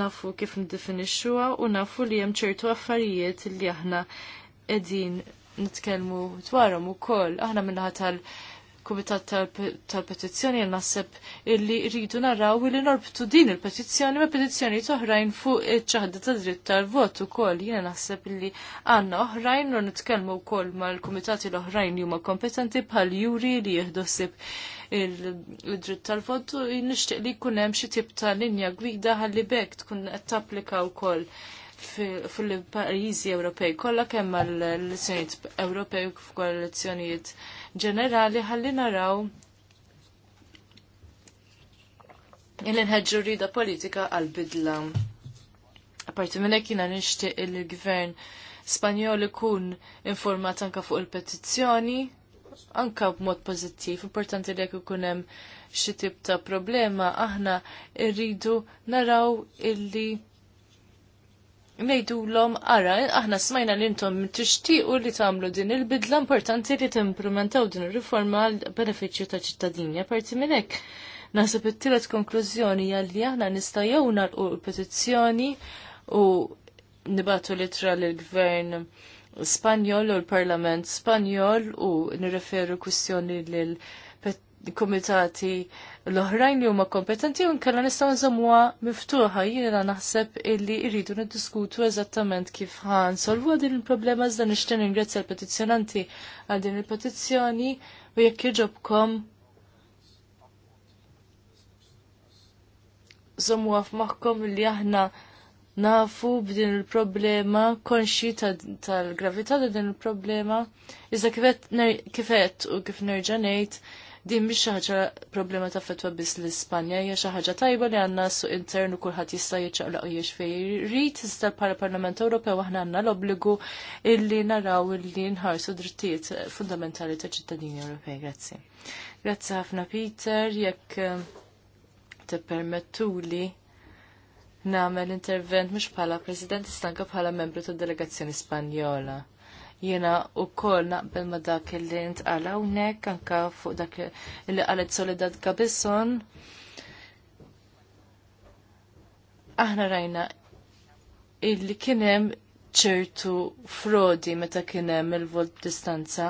S2: nafu kif niddefinixxuha u nafu li hemm ċertu affarijiet li aħna qegħdin nitkellmu dwarhom ukoll. Aħna minnaħa tal- kumitat tal-petizzjoni naħseb illi rridu naraw illi norbtu din il-petizzjoni ma' petizzjoni toħrajn fuq iċ-ċaħda ta' dritt tal-vot ukoll. Jiena naħseb illi għandna oħrajn u nitkellmu wkoll mal-kumitati l-oħrajn li huma kompetenti bħal juri li jieħdu il-dritt tal votu u nixtieq li jkun hemm xi tip ta' linja gwida ħalli bekk tkun qed tapplika wkoll fil-pajjiżi Ewropej kollha kemm għall-elezzjonijiet Ewropej u ġenerali ħalli naraw il-inħedġu rida politika għal-bidla. Aparti minn hekk jiena nixtieq il-gvern Spanjol ikun informat anka fuq il-petizzjoni, anka b'mod pożittiv, importanti li jekk ikun hemm xi tip ta' problema, aħna rridu naraw illi ngħidu l-om ara, aħna smajna li intom tixtiequ li tagħmlu din il-bidla importanti li timplementaw din ir-riforma għal benefiċċju ta' ċittadini. Parti minn hekk, naħseb it-tielet konklużjoni għalli aħna nista' jew nagħlqu l-petizzjoni u nibatu litra lill-gvern Spanjol u l-Parlament Spanjol u nirreferu kwistjoni lill-komitati l-oħrajn li huma kompetenti u nkella nistgħu nżommuha miftuħa jiena naħseb illi rridu niddiskutu eżattament kif ħan solvu din il-problema iżda nixtieq ningrazzja l-petizzjonanti għal din il-petizzjoni u jekk jiġobkom żommuha f'moħħkom li aħna nafu b'din il-problema, konxi tal-gravità ta' din il-problema, iżda kifet, kifet u kif nerġanejt, din biex ħaġa problema ta' fetwa biss l-Ispanja, hija xi ħaġa tajba li għandna suq internu kulħadd jista' jiċċaqlaq jiex fejn jrid iżda l-Parlament Ewropew aħna għandna l-obbligu illi naraw illi nħarsu drittijiet fundamentali ta' ċittadini Ewropej. Grazzi. Grazzi ħafna Peter, jekk eh, tippermettuli nagħmel intervent mhux bħala President istanka bħala membru tad-delegazzjoni Spanjola. Jena u kol naqbel ma dak li ntqala hawnhekk anka fuq dak li qalet Soledad Gabisson. Aħna rajna illi kienem ċertu frodi meta kienem il-volt distanza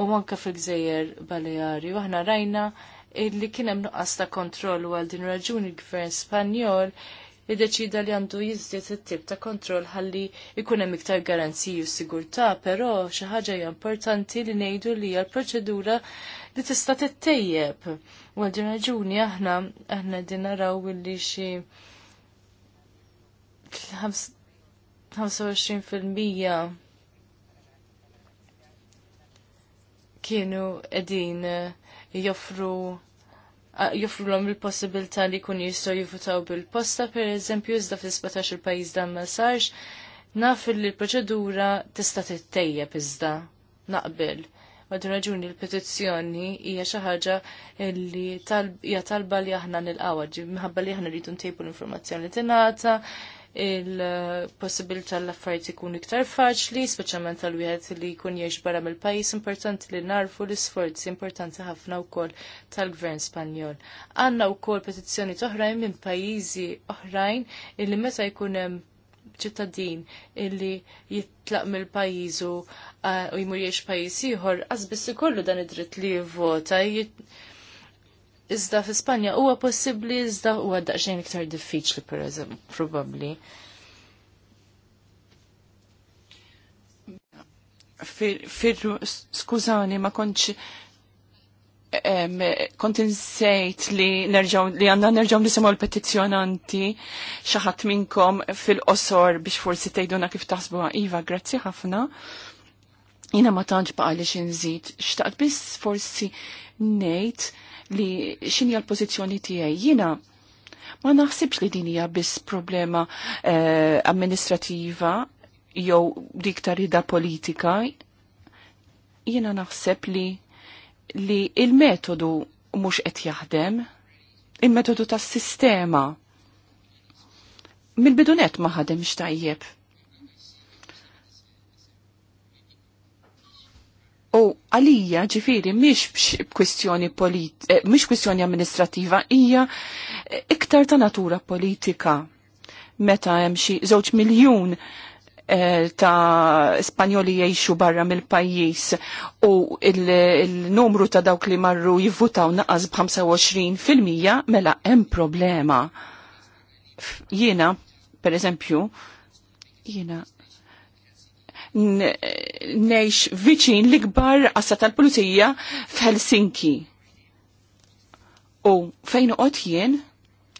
S2: u manka fil-gżejjer Baleari. Aħna rajna illi kienem nuqqas ta' u għal din raġuni l-gvern Spanjol id-deċida li għandu jizdiet it-tip ta' kontroll ħalli ikun hemm iktar garanziji u sigurtà, però xi ħaġa hija importanti li ngħidu li hija l-proċedura li tista' tittejjeb. U għal din raġuni aħna aħna din naraw illi xi 25% kienu qegħdin joffru joffrulhom il-possibilità li kun jistgħu jifutaw bil-posta pereżempju iżda fl-17 il-pajjiż dan ma sarx, naf li l-proċedura tista' tittejjeb iżda naqbel. Għadu raġuni l-petizzjoni hija xi ħaġa li hija talba li aħna nilqgħu minħabba li aħna rridu ntejbu l-informazzjoni li tingħata, il-possibilità l-affarijiet ikun iktar faċli, speċjalment tal wieħed li jkun jgħix barra mill-pajjiż importanti li narfu l-isforzi importanti ħafna wkoll tal-Gvern Spanjol. Għandna wkoll petizzjoni oħrajn minn pajjiżi oħrajn illi meta jkun hemm ċittadin illi jitlaq mill-pajjiżu uh, u jmur jgħix pajjiż ieħor, qasbis ikollu dan id-dritt li jivvota iżda fi Spanja huwa possibbli iżda huwa daqsxejn iktar diffiċli pereżempju probabbli.
S4: skużani, ma kontx kont insejt li nerġaw li għanna nerġaw nisimaw l-petizjonanti xaħat minnkom fil-qosor biex forsi tgħiduna kif taħsbuha. Iva, grazzi ħafna. Jina ma tantx baqa li xinżid. Xtaqt biss forsi ngħid li xinja l-pozizjoni tiegħi. Jina, ma naħsibx li din hija biss problema eh, amministrativa jew dik rida politika. Jiena naħseb li li il-metodu mhux qed jaħdem, il-metodu tas-sistema. Mill-bidunet ma ħadem tajjeb. U għalija ġifiri miex kwistjoni politika, eh, miex kwistjoni amministrativa, hija eh, iktar ta' natura politika. Meta hemm xi żewġ miljun eh, ta' Spanjoli jiexu barra mill-pajjiż u il-numru ta' dawk li marru jivvutaw naqas b'25% mela hemm problema. Jiena, per eżempju, jiena nejx viċin l-ikbar qassa tal-pulizija f'Helsinki. U fejn uqgħod jien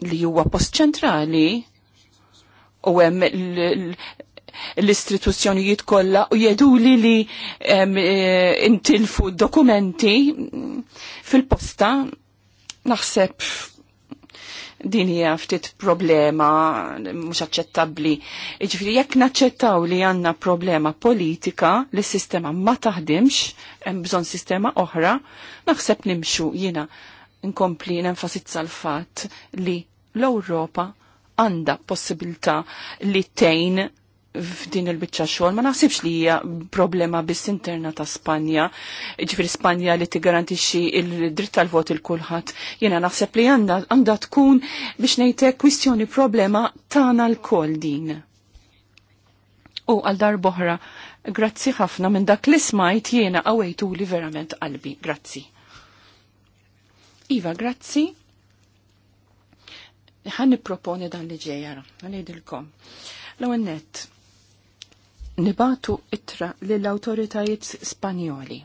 S4: li huwa post ċentrali u hemm l-istituzzjonijiet kollha u jedu li li e, intilfu dokumenti mm, fil-posta naħseb din hija ftit problema mhux aċċettabbli. Jiġifieri jekk naċċettaw li għandna problema politika li s-sistema ma taħdimx, hemm bżonn sistema oħra, naħseb nimxu jiena nkompli nenfasizza l-fatt li l-Ewropa għandha possibilità li tejn f'din il-bicċa xogħol ma naħsibx li hija problema biss interna ta' Spanja, ġifir Spanja li tigarantixxi il-dritt tal-vot il kulħadd. Jiena naħseb li għandha għandha tkun biex ngħidlek kwistjoni problema tagħna l-kol din. U għal dar boħra, grazzi ħafna minn dak li smajt jiena għawejtu li verament qalbi. Grazzi. Iva, grazzi. Ħan nipproponi dan li ġejjara, għan l-għennet nibatu itra lill-autoritajiet Spanjoli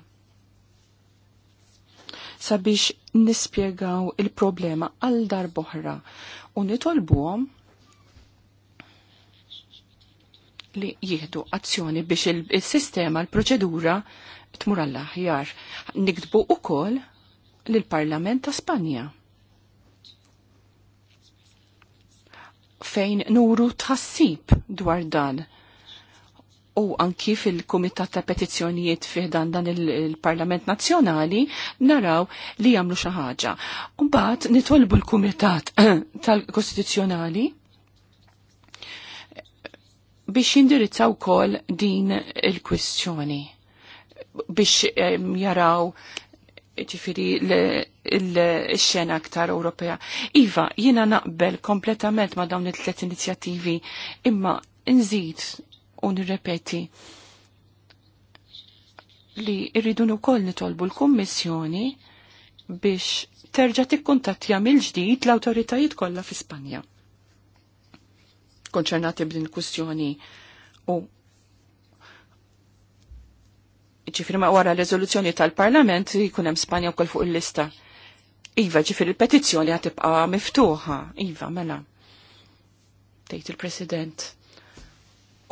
S4: sabiex nispiegaw il-problema għal darboħra u nitolbuhom li jieħdu azzjoni biex il-sistema, il l-proċedura tmur għall aħjar Nikdbu u koll l-Parlament ta' Spanja. Fejn nuru tħassib dwar dan u anki fil-Kumitat ta' Petizzjonijiet fiħdan dan il-Parlament Nazzjonali naraw li jagħmlu xi ħaġa. Mbagħad nitolbu l-Kumitat tal-Kostituzzjonali biex jindirizzaw kol din il-kwistjoni biex jaraw ċifiri l xena aktar Ewropea. Iva, jina naqbel kompletament ma dawn it-tlet inizjattivi imma nżid u nirrepeti li irridu ukoll nitolbu l-Kummissjoni biex terġa' tikkuntattja mill-ġdid l-awtoritajiet kollha fi Spanja. Konċernati b'din kwistjoni u ġifiri ma wara rezoluzzjoni tal-parlament jkun hemm Spanja wkoll fuq il-lista. Iva, ġifiri il-petizzjoni għatibqa miftuħa. Iva, mela. Tgħid il-President.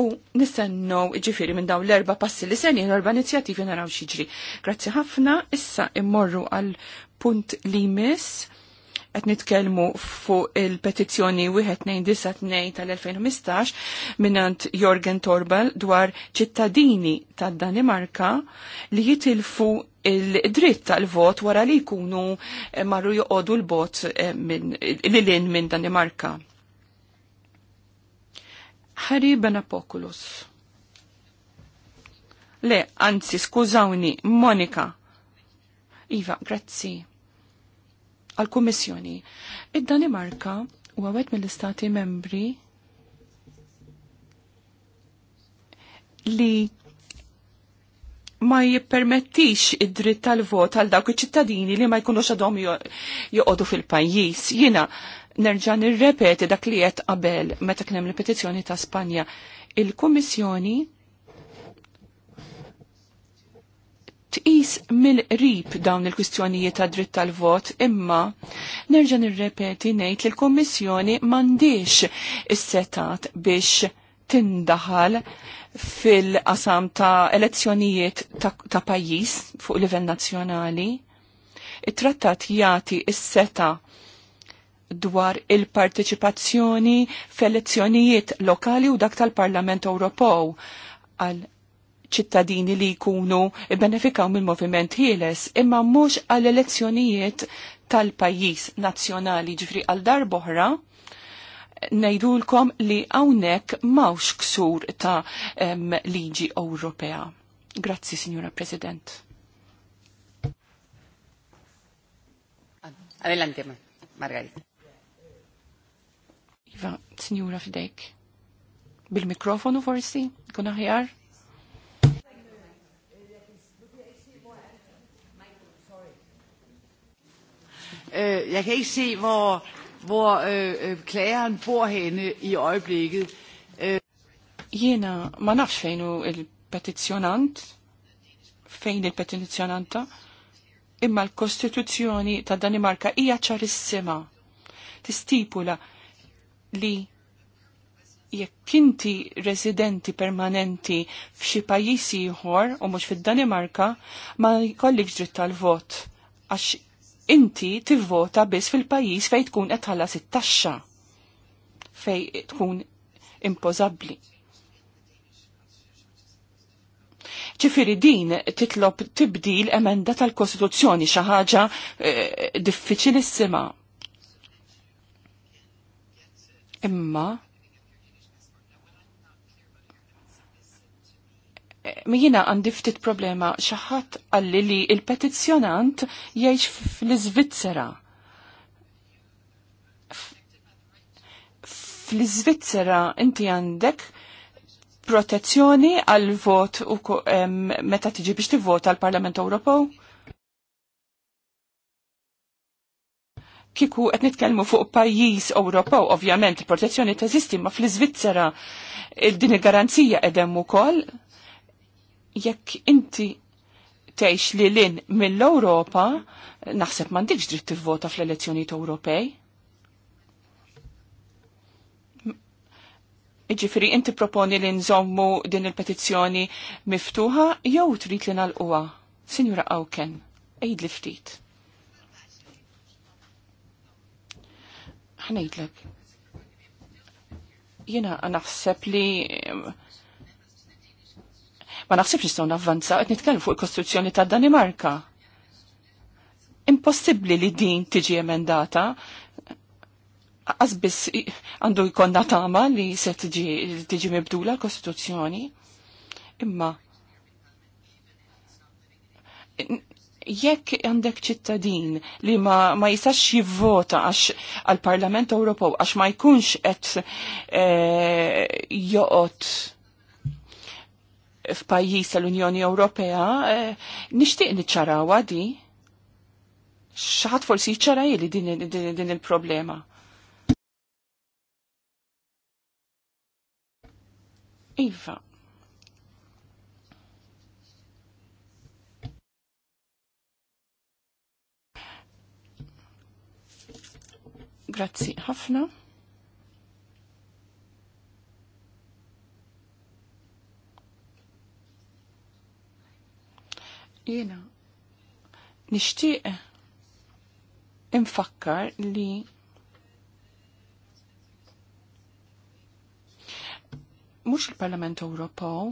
S4: U nistennu ġifiri minn dawn l-erba passi li seni l-erba inizjativi naraw xiġri. Grazzi ħafna, issa immorru għal punt li miss, għet nitkelmu fuq il-petizjoni 1292 tal-2015 minnant Jorgen Torbal dwar ċittadini tad danimarka li jitilfu il-dritt tal-vot wara li jkunu marru joqodu l-bot eh, li l lin minn Danimarka Harry Benapopoulos. Le, anzi, skużawni, Monika. Iva, grazzi. Għal-Kummissjoni. Id-Danimarka u għawet mill-Istati membri li ma jippermettix id-dritt tal-vot għal dawk iċ-ċittadini li ma jkunux għadhom joqogħdu fil-pajjiż. Jiena nerġa' nirrepeti dak li qed qabel meta kien hemm l-petizzjoni ta' Spanja. Il-Kummissjoni tqis mill-rib dawn il-kwistjonijiet ta' dritt tal-vot, imma nerġa' nirrepeti ngħid li l-Kummissjoni m'għandix is-setat biex tindaħal fil-qasam ta' elezzjonijiet ta', ta pajjiż fuq livell nazzjonali. It-trattat jagħti is-seta' dwar il-partiċipazzjoni f'elezzjonijiet lokali u dak tal-Parlament Ewropew għal ċittadini li jkunu benefikaw mill-moviment ħieles imma mhux għal elezzjonijiet tal-pajjiż nazzjonali ġifri għal darboħra nejdulkom li għawnek mawx ksur ta' em, liġi Ewropea. Grazzi, Signora President.
S1: Adelante, Margarita.
S4: Iva, sinjura fidejk. Bil-mikrofonu forsi, kun aħjar? Eh, jeg kan ikke se, hvor, hvor øh, øh klageren bor henne i øjeblikket. Øh. Jena, ma nafx fejn et petitionant, fejn il-petizjonanta, imma l-Kostituzzjoni ta' Danimarka hija ċarissima. Tistipula li jekk inti residenti permanenti f'xi pajjiż ieħor u mhux fid-Danimarka ma jkollikx dritt tal-vot għax inti tivvota biss fil-pajjiż fejn tkun qed tħallas it-taxxa fejn tkun impożabbli. ċifiri din titlob tibdil emenda tal-Kostituzzjoni xi ħaġa eh, diffiċilissima Imma jina għandi ftit problema xaħat għalli li il-petizjonant jiex fl-Izvizzera. Fl-Izvizzera inti għandek protezzjoni għal vot u meta tiġi biex tivvota għal Parlament Ewropew? kiku qed nitkellmu fuq pajjiż Ewropew, ovvjament il-protezzjoni teżisti ma fl-Iżvizzera din il-garanzija qegħdem ukoll jekk inti tgħix li lin mill-Ewropa naħseb m'għandikx dritt tivvota fl-elezzjonijiet Ewropej. Iġifiri, inti proponi li nżommu din il-petizzjoni miftuħa jew trid li nalquha. Sinjura Awken, ejd li ftit. ħnejdlek. Jena naħseb li ma naħseb naħsibx nistgħu navvanza qed nitkellem fuq il kostruzzjoni ta' Danimarka. Impossibli li din tiġi emendata għazbis għandu jkonna tama li se tiġi mibdula l-Kostituzzjoni. Imma jekk għandek ċittadin li ma, ma jistax jivvota għax għal-Parlament Ewropew għax ma jkunx qed e, joqgħod f'pajjiż tal-Unjoni Ewropea, e, nixtieq niċċarawha għadi. Xaħat forsi jċara li din, din, din il-problema. Iva, Grazzi ħafna. Jena, nishtiq infakkar li mux il-Parlament Ewropew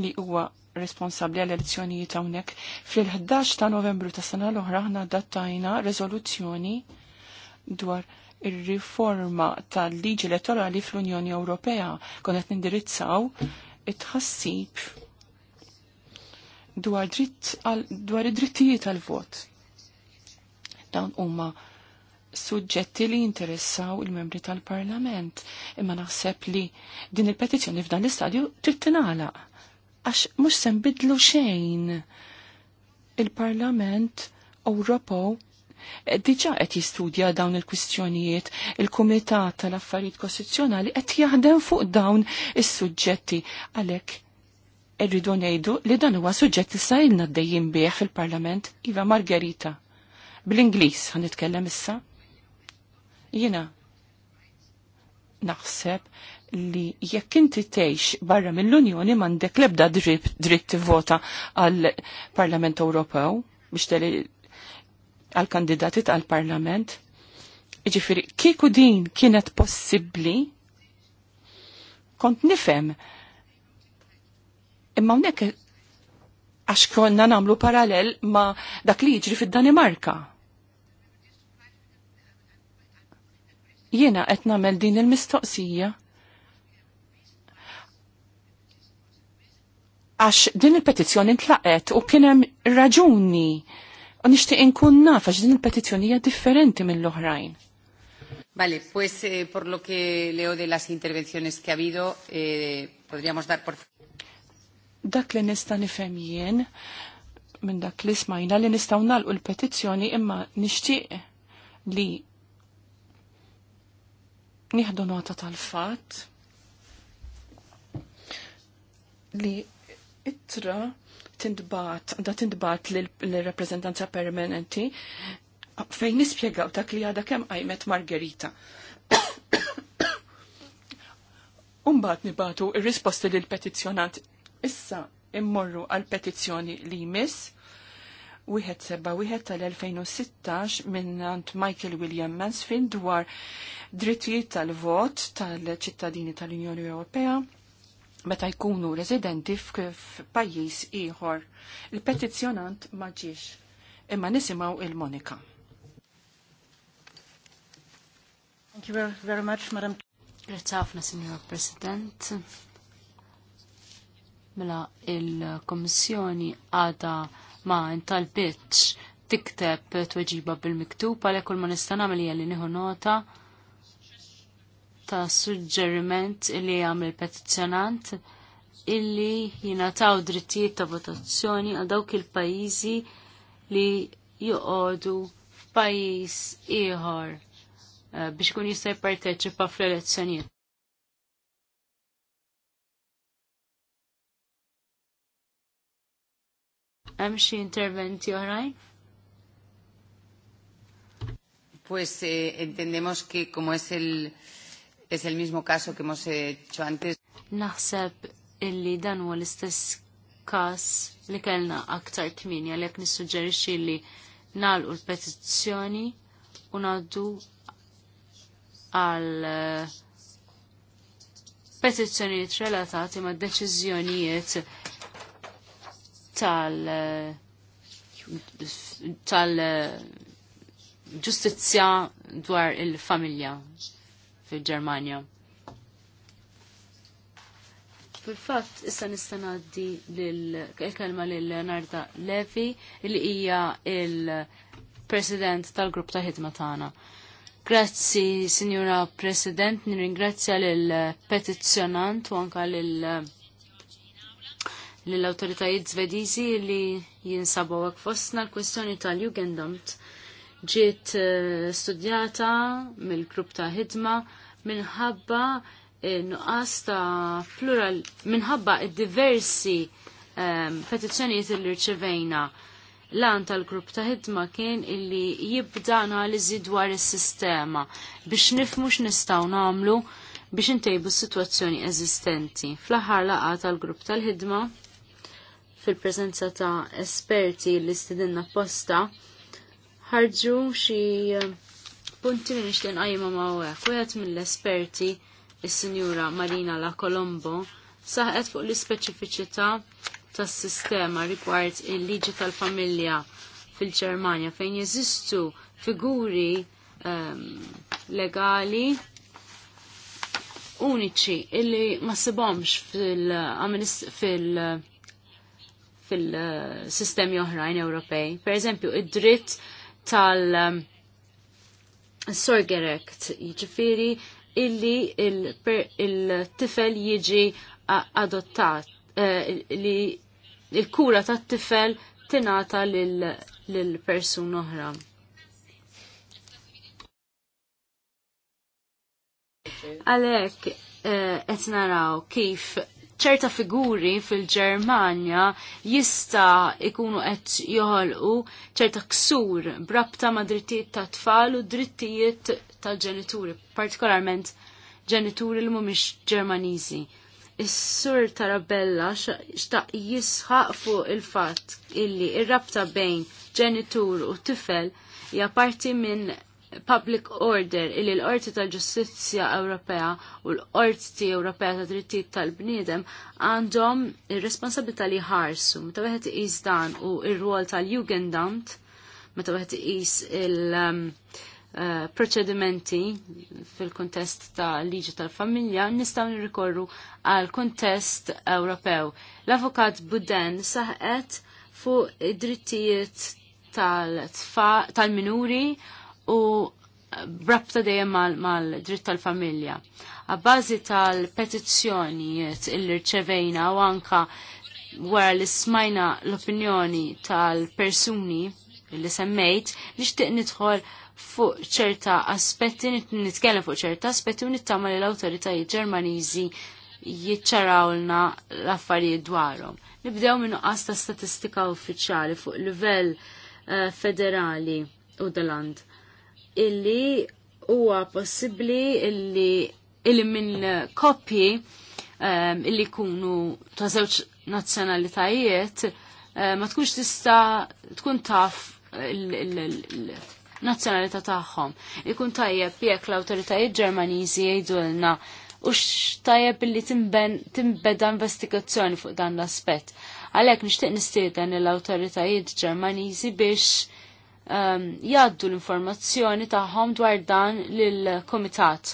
S4: li huwa responsabli għal elezzjonijiet hawnhekk fil-11 ta' Novembru ta' sena l-oħra ħna dattajna rezoluzzjoni dwar ir-riforma tal-liġi elettorali fl-Unjoni Ewropea konet nindirizzaw it-ħassib dwar, dritt dwar id-drittijiet tal-vot. Dawn huma suġġetti li jinteressaw il-membri tal-Parlament, imma naħseb li din il-petizzjoni f'dan l-istadju trid tingħalaq. Għax mhux se nbidlu xejn. Il-Parlament Ewropew Eh, diġa qed jistudja dawn il-kwistjonijiet, il-Kumitat tal-Affarijiet Kostituzzjonali qed jaħdem fuq dawn is-suġġetti għalhekk irridu ngħidu li dan huwa suġġett issa ilna d-dejjin bih fil-Parlament Iva Margherita. Bl-Ingliż nitkellem issa. Jiena naħseb li jekk inti tgħix barra mill-Unjoni m'għandek l-ebda dritt tivvota għall Parlament Ewropew biex għal-kandidati tal-parlament. Iġifiri, kieku din kienet possibli, kont nifem. Imma unnek għax konna namlu parallel ma dak li jiġri fid-Danimarka. Jiena qed nagħmel din il-mistoqsija. Għax din il-petizzjoni tlaqet u kien hemm raġuni U nixtieq inkun naf għax din il hija differenti mill-oħrajn.
S1: Vale, pues eh, por lo que leo de las intervenciones que ha habido, eh, podríamos dar por...
S4: Dak li nista nifhem jien minn dak li smajna li nistgħu nagħlqu l-petizzjoni imma nixtieq li nieħdu nota tal-fatt li ittra tindbat, da tindbat l-rappresentanza permanenti fejn nispjegaw dak li għada kem għajmet Margherita. Umbat nibatu il-risposti li l-petizjonant. Issa immorru għal-petizjoni li jmiss, wieħed seba wieħed tal-2016 minnant Michael William Mansfield dwar drittijiet tal-vot tal-ċittadini tal-Unjoni Ewropea meta jkunu residenti f'pajjiż ieħor. Il-petizzjonant ma ġiex. Imma nisimgħu il-Monika.
S3: Thank you very, much, Madam. Grazie ħafna, Signor President. Mela il-Kommissjoni għada ma intalbitx tikteb tweġiba bil-miktub għalhekk kull ma nista' nagħmel li nieħu nota ta' suġġeriment li għamil petizzjonant illi jinataw drittijiet ta' votazzjoni għal dawk il-pajjiżi li joqogħdu f'pajjiż ieħor eh, biex kun jista' jipparteċipa fl-elezzjonijiet.
S1: Hemm xi interventi oħrajn? Pues eh, entendemos que como es el es el mismo caso que hemos hecho antes. Naħseb illi dan huwa l-istess każ li
S3: kellna aktar kmini għalhekk nissuġġerixxi li nagħlqu l-petizzjoni u ngħaddu għal eh, petizzjonijiet relatati ma' deċiżjonijiet tal eh, tal eh, ġustizzja dwar il-familja fil-Ġermanja. Fil-fatt, issa nista' ngħaddi l-kelma l Narda Levi li hija il-President tal-grupp ta' ħidma tagħna. Grazzi, Signora President, nirringrazzja l-petizzjonant u anka l-autoritajiet svedizi li jinsabu għak fostna l-kwestjoni tal-Jugendamt ġiet eh, studjata mill-grupp ta' ħidma minħabba eh, nuqqas ta' plural, minħabba id-diversi um, petizzjonijiet li rċevejna lan tal-grupp ta' ħidma kien illi jibda analiżi dwar is-sistema biex nifmu x'nistgħu nagħmlu biex intejbu s-sitwazzjoni eżistenti. Fl-aħħar laqgħa tal-grupp tal-ħidma fil-preżenza ta' esperti li stidinna posta ħarġu xi punti li nixtieq nqajma mawek. Wieħed mill-esperti il sinjura Marina La Colombo saħet fuq l-ispeċifiċità tas-sistema rigward il-liġi tal-familja fil-Ġermanja fejn jeżistu figuri um, legali uniċi illi ma sibomx fil fil-sistemi oħrajn Ewropej. Per eżempju, id-dritt tal- sorgerekt, jiġifieri illi il-tifel jiġi adottat, eh, li il-kura tat tifel tinata lil-persun oħra. Għalek, eh, qed naraw kif ċerta figuri fil-Ġermanja jista ikunu qed joħolqu ċerta ksur brabta ma' drittijiet ta' tfal u drittijiet tal-ġenituri, partikolarment ġenituri li mhumiex Ġermaniżi. Is-sur Tarabella xtaq jisħaq fuq il-fatt illi ir-rabta bejn ġenitur u tifel hija parti minn public order illi l-Qorti tal-Ġustizzja Ewropea u l-Qorti Ewropea ta' Drittijiet tal-Bniedem għandhom ir-responsabilità li ħarsu meta wieħed iqis dan u r-rwol tal-Jugendamt meta wieħed iqis il-proċedimenti um, uh, fil-kontest ta' liġi tal-familja nistgħu nirrikorru għal kontest Ewropew. L-Avukat Buden saħqet fuq id-drittijiet tal-minuri tal minuri tal u brabta dejjem mal-dritt tal-familja. A bazi tal-petizzjonijiet illi rċevejna u anka wara li smajna l-opinjoni tal-persuni li semmejt, nixtieq nidħol fuq ċerta aspetti, nitkellem fuq ċerta aspetti u nittama li l-autoritajiet ġermaniżi jiċċarawlna l-affarijiet dwarhom. Nibdew minn nuqqas ta' statistika uffiċjali fuq livell eh, federali u daland illi huwa possibbli illi illi minn koppji um, illi kunu ta' żewġ nazzjonalitajiet uh, ma tkunx tista' tkun taf il-nazzjonalità tagħhom. Ikun tajjeb jekk l-awtoritajiet Ġermaniżi jgħidulna u tajjeb illi timbeda investigazzjoni fuq dan l-aspett. Għalhekk nixtieq nistieden l-awtoritajiet Ġermaniżi biex um, jaddu l-informazzjoni tagħhom dwar dan lill-komitat.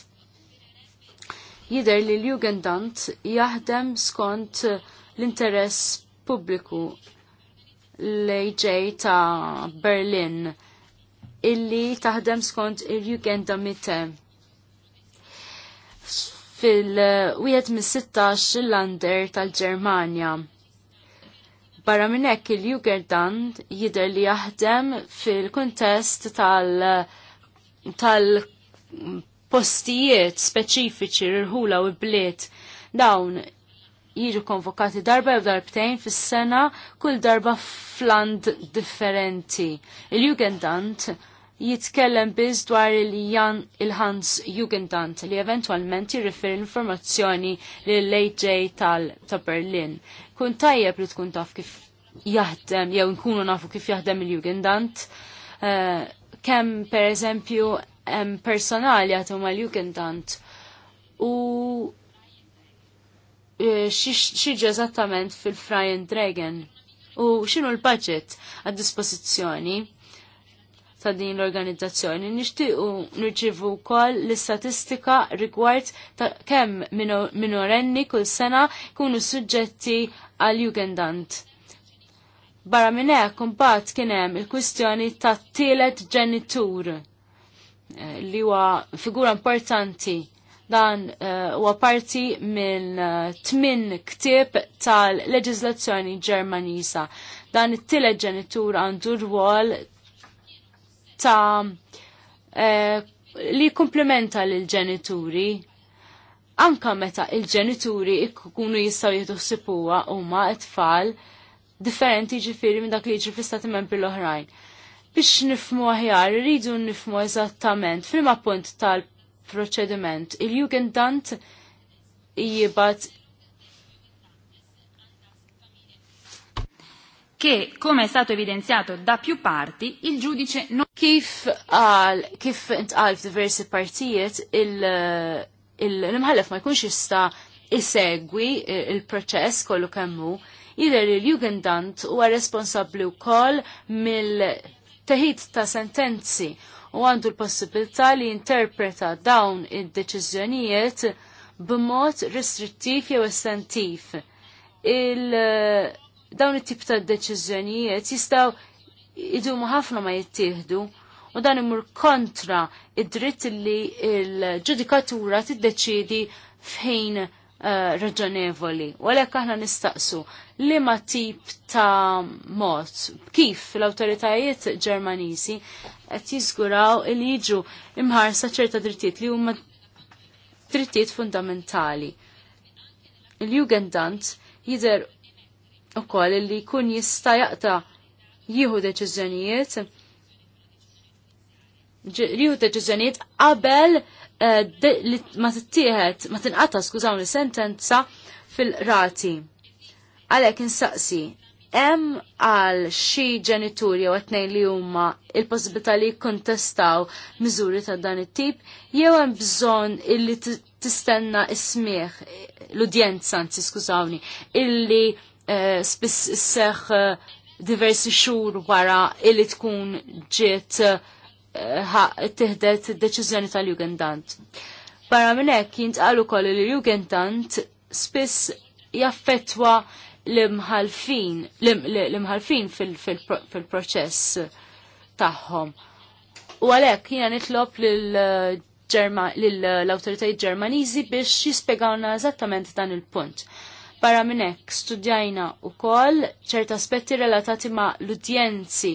S3: Jider li l-Jugendant jaħdem skont l-interess pubbliku l-AJ ta' Berlin illi taħdem skont il-Jugendamite fil-1 mis-16 l-lander tal-Germania. Barra minn hekk il-Jugendamt jidher li jaħdem fil-kuntest tal- tal postijiet speċifiċi rħula u bliet dawn jiġu konvokati darba jew darbtejn fis-sena kull darba fland differenti. Il-Jugendant jitkellem biz dwar il-Jan il-Hans Jugendant li eventualment jirrifer informazzjoni li l-AJ tal ta' Berlin. Kun tajjeb li tkun taf kif jaħdem, jew nkunu nafu kif jaħdem il-Jugendant. Uh, eh, Kem per eżempju personali għatum għal-Jugendant u eh, xieġ eżattament fil-Fry and Dragon u xinu l-budget għad-dispozizjoni ta' din l-organizzazzjoni. Nixtiequ nirċivu wkoll l-istatistika rigward ta' kemm minorenni kull sena kunu suġġetti għal jugendant. Barra minn hekk kienem kien hemm il-kwistjoni ta' tielet ġenitur eh, li huwa figura importanti dan eh, huwa uh, parti minn uh, eh, tmin ktieb tal-leġiżlazzjoni Ġermaniża. Dan it-tielet ġenitur għandu rwol ta' eh, li komplementa l-ġenituri anka meta il-ġenituri ikkunu jistaw jihdu sipuwa huma tfal differenti ġifiri minn dak li jiġri stati membri l-oħrajn. Biex nifmu aħjar, rridu nifmu eżattament fil-ma punt tal-proċediment. Il-Jugendant jibat che, come è stato evidenziato da più parti, il giudice non... Kif għal, kif intqal f'diversi partijiet, il-mħallef ma jkunx jista isegwi e, il-proċess kollu kemmu, jider il-jugendant huwa responsabli wkoll mill-teħid ta' sentenzi u għandu l-possibilità li interpreta dawn id-deċiżjonijiet b'mod restrittiv jew estentiv. Il- dawn it-tip ta' deċiżjonijiet jistgħu idumu ħafna ma jittieħdu u dan imur kontra id-dritt li l-ġudikatura tiddeċidi f'ħin eh, raġonevoli. U għalhekk aħna nistaqsu li ma tip ta' mod kif l-awtoritajiet Ġermaniżi qed jiżguraw il jiġu imħarsa ċerta drittijiet li huma drittijiet fundamentali. Il-Jugendant jidher ukoll li jkun jista' jaqta jieħu deċiżjonijiet jihu deċiżjonijiet qabel eh, li ma tittieħed ma tinqata' skużawni sentenza fil-rati. Għalhekk insaqsi, hemm għal xi ġenituri jew tnejn li huma il-possibilità li jikkontestaw miżuri ta' dan it-tip jew hemm bżonn illi tistenna ismieħ l-udjenza anzi skużawni illi Eh, spiss seħ eh, diversi xhur wara illi tkun ġiet eh, tihdet deċiżjoni tal-Jugendant. Barra minn hekk jintqalu koll li l-Jugendant spiss jaffettwa l-imħalfin, fil-proċess tagħhom. U għalhekk jiena nitlob l autoritajt ġermaniżi biex jispegawna eżattament dan il-punt. Barra minnek, studjajna u kol ċert aspetti relatati ma l-udjenzi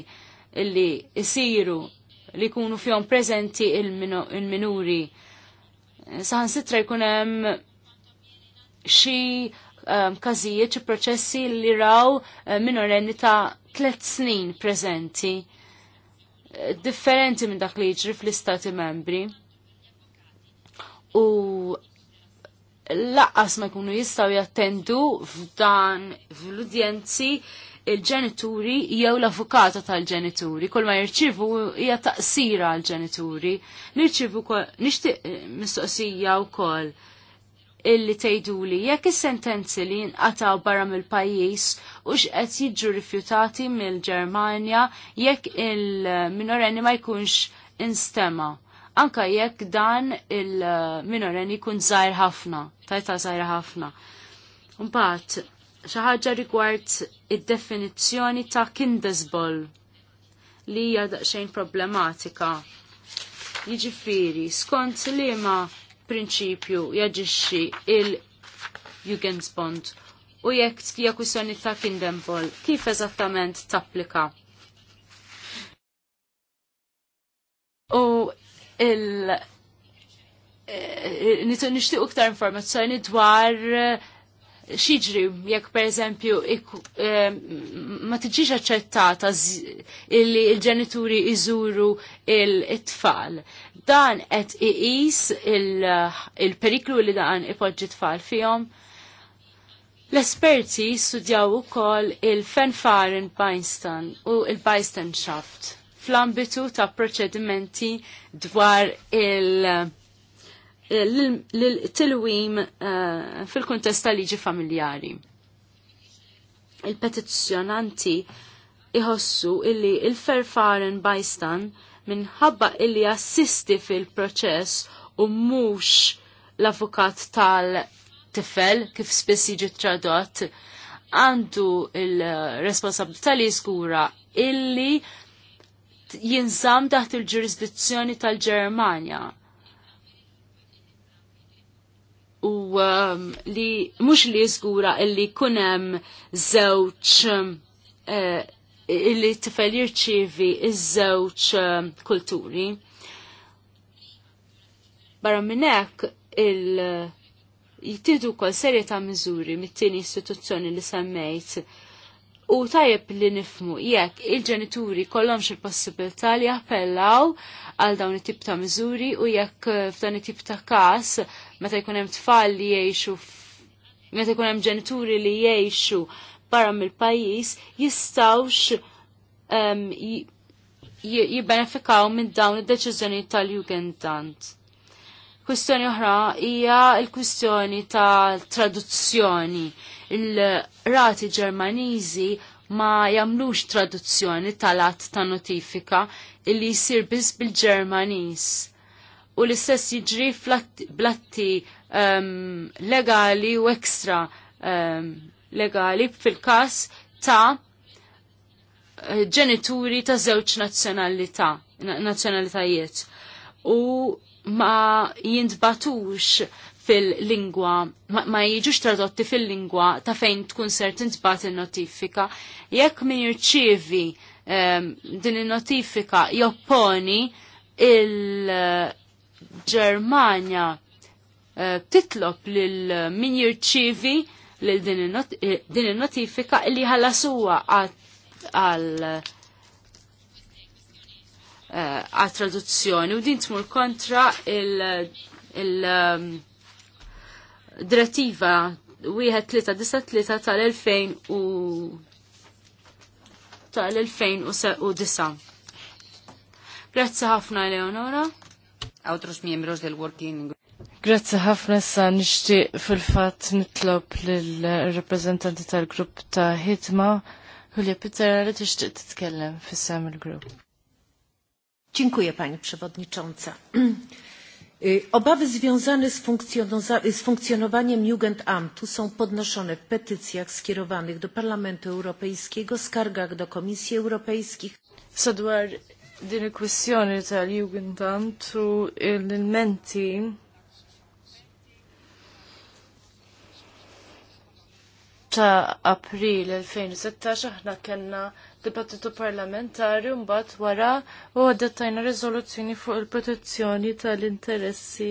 S3: li jisiru li kunu fjom prezenti il-minuri. Saħan sitra jkunem xie um, kazijiet xie proċessi li raw eh, minorenni ta' tlet snin prezenti eh, differenti minn dak li jġri fl-istati membri. U laqqas ma jkunu jistaw jattendu f'dan fl-udjenzi il-ġenituri jew l-avukata tal-ġenituri, kol ma jirċivu hija taqsira għal-ġenituri. Nirċivu nixtieq eh, mistoqsija wkoll illi tgħiduli jekk is-sentenzi li nqataw barra mill-pajjiż u x'qed jiġu rifjutati mill-Ġermanja jekk il-minorenni ma jkunx instema' anka jekk dan il-minoren ikun zaħir ħafna, tajta zaħir ħafna. Mbagħad xi ħaġa rigward id-definizzjoni ta' kindesbol li hija daqsxejn problematika. Jiġifieri, skont liema prinċipju jaġixxi il-Jugendsbond u jekk hija kwistjoni ta' kindesbol, kif eżattament tapplika? U il- eh, nixtieq informazzjoni dwar eh, xieġri, jekk per eżempju eh, ma tiġiġ aċċettata illi il-ġenituri iżuru il-tfal. Dan qed iqis il-periklu li dan ipoġġi tfal fihom. L-esperti studjaw ukoll il-Fenfarin Beinstein u il-Beinstein Shaft fl-ambitu ta' proċedimenti dwar il- l-tilwim eh, fil kuntest ta' liġi familjari. Il-petizzjonanti iħossu illi il-ferfaren bajstan minħabba illi assisti fil-proċess u mux l-avukat tal-tifel kif spiss jiġi tradott għandu il-responsabilità li jskura illi jinżam taħt il-ġurisdizzjoni tal-Ġermanja. U um, li mhux li żgura illi kunem żewġ uh, illi tifel jirċievi iż-żewġ uh, kulturi. Barra minn hekk il jittidu kol serje ta' miżuri mit-tieni istituzzjoni li semmejt U tajjeb li nifmu jekk il-ġenituri kollhomx il-possibilità li jappellaw għal dawn it-tip ta' miżuri u jekk eh, f'dan it-tip ta' każ meta jkun hemm tfal li jgħixu meta jkun hemm ġenituri li jgħixu barra mill-pajjiż jistgħux um, jibbenefikaw minn dawn id-deċiżjoni tal-Jugendant. Kwistjoni oħra hija l-kwistjoni tal-traduzzjoni il-rati ġermaniżi ma jamlux traduzzjoni tal-att ta' notifika illi jisir biss bil-Ġermaniż. U l-istess jiġri blatti um, legali u ekstra um, legali fil-kas ta' ġenituri ta' żewġ nazzjonalità, nazzjonalitajiet. U ma jintbatux fil-lingwa, ma, ma jiġux tradotti fil-lingwa ta' fejn tkun ser tintbat il-notifika. Jekk min jirċievi um, din il-notifika jopponi il-Germania uh, lil min jirċievi lil din eh, il-notifika li ħalasuwa għal eh, għal traduzzjoni u din tmur kontra il- il- ehm, direttiva 1393 tal-2000 u tal-2009. Grazzi ħafna Leonora.
S1: Autros miembros del working group.
S2: Grazzi ħafna sa nixtieq fil-fatt nitlob lill reprezentanti tal-grupp ta' Hitma. Julia Pizzera li tixtieq titkellem fis-sam il-grupp. Dziękuję Pani Przewodnicząca. Obawy związane z, z funkcjonowaniem Jugendamtu są podnoszone w petycjach skierowanych do Parlamentu Europejskiego, skargach do Komisji Europejskich. Sadwar kwestjoni tal menti ta' april 2016 kena dibattitu parlamentari mbagħad wara u għaddettajna riżoluzzjoni fuq il-protezzjoni tal-interessi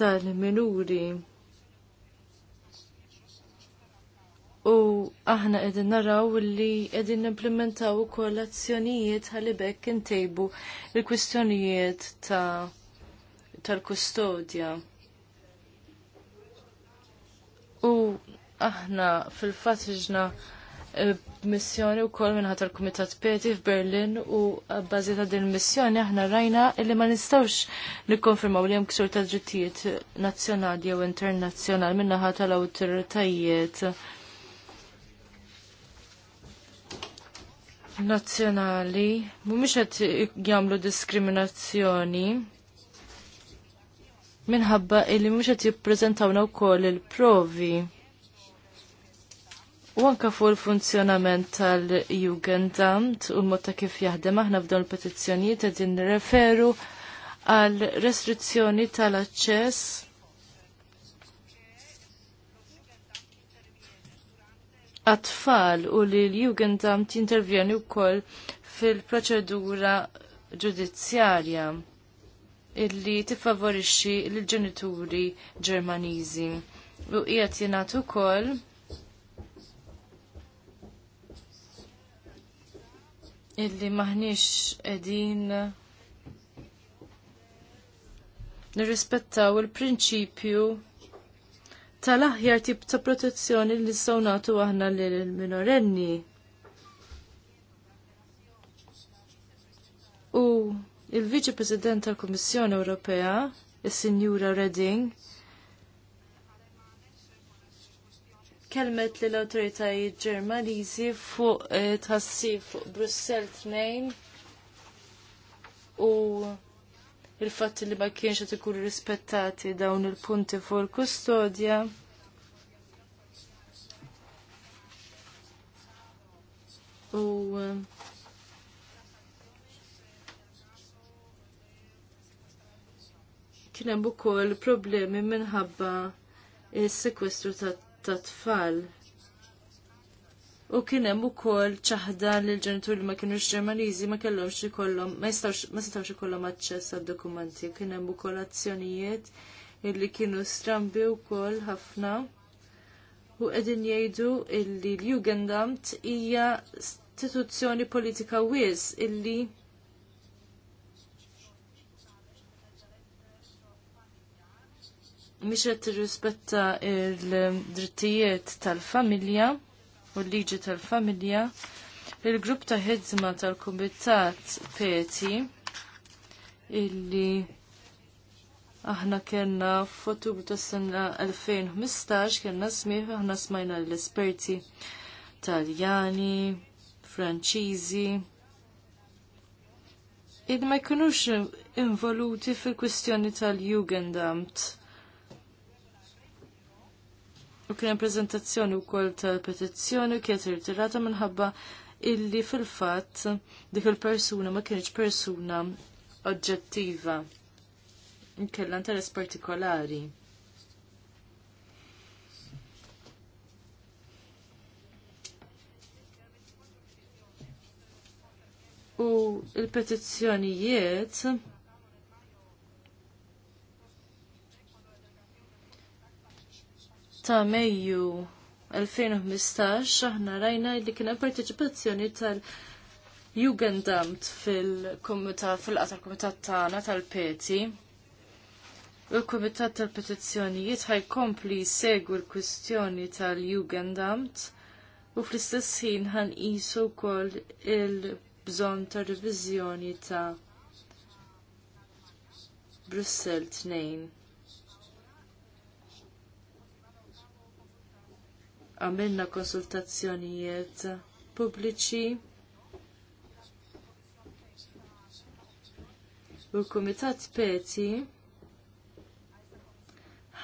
S2: tal-minuri. U aħna qegħdin naraw li qegħdin nimplementaw ukoll azzjonijiet ħalibek intejbu il-kwistjonijiet ta' tal-kustodja. U aħna fil-fatt Eh, missjoni u kol minnħat l-Kumitat Peti f'Berlin u għabbażi eh, ta' din missjoni aħna rajna illi ma nistawx nikkonfirmaw li hemm ksur ta' drittijiet nazzjonali jew internazzjonali minnaħat tal-awtoritajiet nazzjonali mhumiex qed jagħmlu diskriminazzjoni minħabba illi mhux qed jippreżentawna wkoll il-provi. U anka fuq il-funzjonament tal-Jugendamt u mod ta' kif jaħdem aħna f'dawn il-petizzjonijiet qed nirreferu għal restrizzjoni tal-aċċess għat-tfal u li l-Jugendamt jintervjeni wkoll fil-proċedura ġudizzjarja illi tiffavorixxi l-ġenituri Ġermaniżi u qiegħed jingħatu ukoll illi maħniex edin nirrispettaw il-prinċipju tal-aħjar tip ta' protezzjoni li nistgħu nagħtu aħna lil minorenni. U il-Viċi President tal-Kummissjoni Ewropea, is-Sinjura Redding, kelmet li l-autoritajiet ġermaniżi fuq eh, tassi fuq Brussel tnejn. u il-fatt li ma kienx qed ikunu rispettati dawn il-punti fuq il-kustodja. U eh, kien hemm ukoll problemi minħabba is-sekwestru ta' ta' tfal. U kien hemm ukoll ċaħda li l-ġenituri li ma kinux Ġermaniżi ma kellhomx ikollhom ma jistgħux ikollhom aċċess għad-dokumenti. Kien hemm ukoll azzjonijiet illi kienu strambi wkoll ħafna u qegħdin jgħidu illi l-Jugendamt hija istituzzjoni politika wies illi mhix qed tirrispetta l-drittijiet tal-familja u l-liġi tal-familja, il-grupp ta' ħidma tal-Kumitat Peti illi aħna kena fotu tas-sena 2015 kena smieħ aħna smajna l-esperti Taljani, Franċiżi. Id ma jkunux involuti fil-kwistjoni tal-Jugendamt u kien prezentazzjoni wkoll tal-petizzjoni kienet irtirata minħabba illi fil-fatt dik il-persuna ma kienx persuna oġġettiva. Nkella interess partikolari. U il-petizzjonijiet ta' Mejju 2015 aħna rajna li kien hemm partiċipazzjoni tal-Jugendamt fil-Kumitat fil tal kumitat tagħna tal-Peti. Il-Kumitat tal-Petizzjonijiet ħajkompli jsegwi l-kwistjoni tal-Jugendamt u fl-istess ħin ħanqisu wkoll il-bżonn ta' riviżjoni ta' Brussel 2. għamilna konsultazzjonijiet pubbliċi u l-Kumitat Peti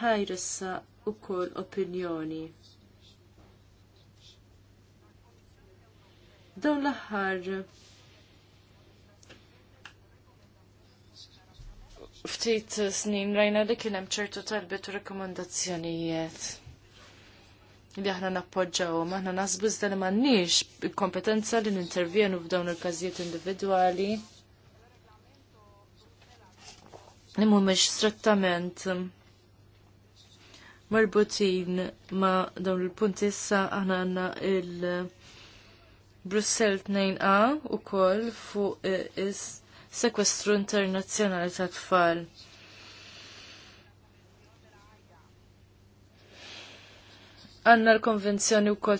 S2: ħajressa u kol opinjoni. Dawn l-aħħar ftit snin rajna li kien hemm ċertu talbet u rekomendazzjonijiet li aħna nappoġġaw, aħna nasbu iżda li m'għandniex il-kompetenza li nintervjenu f'dawn il-każijiet individwali li mhumiex strettament marbutin ma' dawn il-punti issa aħna għandna il- Brussels 2A u koll fuq is sekwestru internazzjonali ta' tfal. għanna l-konvenzjoni u kol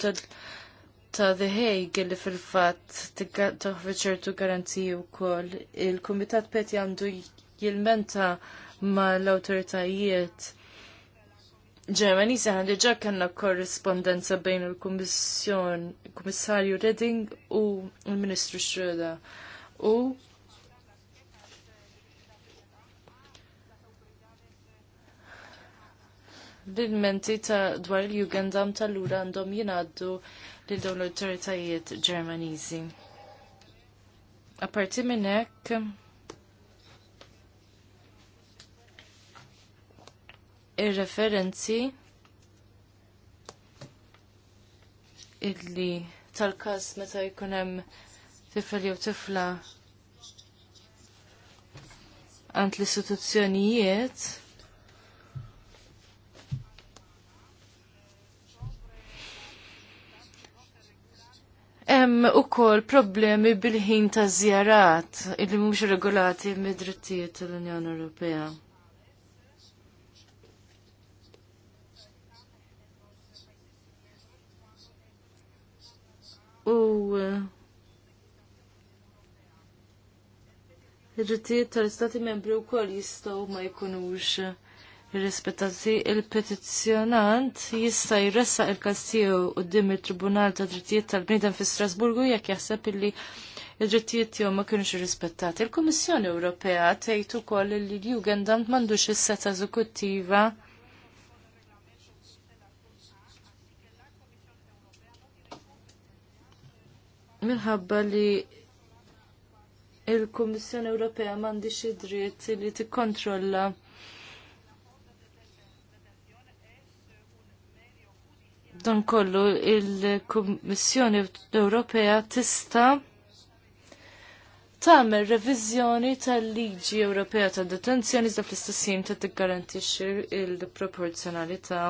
S2: ta' The Hague li fil-fat toħvi ċertu garanziji u kol. Il-Komitat Peti għandu jilmenta ma' l-autoritajiet Ġermani għandu ġak kanna korrespondenza bejn il il Kommissarju Redding u il-Ministru Schröder. U l-ilmenti ta' dwar il-Jugendam tal-lura għandhom jingħaddu lil dawn l-autoritajiet Ġermaniżi. Apparti minn hekk ir-referenzi illi tal-każ meta jkun hemm tifel jew tifla għand l-istituzzjonijiet Hemm ukoll problemi bil-ħin ta' żjarat illi mhux regolati mid-drittijiet tal-Unjoni Ewropea. U eh, ir-drittijiet tal-Istati Membri wkoll jistgħu ma jkunux Irrispettati il-petizzjonant jista' jressaq il-każ tiegħu quddiem il tribunal ta' Drittijiet tal-Bniedem fi Strasburgu jekk jaħseb illi id-drittijiet tiegħu ma kienux irrispettati. Il-Kummissjoni Ewropea tgħid ukoll li l jugendant m'għandux is-seta' eżekuttiva minħabba li il-Kummissjoni Ewropea m'għandix id-dritt li tikkontrolla dan kollu il-Kummissjoni Ewropea tista' tagħmel reviżjoni tal-Liġi Ewropea tad detenzjoni iżda fl jim ta' tiggarantixxi il-proporzjonalità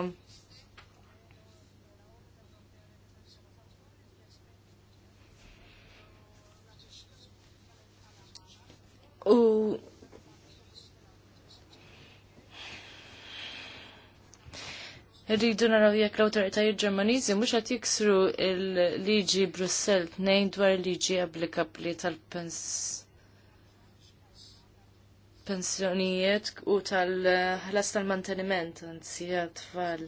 S2: u Rridu naraw jekk l-awtoritajiet Ġermaniżi mhux qed jiksru l-liġi Brussell tnejn dwar liġi applikabbli tal-pensjonijiet u tal-ħlas tal-manteniment anzi tfal.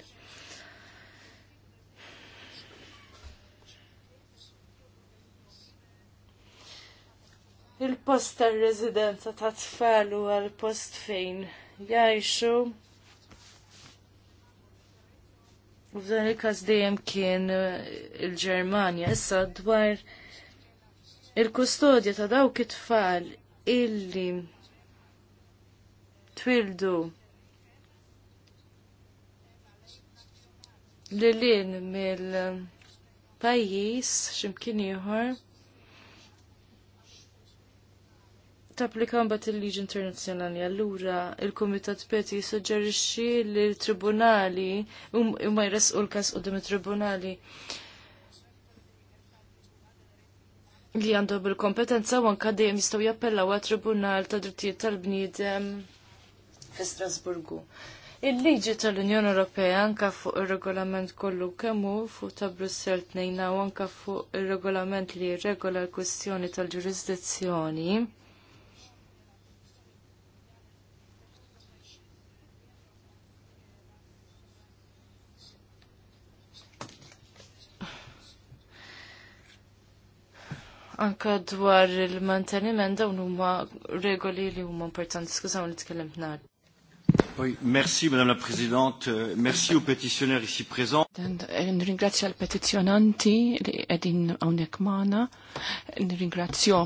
S2: Il-post tal-residenza ta' tfal u għal-post fejn jgħixu. U f'dan il-każ dejjem kien eh, il-Ġermanja. Issa dwar il-kustodja ta' dawk it-tfal illi twildu lilin mill-pajjiż x'imkien ieħor. tapplika mbagħad il-liġi internazzjonali. Allura il-Kumitat Peti jissuġġerixxi li l-tribunali um, huma jresqu l-każ qudiem it-tribunali li għandhom il-kompetenza u anke dejjem jistgħu jappellaw għat-Tribunal ta' Drittijiet tal-Bniedem fi Strasburgu. Il-liġi tal-Unjoni Ewropea anka fuq ir-regolament kollu kemmu fuq ta' Brussel tnejna u anka fuq ir-regolament li regola l-kwestjoni tal-ġurisdizzjoni Anka dwar il-manteniment dawn huma regoli li huma importanti. Skużaw li tkellimt nar. Oui, merci Madame la Présidente, merci aux pétitionnaires ici présents.
S4: Nringrazzja eh, al petizionanti li qegħdin hawnhekk magħna. ringrazio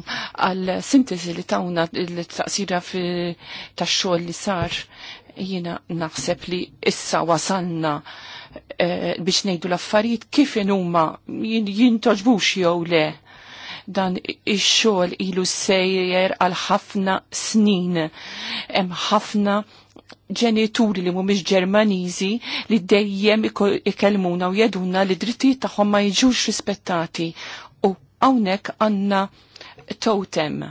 S4: għal sintesi li tawna l-taqsira tax-xogħol li sar jiena naħseb li issa wasalna eh, biex ngħidu l-affarijiet kif in huma jintoġbux jew le Dan ix-xogħol ilu sejjer għal ħafna snin. Hemm ħafna ġenituri li mhumiex Ġermaniżi li dejjem ikellmuna u jeduna li drittijiet tagħhom ma jiġux rispettati. U hawnhekk għandna totem.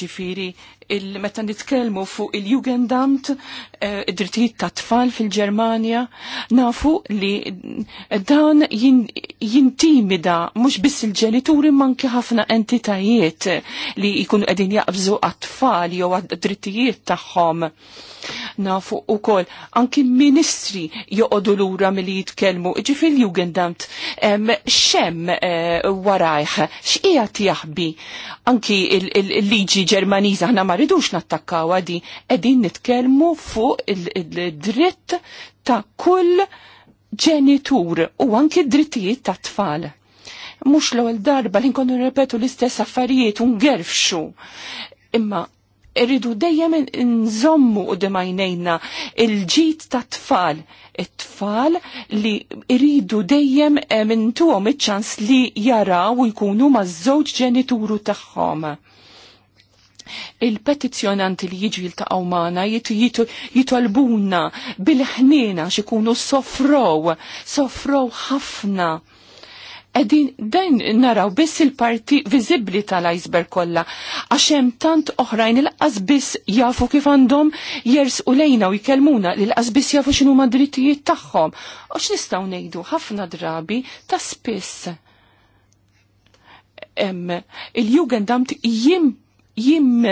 S4: Ġifiri il-metta nitkellmu fuq il-Jugendamt, eh, id-drittijiet ta' tfal fil-Ġermanja, nafu li dan jintimida mhux biss il-ġenituri manki ħafna entitajiet li jkunu qegħdin jaqbżu għat-tfal jew għad-drittijiet tagħhom. Nafu ukoll anki ministri joqogħdu lura milli jitkellmu, fil Jugendamt xem eh, warajh, x'qiegħed jaħbi anki il-liġi Ġermaniza ħna rridux nattakkaw għadi edin nitkelmu fuq il-dritt ta' kull ġenitur u anki drittijiet ta' tfal. Mux l-ewwel darba li nkunu nirrepetu l-istess affarijiet u ngerfxu. Imma irridu dejjem nżommu u demajnejna il-ġit ta' tfal, it-tfal li irridu dejjem eh, mintuhom iċ-ċans li jaraw u jkunu maż-żewġ ġenituru tagħhom il-petizjonanti li jiġu jiltaqaw maħna jitolbuna bil-ħnina xikunu sofrow, sofrow ħafna. Edin dan naraw biss il-parti viżibli tal-iceberg kollha għax hemm tant oħrajn il-qas biss jafu kif għandhom jers u lejna u jkellmuna li l-qas biss jafu x'inhu drittijiet tagħhom. U x'nistgħu ngħidu ħafna drabi ta' spiss. Il-jugendamt jim jim,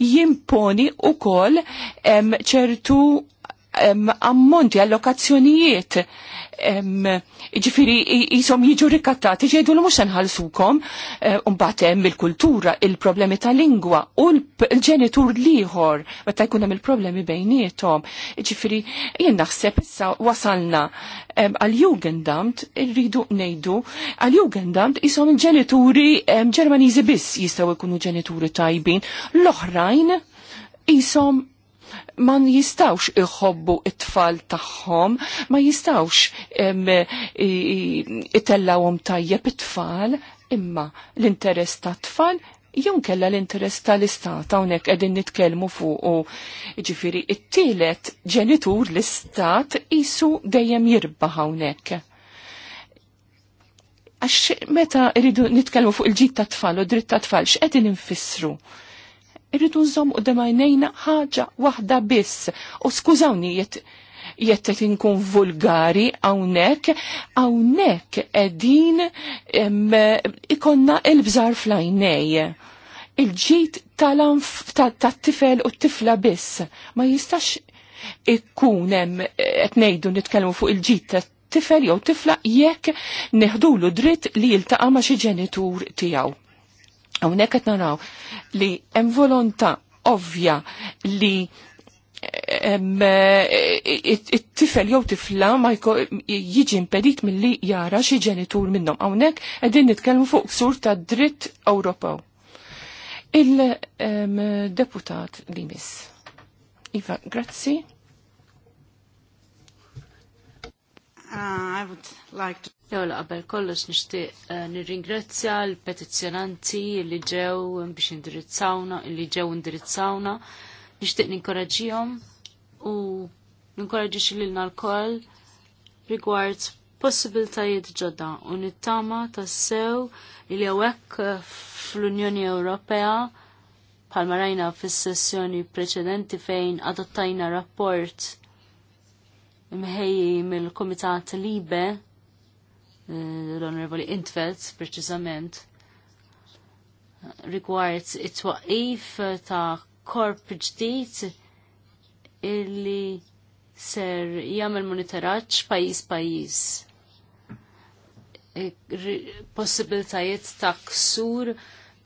S4: jimponi u kol ċertu ammonti allokazzjonijiet ġifiri jisom jiġu rikattati ġejdu l mux nħalsukom eh, unbatem il-kultura, il-problemi ta' lingwa u l-ġenitur liħor meta jkun hemm il-problemi bejnietom. Ġifiri jien naħseb issa wasalna għal-Jugendamt irridu ngħidu għal-Jugendamt jisom il-ġenituri Ġermaniżi biss jistgħu jkunu ġenituri tajbin, l-oħrajn jisom ma jistawx iħobbu it-tfal tagħhom, ma jistawx itellawhom tajjeb it-tfal, imma l-interess ta' tfal jew kella l-interess tal-istat hawnhekk qegħdin nitkellmu fuq ġifiri, it-tielet ġenitur l-istat isu dejjem jirbaħ hawnhekk. Għax meta rridu nitkellmu fuq il-ġid ta' tfal u dritt ta' tfal x'qegħdin infissru? irridu nżom u demajnejna ħaġa wahda biss. U skużawni jett qed inkun vulgari għawnek, għawnek edin ikonna il-bżar flajnej. Il-ġit tal-tifel u t-tifla biss. Ma jistax ikkunem etnejdu nitkellmu fuq il-ġit tal-tifel jew tifla jekk neħdulu dritt li jiltaqa ma xi ġenitur tiegħu Hawnhekk qed naraw li hemm volontà ovvja li e, e, e, it-tifel jew tifla ma jiġi impedit milli jara xi ġenitur minnhom. Hawnhekk qegħdin nitkellmu fuq sur ta' dritt Ewropew. Il-deputat li miss. Iva, grazzi.
S3: Uh, I would like to... la qabel kollox nishtiq uh, nirringrazzja l-petizzjonanti li ġew biex indirizzawna, li ġew indirizzawna, nishtiq ninkoraġijom u ninkoraġi xililna l-koll rigward possibiltajiet ġodda u nittama tassew li għawek uh, fl-Unjoni Ewropea bħalma rajna fis sessjoni preċedenti fejn adottajna rapport mħejji mill-Komitat Libe, eh, l-Onorevoli Intfeld, preċiżament, rigward it-twaqif ta' korp ġdid illi ser jagħmel monitoraċ pajjiż pajjiż. Eh, possibiltajiet ta' ksur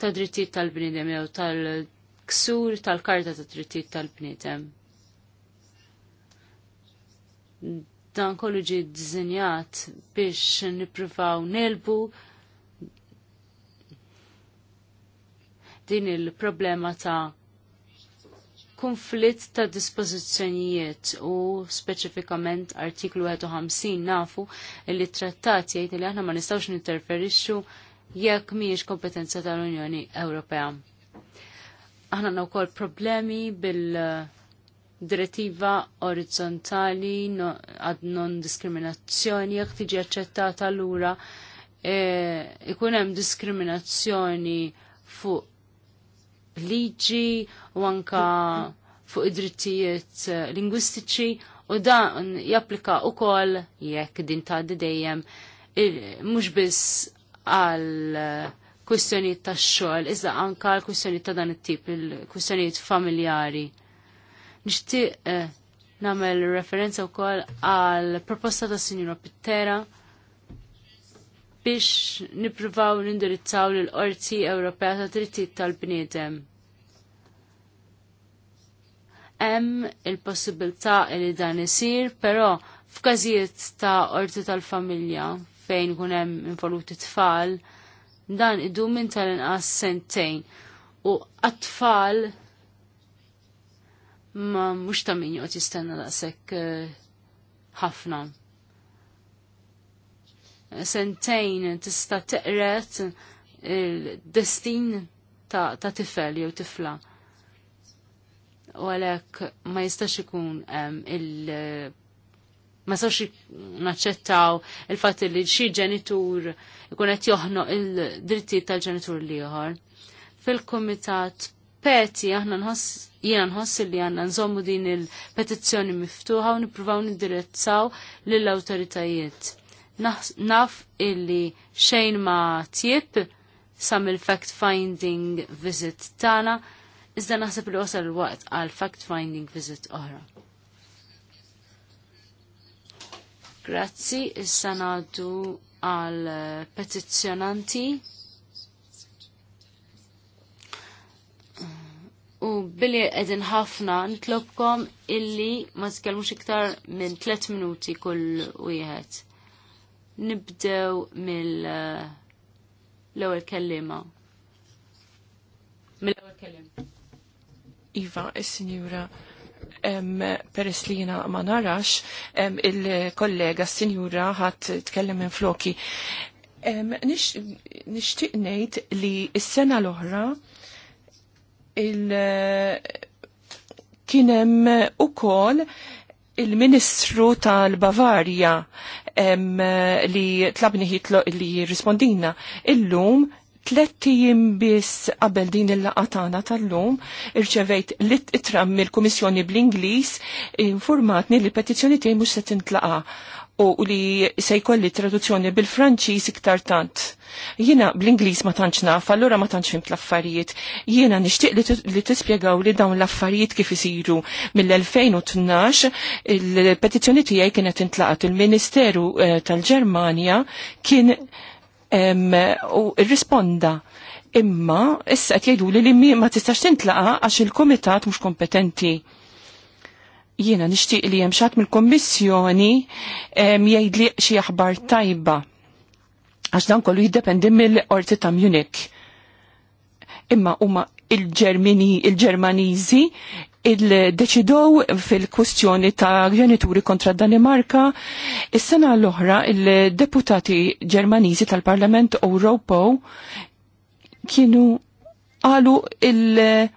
S3: ta' drittijiet tal-bniedem jew tal-ksur tal-karta ta' drittijiet tal-bniedem dan kollu ġi dizinjat biex nippruvaw nelbu din il-problema ta' konflitt ta' dispożizzjonijiet u speċifikament artiklu 51 nafu li trattat jgħid li aħna ma nistgħux ninterferixxu jekk mhijiex kompetenza tal-Unjoni Ewropea. Aħna wkoll problemi bil- uh, direttiva orizzontali no, għad non-diskriminazzjoni jekk tiġi aċċettata lura e, ikun hemm diskriminazzjoni fuq liġi u anka fuq id-drittijiet e, lingwistiċi u dan japplika u kol jekk din ta' dejjem e, mhux biss għal kwistjonijiet tax xogħol iżda anka għal kwistjonijiet ta' dan it-tip il-kwistjonijiet familjari. Nixtieq eh, nagħmel referenza wkoll għal proposta ta' Sinjura Pittera biex nippruvaw nindirizzaw l qorti Ewropea ta' drittijiet tal bnidem Hemm il-possibilità li dan isir, però f'każijiet ta' qorti tal-familja fejn kun hemm involuti tfal, dan idu minn tal-inqas sentejn. U għat-tfal ma mhux ta' min joqgħod jistenna daqshekk eh, ħafna. Sentejn tista' teqret il-destin ta', tifel jew tifla. U għalhekk ma jistax ikun il- ma sax naċċettaw il-fatt li xi ġenitur ikun qed joħnoq il-dritti tal-ġenitur liħor. Fil-kumitat peti aħna nħoss jena nħoss li għanna nżommu din il-petizzjoni miftuħa u nippruvaw nindirizzaw lill-awtoritajiet. Naf illi xejn ma tjib sam il-fact finding visit tana, iżda naħseb li wasal il-waqt għal fact finding visit oħra. Grazzi, issa għal petizzjonanti U billi edin ħafna nitlobkom illi ma tkellmux iktar minn 3 minuti kull wieħed. Nibdew mill uh, l-ewwel kellima.
S4: Mill-ewwel kellim. Iva, is-sinjura peress li jina ma narax il-kollega s-sinjura ħat tkellem minn floki. Nixtieq ngħid li s-sena l-oħra il kienem u kol il-Ministru tal-Bavarja li tlabni hitlo li rispondina illum tlettijim bis qabel din il-laqatana tal-lum irċevejt lit itram mill-Komissjoni bl-Inglis informatni li petizjoni tiegħi mhux se tintlaqa u li se jkolli traduzzjoni bil-Franċiż iktar tant. Jiena bl-Ingliż ma tantx naf, allura ma tantx fimt l-affarijiet. Jiena nixtieq li tispjegaw li dawn l-affarijiet kif isiru. Mill-2012 il-petizzjoni tiegħi kienet intlaqat il-Ministeru eh, tal-Ġermanja kien risponda imma issa qed jgħidu li li ma tistax tintlaqa għax il-kumitat mhux kompetenti jiena nixtieq li hemm xatt mill-Kommissjoni jgħidli xi aħbar tajba. Għax dan kollu jiddependi mill-Qorti ta' Munich. Imma huma il-Ġermini, il-Ġermaniżi il-deċidow fil-kwestjoni ta' ġenituri kontra Danimarka, is-sena l-oħra il-deputati ġermaniżi tal-Parlament Ewropew kienu għalu il-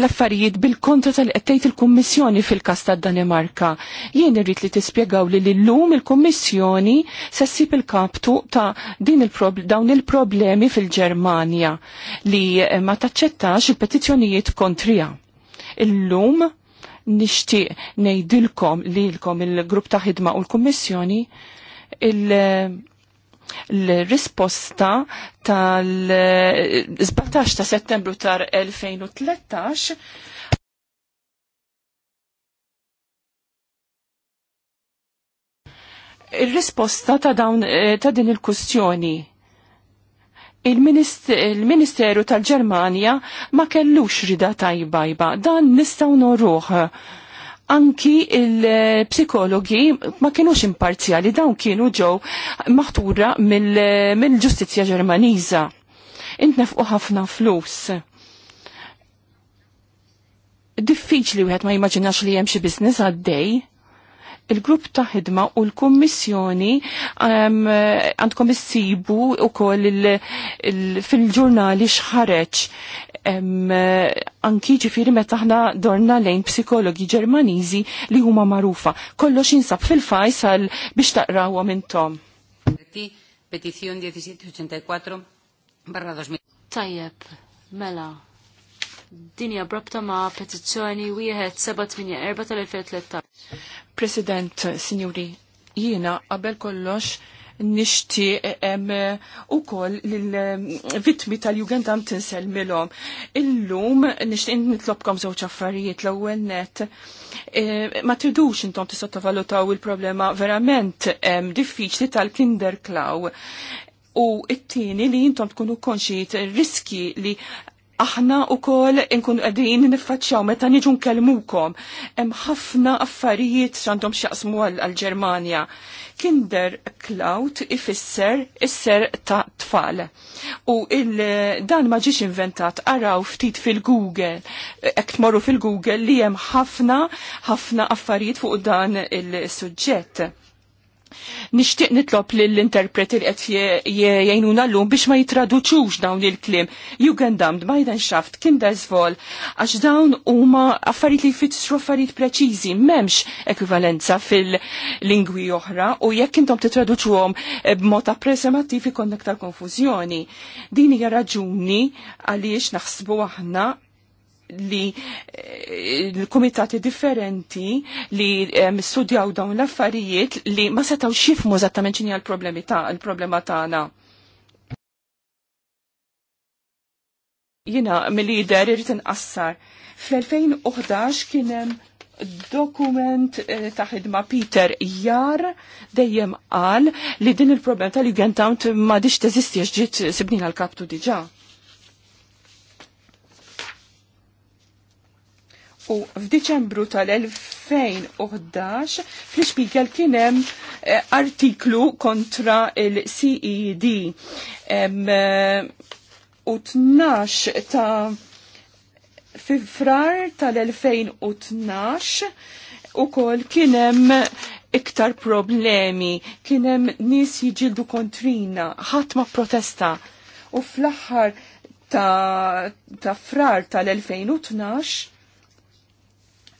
S4: l-affarijiet bil-kontra tal qettajt il-Kommissjoni fil-kas tad Danimarka. Jien irrit li tispiegaw li l-lum il-Kommissjoni sessib il-kaptu ta' din il dawn il-problemi fil-Germania li eh, ma taċċettax il-petizzjonijiet kontrija. Illum nixtieq ngħidilkom li l-kom il-grupp ta' ħidma u l-Kommissjoni il- l-risposta tal-17 ta' settembru tar 2013 il-risposta ta' dawn eh, ta' din il-kustjoni. Il-Ministeru il tal-Ġermanja ma kellux rida jba, dan nistaw norruħ anki il-psikologi ma kienux imparzjali, dawn kienu ġew maħtura mill-ġustizja mil ġermaniza. Intnefqu ħafna flus diffiċli wieħed ma jimmaġinax li hemm xi business għaddej il-grupp ta' ħidma u l-kommissjoni um, għandkom issibu u koll fil-ġurnali xħareċ um, anki ġifiri meta ħna dorna lejn psikologi ġermaniżi li huma marufa. Kollox insab fil fajs għal biex taqrawa minn tom.
S1: Petizjon 1784 barra 2000. Tajjeb,
S3: mela, dinja abrupta ma' petizzjoni erba'
S4: tal-2013. President, signori, jiena qabel kollox nishti u koll l-vitmi tal-Jugendam tinsel milom. Illum nishti nitlobkom zoċ affarijiet l ewwel net. Eh, ma tridux intom sottovalutaw il-problema verament diffiċli tal-kinder u it-tieni li jintom tkunu konxi riski li aħna u kol nkun għedin nifacċaw meta niġu nkelmukom. Hemm ħafna affarijiet x'għandhom x'jaqsmu għall-Ġermanja. Kinder Cloud ifisser isser ta' tfal. U dan ma ġiex inventat, araw ftit fil-Google, ekt tmorru fil-Google li hemm ħafna ħafna affarijiet fuq dan il-suġġett Nishtiq nitlob li l-interpreti li qed jgħinuna l-lum biex ma jitraduċux dawn il-klim. Jugendamd ma jidan xaft kim dażvol għax dawn huma affarijiet li jfittxu affarijiet preċiżi m'hemmx ekvivalenza fil-lingwi oħra u jekk intom titraduċuhom b'mod appresemattiv ikon aktar konfużjoni. Din hija raġuni għaliex naħsbu aħna li eh, l-kumitati differenti li eh, studjaw dawn l-affarijiet li ma setaw xifmu zattament ċinja l-problemi ta' l-problema tagħna. Jina mill-lider irrid inqassar. Fl-2011 kien hemm dokument eh, ta' ħidma Peter Jar dejjem qal li din il-problema tal ugentown ma diċ teżistiex ġiet sibnina l-kaptu diġa. U f'Diċembru tal-2011 fl-ispikjal kien hemm eh, artiklu kontra il-CED eh, u eh, ta' fifrar tal-2012 u kol kienem iktar problemi, kienem nis jiġildu kontrina, ħatma protesta. U fl aħħar ta', ta frar tal-2012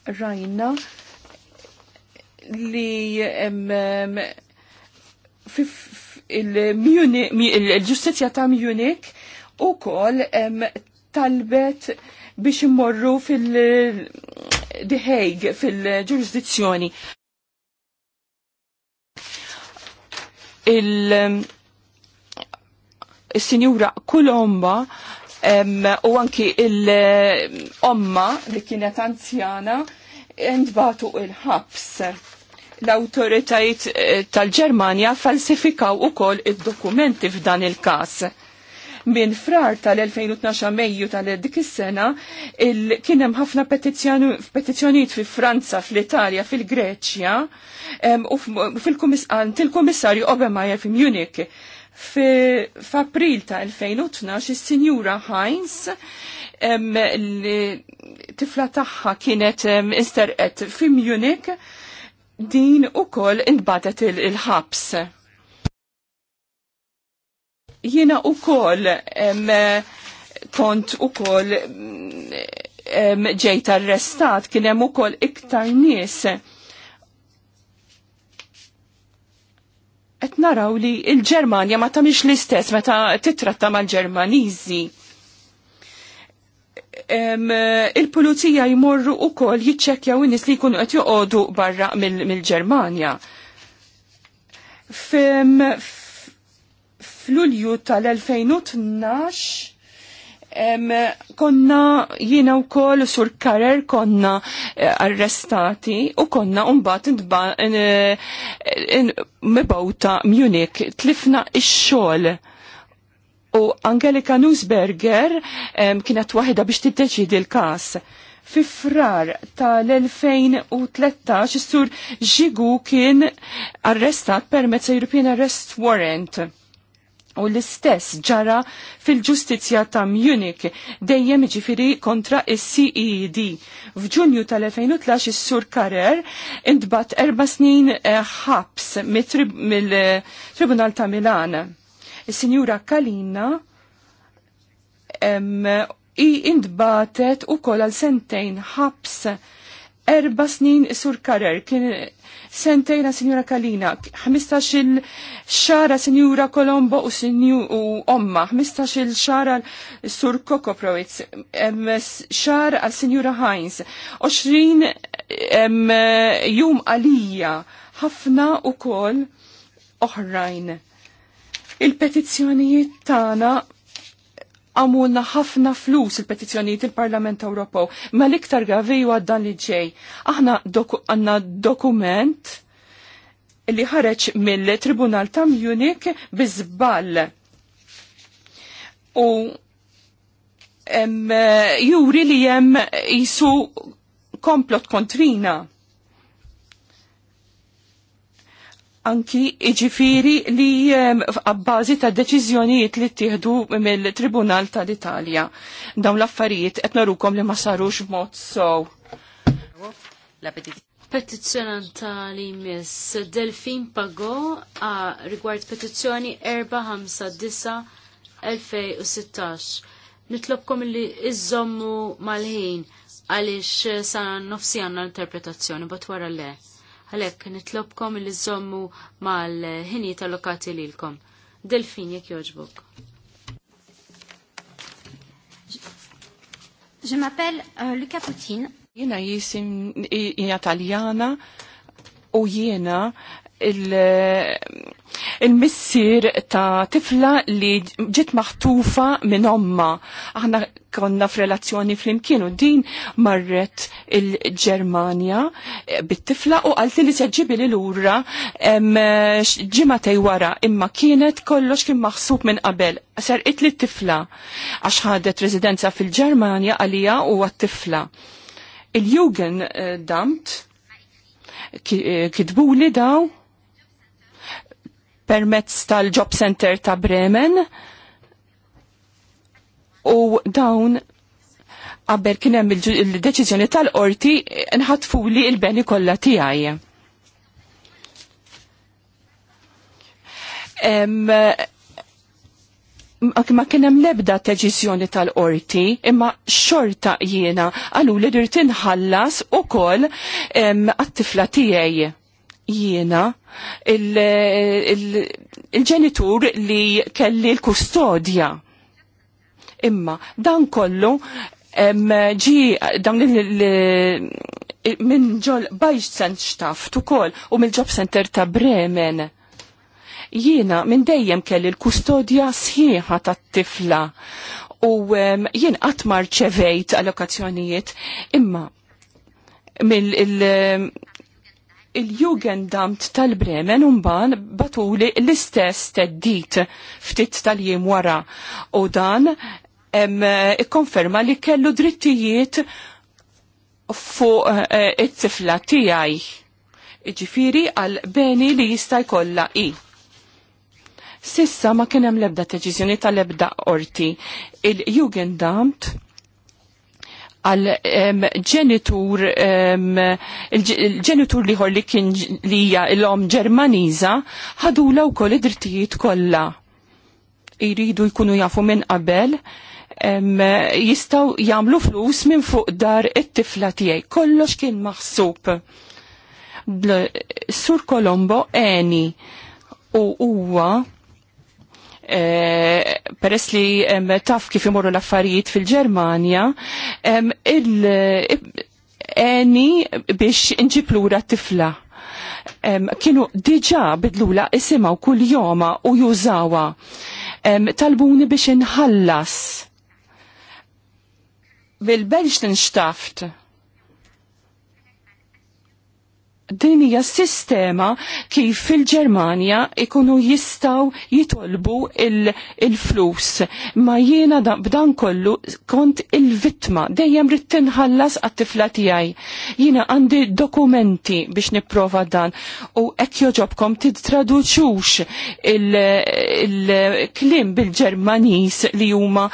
S4: rajna li il-ġustizja ta' Munich u kol talbet biex immorru fil-The fil-ġurisdizzjoni. Il-Sinjura Kolomba u anki il-omma li kienet anzjana ndbatu il-ħabs. l autoritajt eh, tal-Ġermanja falsifikaw ukoll id-dokumenti f'dan il-każ Min frar tal-2012 Mejju tal-dik is-sena kien hemm ħafna petizzjonijiet fi Franza, fl-Italja, fil-Greċja u fil-Kummissarju Obermeyer fi Munich F'April ta' 2012 is-Sinjura Heinz tifla tagħha kienet isterqet fi Munich din ukoll inbadet il-ħabs. Jiena ukoll kont ukoll ġejt arrestat kien hemm ukoll iktar nies qed naraw li l-Ġermanja ma tagħmilx l-istess meta titratta mal-Ġermaniżi. Il-pulizija jmorru wkoll jiċċekkjaw in-nies li jkunu qed joqogħdu barra mill-Ġermanja. fl F'Lulju tal-2012 konna jiena u kol sur karer konna eh, arrestati u konna unbat mibawta Munich tlifna ix-xol. U Angelika Nusberger kienet waħda biex tiddeċidi l-kas. Fi frar tal-2013 sur ġigu kien arrestat permezz European Arrest Warrant U l-istess ġara fil-ġustizja ta' Munich dejjem ġifiri kontra is ced F'Ġunju tal-2013 is-Sur Karer intbat erba' snin eh, ħabs mill-Tribunal ta' Milan. Is-Sinjura Kalina i intbatet u kol għal sentejn ħabs erba snin sur karer, kien sentejna Sinjura Kalina, 15 il-xara Sinjura Kolombo u Sinju u Omma, 15 il-xara sur Kokoprowitz, xara għal Sinjura Heinz, 20 jum għalija, ħafna u kol oħrajn. Il-petizzjonijiet tana għamulna ħafna flus il-petizjoniet il-Parlament Ewropew. Ma l-iktar għaviju għaddan li ġej. Aħna għanna dokument li ħareċ mill-Tribunal ta' Munich bizball. U em, eh, juri li jem jisu komplot kontrina. anki iġifiri li għabbażi ta' deċizjonijiet li tieħdu mill-Tribunal tal-Italja. Dawn l-affarijiet qed narukom li ma sarux mod sow.
S3: Petizzjonanta li miss Delfin Pago a rigward petizzjoni 459-2016. Nitlobkom li iżommu mal-ħin għaliex sa' nofsi għanna interpretazzjoni, bat wara le għalek nitlobkom li żommu mal-ħini tal-lokati li l-kom. Delfin jek joġbuk.
S4: Je m'appelle uh, Luca Poutine. Jena jisim jena taljana u jena il-missir il ta' tifla li ġit maħtufa minn omma. Aħna konna f'relazzjoni fl-imkien u din marret il-Ġermanja bit-tifla u għalti li seġġibi li l-ura ġimatej wara imma kienet kollox kien maħsub minn qabel. Serqit li t-tifla għax ħadet residenza fil-Ġermanja għalija u għat-tifla. Il-Jugend eh, damt kidbuli eh, daw permezz tal-Job Center ta' Bremen u dawn qabel kien hemm il-deċiżjoni tal-qorti nħatfuli il-beni kollha tiegħi. ma kien hemm l-ebda deċiżjoni tal-qorti imma xorta jiena għalu li dirtin inħallas ukoll kol tifla tiegħi jiena il-ġenitur il, il li kelli l-kustodja. Imma dan kollu ġi dan minn ġol sen xtaftu ukoll u mill-ġob center ta' Bremen. Jiena minn dejjem kelli l-kustodja sħiħa tat-tifla u jien qatt marċevejt allokazzjonijiet imma mill il-Jugendamt tal-Bremen umban batuli l-istess teddit ftit tal jim wara u dan ikkonferma li kellu drittijiet fuq eh, it-tifla tiegħi. Iġifiri għal beni li jista' jkollha i. Sissa ma kien hemm l-ebda deċiżjoni tal-ebda qorti. Il-Jugendamt għal ġenitur il-ġenitur liħor li kien li hija l-om Ġermaniża ħadula wkoll id-drittijiet kollha. Iridu jkunu jafu minn qabel jistaw jagħmlu flus minn fuq dar it-tifla tiegħi. Kollox kien maħsub. Sur Kolombo eni u huwa Eh, peress li taf kif imorru l-affarijiet fil-Ġermanja, il-eni biex inġiplura tifla. Kienu diġa bidlula isimaw kull joma u jużawa. Talbuni biex inħallas. Bil-Belġtenstaft din hija sistema kif fil-Ġermanja ikunu jistaw jitolbu il-flus. Il Ma jiena b'dan kollu kont il-vittma dejjem rrid tinħallas għat-tifla tiegħi. Jiena għandi dokumenti biex nipprova dan u hekk joġobkom titraduċux il-klim il bil-Ġermaniż li huma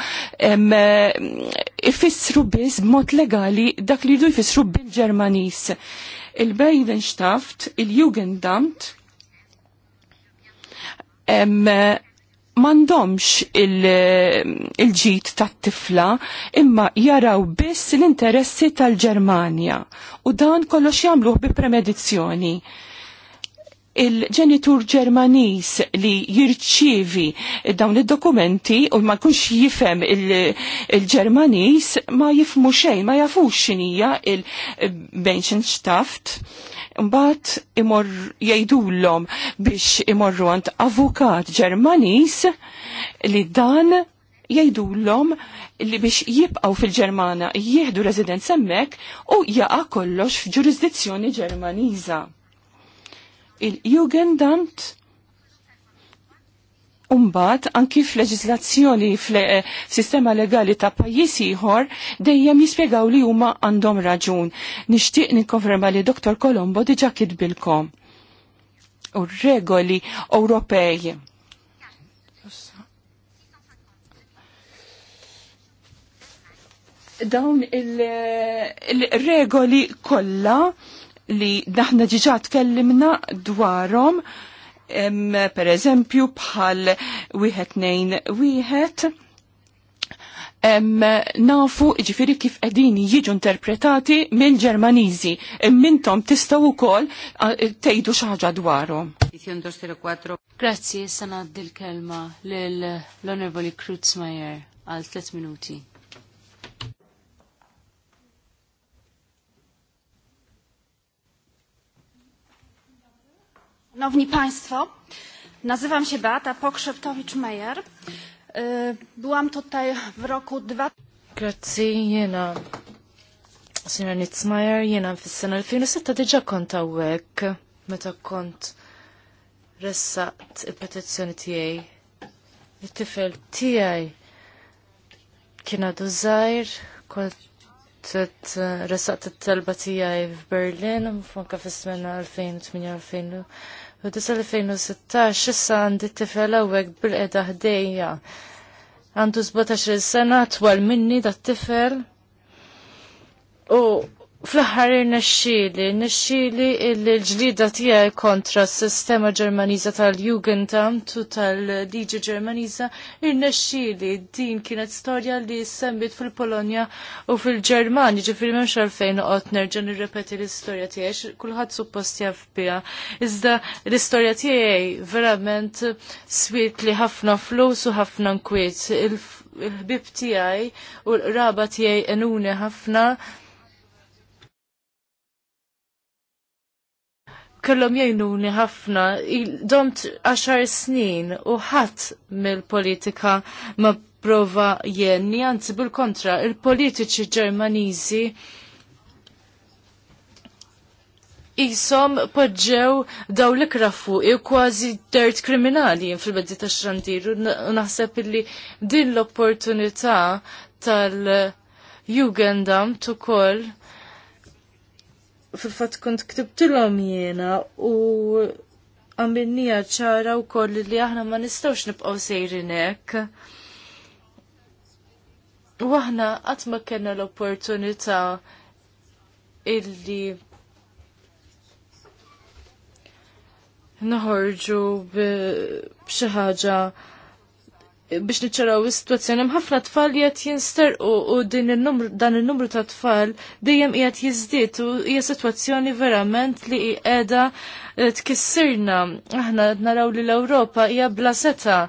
S4: ifissru biss b'mod legali dak li jdu jfissru bil-Ġermaniż il-Bejdenstaft, il-Jugendamt, mandomx il-ġit il tat-tifla imma jaraw biss l-interessi tal-Ġermanja u dan kollox jagħmluh bi premedizzjoni il-ġenitur Ġermanis li jirċivi dawn id-dokumenti u ma jkunx jifhem il-Ġermanis ma jifmu xejn, ma jafux x'inhija il-Benxenstaft mbagħad imor jgħidulhom biex imorru għand avukat Ġermanis li dan jgħidulhom li biex jibqaw fil-Ġermana jieħdu residenza hemmhekk u jaqa' kollox f'ġurisdizzjoni Ġermaniża il jugendant Umbat, anki f'leġislazzjoni eh, f'sistema legali ta' pajjiż ieħor dejjem jispjegaw li huma għandhom raġun. Nixtieq nikkonferma li Dr. Colombo diġà kitbilkom. U regoli Ewropej. Dawn il-regoli kollha li daħna ġiġa tkellimna dwarhom per eżempju bħal wieħed nejn wieħed nafu ġifiri kif edin jiġu interpretati mill ġermaniżi mintom tistaw ukoll tgħidu xi ħaġa dwarhom.
S3: Grazzi, issa ngħaddi l-kelma lill onorevoli Kruzmeyer għal 3 minuti.
S2: Szanowni Państwo, nazywam się Beata Pokrzeptowicz-Meyer. E, byłam tutaj w roku 2000. Grazzi, jena. Signor Nitzmeyer, jena fis-sena 2006 diġa kont hawnhekk meta kont ressaqt il petizjoni tiegħi. It-tifel tiegħi kien għadu żgħir, kont ressaqt it-telba tiegħi f'Berlin, fonka fis-sena 2008-2009 u dis-2016 issa għandi t tifel għawek bil edha ħdejja. Għandu 17 sena twal minni dat tifel u fl-ħar nexxili, nexxili il-ġlida tiegħi kontra s-sistema Ġermaniża tal-Jugendamt u tal-Liġi Ġermaniża, irnexxieli din kienet storja li semmit fil-Polonja u fil-Ġermani, ġifieri m'hemmx għalfejn noqgħod nerġa' nirrepeti l-istorja tiegħi, kulħadd suppost jaf biha. Iżda l-istorja tiegħi verament swiet li ħafna flus u ħafna nkwiet. Il-ħbib tiegħi u l-qraba tiegħi enuni ħafna kellhom jajnuni ħafna. Domt għaxar snin u ħadd mill-politika ma prova jenni, anzi bil-kontra, il-politiċi ġermaniżi jisom podġew daw li krafu i kważi dert kriminali fil-beddi ta' xrandiru, u naħseb li din l-opportunità tal-Jugendamt u koll fil-fat kont ktibtilhom jiena u għamilnija ċara u koll li aħna ma nistawx nibqaw sejrinek. U aħna ma kena l-opportunita illi naħorġu b'xi ħaġa biex niċċaraw is-sitwazzjoni hemm ħafna tfal qed jinsterqu u din il-numru dan in-numru ta' tfal dejjem qiegħed jiżdied u hija sitwazzjoni verament li qiegħda eh, tkissirna. Aħna naraw li l-Ewropa hija bla seta'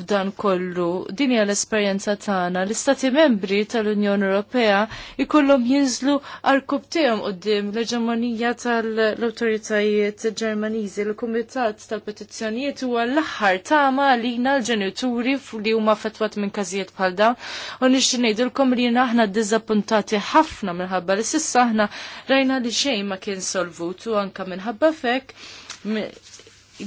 S2: f'dan kollu. Din hija l-esperjenza tagħna. L-Istati membri tal-Unjoni Ewropea ikollhom jinżlu arkub tiegħhom qudiem l-eġemonija tal-awtoritajiet Ġermaniżi. Il-Kumitat tal-Petizzjonijiet huwa l-aħħar tama lina l-ġenituri li huma fetwat minn każijiet bħal dawn. U nixtieq ngħidilkom li aħna ddiżappuntati ħafna minħabba li sissa aħna rajna li xejn ma kien solvut u anke minħabba fek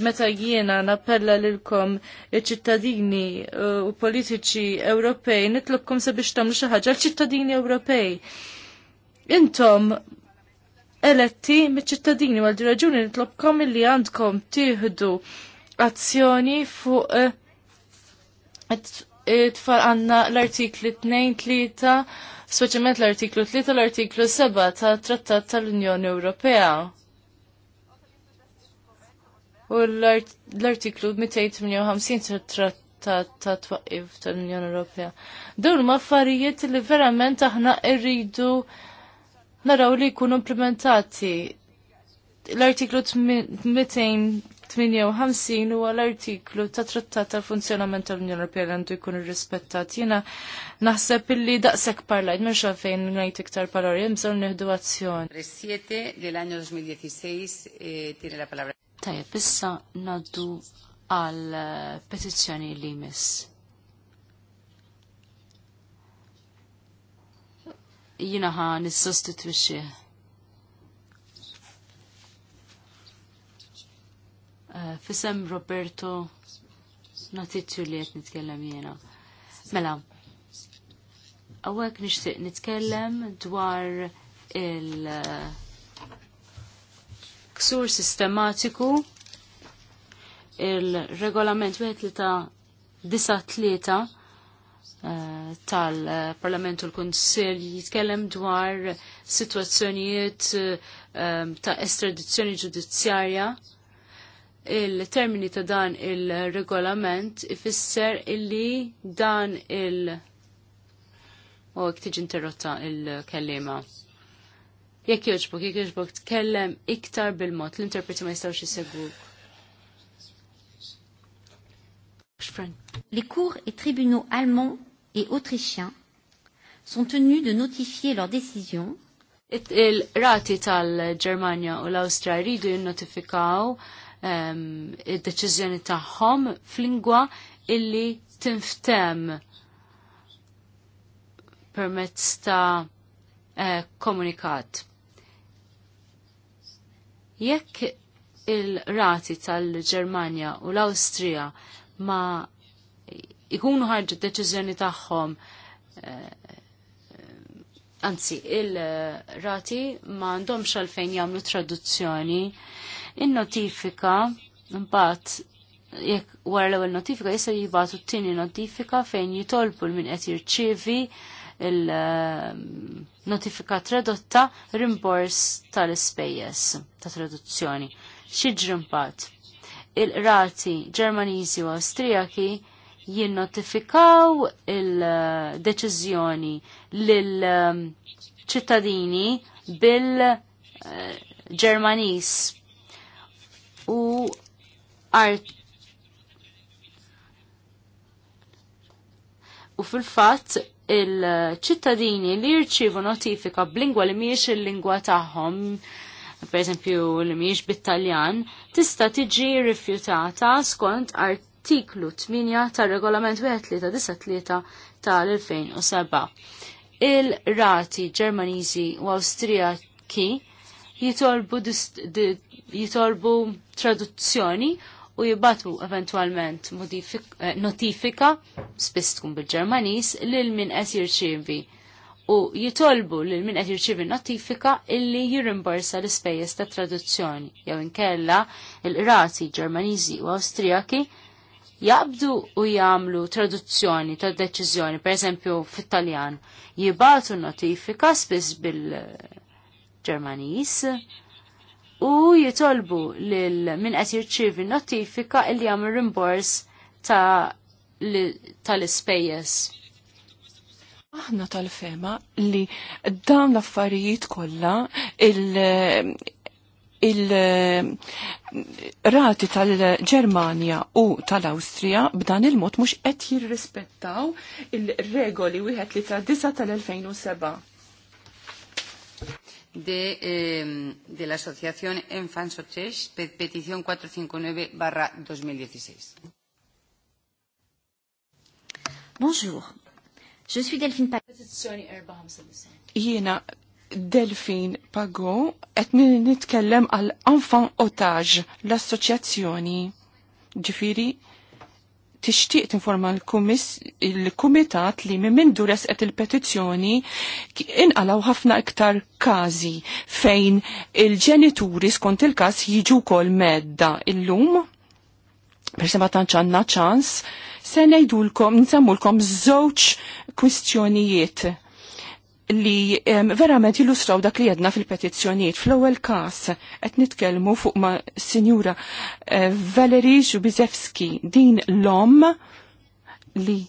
S2: meta jiena nappella lilkom iċ-ċittadini uh, u politiċi Ewropej, nitlobkom sabiex tagħmlu xi ħaġa l-ċittadini Ewropej. Intom eletti miċ-ċittadini għal raġuni nitlobkom li għandkom tieħdu azzjoni fuq uh, tfal għanna l-artikli 2-3, speċjalment l-artiklu 3 l-artiklu 7 ta' Trattat tal-Unjoni Ewropea u l-artiklu 258 tat-trattat ta' twaqif tal-Unjoni Ewropea. Dawn huma affarijiet li verament aħna rridu naraw li jkunu implementati. L-artiklu 258 huwa l-artiklu ta' trattat tal-funzjonament tal-Unjoni Ewropea li għandu jkun irrispettat. Jiena naħseb illi daqshekk parlajt mhux xafejn ngħid iktar paroli, hemm bżonn azzjoni.
S1: 2016 eh, la palabra. Tajjeb,
S2: issa naddu għal eh,
S3: petizzjoni li jmiss. Jina ħa nissostitwixi. Uh, eh, Fisem Roberto natitju li jett nitkellem jena. Mela, għawek nishtiq nitkellem dwar il- uh, ksur sistematiku il-regolament tlieta eh, tal-Parlament u l-Konsil jitkellem dwar situazzjonijiet eh, ta' estradizzjoni ġudizzjarja il-termini ta' dan il-regolament ifisser illi dan il- u tiġi interrotta il-kellima. Jekk joġbok, jekk joġbok, tkellem iktar bil-mod, l-interpreti ma jistawx jisegwuk. Les cours et tribunaux allemands et autrichiens sont tenus de notifier leurs décisions il-rati tal-Germania u l-Austria rridu jinnotifikaw ehm, id-deċiżjoni tagħhom f'lingwa illi tinftem permezz ta' eh, komunikat. Jekk il-rati tal-Ġermanja u l-Awstrija ma ikunu ħarġu d-deċiżjoni tagħhom eh, anzi, il-rati ma għandhomx għalfejn jagħmlu traduzzjoni. In-notifika mbagħad jekk wara l-ewwel notifika jista' jibgħatu t-tieni notifika fejn jitolbu min qed jirċievi il-notifika tradotta rimbors tal-ispejjeż ta' traduzzjoni. Xiġri mbagħad il-rati Ġermaniżi u Awstrijaki jinnotifikaw il-deċiżjoni lil um, ċittadini bil-Ġermanis uh, u art u fil fat il-ċittadini li jirċivu notifika b'lingwa li mhijiex il-lingwa tagħhom, per li mhijiex bit-Taljan, tista' tiġi rifjutata skont artiklu 8 tar-regolament 1393 tal-2007. Il-rati Ġermaniżi u Awstrijaki jitolbu traduzzjoni u jibbatu eventualment eh, notifika, spiss tkun bil-Ġermanis, lil min qed jirċievi u jitolbu lil min qed jirċievi notifika illi jirrimborsa l-ispejjeż ta' traduzzjoni jew inkella l qrati Ġermaniżi u Awstrijaki jaqbdu u jagħmlu traduzzjoni ta' deċiżjoni, pereżempju fit-Taljan, jibatu notifika spiss bil-Ġermaniż u jitolbu lil min qed jirċievi notifika li jagħmel rimbors tal-ispejjeż.
S4: Aħna tal-fema li dawn l-affarijiet kollha il- il-rati tal-Germania u tal-Austria b'dan il-mod mux qed jirrispettaw il-regoli wieħed li tra disa tal-2007
S1: de, eh, de la asociación Enfants Ochech, petición 459-2016. barra
S4: Bonjour, je suis Delphine Pago. Jiena Delphine Pago, et nitkellem għal Enfant Otage, l-assoċjazzjoni ġifiri tixtieq tinforma l-kumitat li minn min dures qed il-petizzjoni inqalaw ħafna iktar każi fejn il-ġenituri skont il-każ jiġu wkoll medda illum per ma tantx għandna ċans se ngħidulkom nsammulkom żewġ kwistjonijiet li verament illustraw dak li jedna fil-petizzjoniet. Fl-ewwel każ qed nitkellmu fuq ma' Sinjura eh, Valeri Żubizewski din l-om li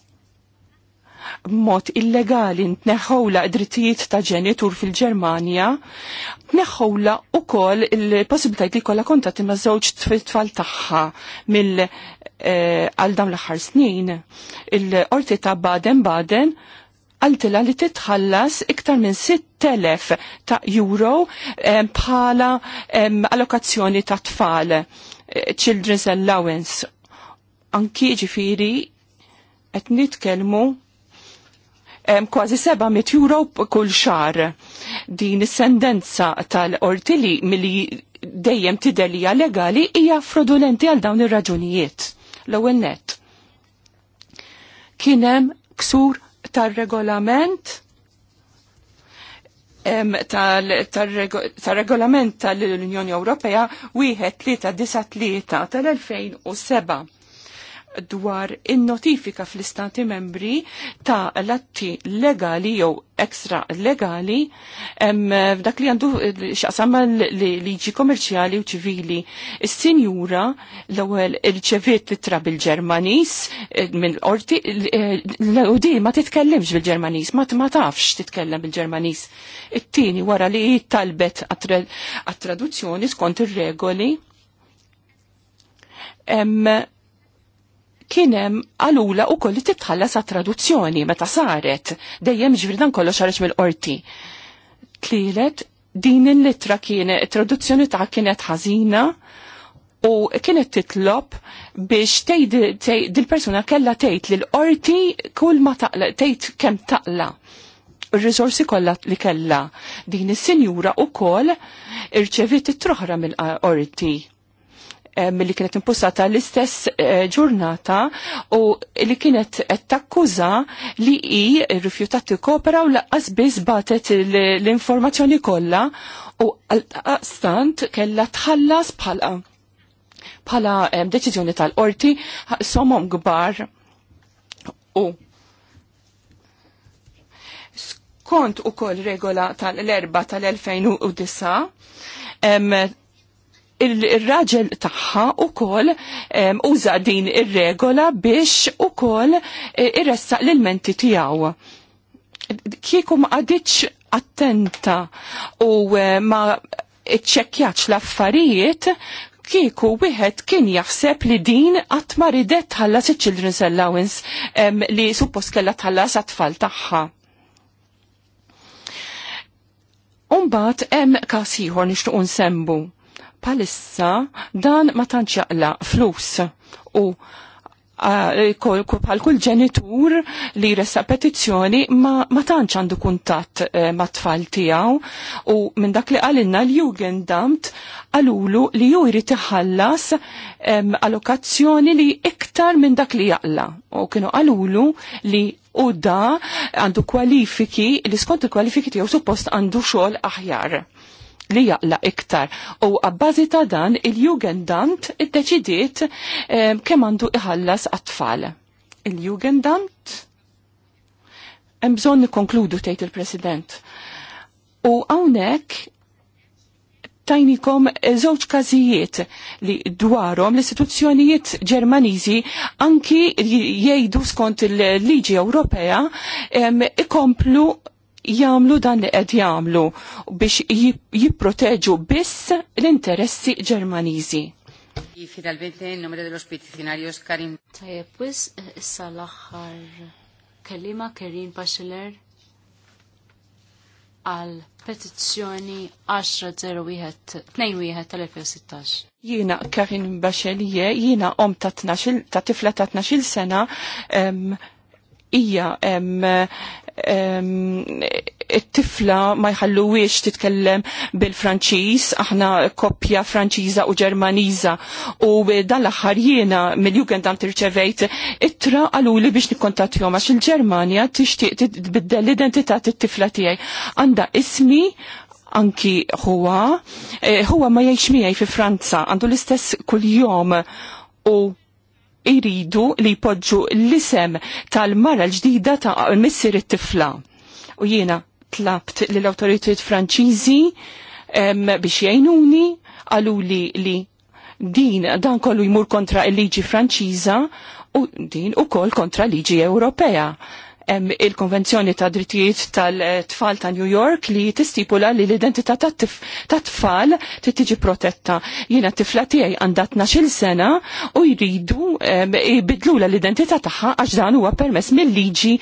S4: mod illegali tneħħowla drittijiet ta' ġenitur fil-Ġermanja, tneħħowla u kol il-possibilitajt li kolla kontatti ma' żewġ tfal tagħha mill eh, għal dawn l-aħħar snin. Il-qorti ta' Baden-Baden għaltila li titħallas iktar minn 6.000 ta' euro bħala allokazzjoni ta' tfal, eh, children's allowance. Anki ġifiri, et nitkelmu kważi 700 euro kull xar. Din is-sendenza tal-ortili milli dejjem tidelija legali hija frodolenti għal dawn ir-raġunijiet. L-ewwel net. Kien hemm ksur tar-regolament tal-regolament tal-Unjoni Ewropea wieħed tlieta disa tlieta tal-2007 dwar in-notifika fl-istati membri ta' latti legali jew ekstra legali f'dak li għandu li liġi komerċjali u ċivili. Is-sinjura l-ewwel irċeviet litra bil-Ġermanis eh, minn orti l-ewdi eh, ma titkellimx bil-Ġermanis, ma tafx titkellem bil-Ġermanis. It-tieni wara li talbet għat-traduzzjoni skont ir-regoli kienem għalula u koll titħalla sa traduzzjoni meta saret dejjem ġifri dan kollox ħareġ mill-qorti. Tlilet din il-litra kienet traduzzjoni ta' kienet ħażina u kienet titlob biex tgħid dil-persuna kellha tgħid l qorti kull ma taqla tgħid kemm taqla il-rizorsi kollha li kellha din is-sinjura koll irċevit it-troħra mill-qorti Eh, milli kienet impussata l-istess eh, ġurnata u li kienet takkuża li i rifjutat kopera u laqqas biss batet l-informazzjoni kollha u għal-stant kella tħallas bħala bħala eh, deċiżjoni tal-qorti somom gbar u skont u koll regola tal erba tal-2009 il-raġel taħħa u kol uża din ir-regola biex u kol e, irressaq l-menti tijaw. Kiekum għadiċ attenta u e, ma ċekjaċ l-affarijiet, kieku wieħed kien jaħseb li din qatt ma ridet tħallas il-children's allowance li suppost kellha tħallas għat-tfal tagħha. Umbat hemm każ ieħor nixtieq nsembu palissa dan ma tantx flus u bħal kull ġenitur li resa petizzjoni ma, ma tantx għandu kuntatt eh, ma tfal tiegħu u minn dak li għalinna l-Jugendamt għalulu li ju jrid iħallas allokazzjoni li iktar minn dak li jaqla. U kienu għalulu li u da għandu kwalifiki li skont il-kwalifiki tiegħu suppost għandu xogħol aħjar li jaqla iktar. U għabbażi ta' dan il-Jugendamt id-deċidiet eh, kemm għandu iħallas għat-tfal. Il-Jugendamt? Hemm bżonn nikkonkludu tgħid il-President. U hawnhekk tajnikom żewġ każijiet li dwarhom l-istituzzjonijiet Ġermaniżi anki jgħidu skont il-liġi Ewropea ikomplu Jamlu dan li qed jagħmlu biex jipproteġu biss l-interessi Ġermaniżi.
S1: Finalmente, in nome dello spetizionarios Karim. Tajjeb, wis
S3: issa l-aħħar kellima Kerin Bacheler għal petizzjoni 10.01.2016.
S4: tal Jina Karin Baxelje, jina om ta' tifla ta' 12 sena, ija it-tifla ma jħalluwiex titkellem bil-Franċiż, aħna koppja Franċiża u Ġermaniża u dan l-aħħar jiena mill-Jugendamt tirċevejt ittra għaluli biex nikkontattjom għax il-Ġermanja tixtieq tibdel l-identità tit-tifla tiegħi. Għandha ismi anki huwa, eh, huwa ma jgħix miegħi fi Franza, għandu l-istess kuljom u iridu li jpoġġu l-isem tal-mara l-ġdida ta' missir it-tifla. U jiena tlabt l-autoritet franċiżi biex jgħinuni għalu li li din dan kollu jmur kontra il-liġi franċiża u din u kol kontra liġi Ewropea il-Konvenzjoni ta' Drittijiet tal-Tfal ta' New York li tistipula li l-identità ta' tfal tiġi protetta. Jiena tifla tiegħi għandha 12-il sena u jridu jbidlu ehm, l-identità tagħha għax dan huwa permess mill-liġi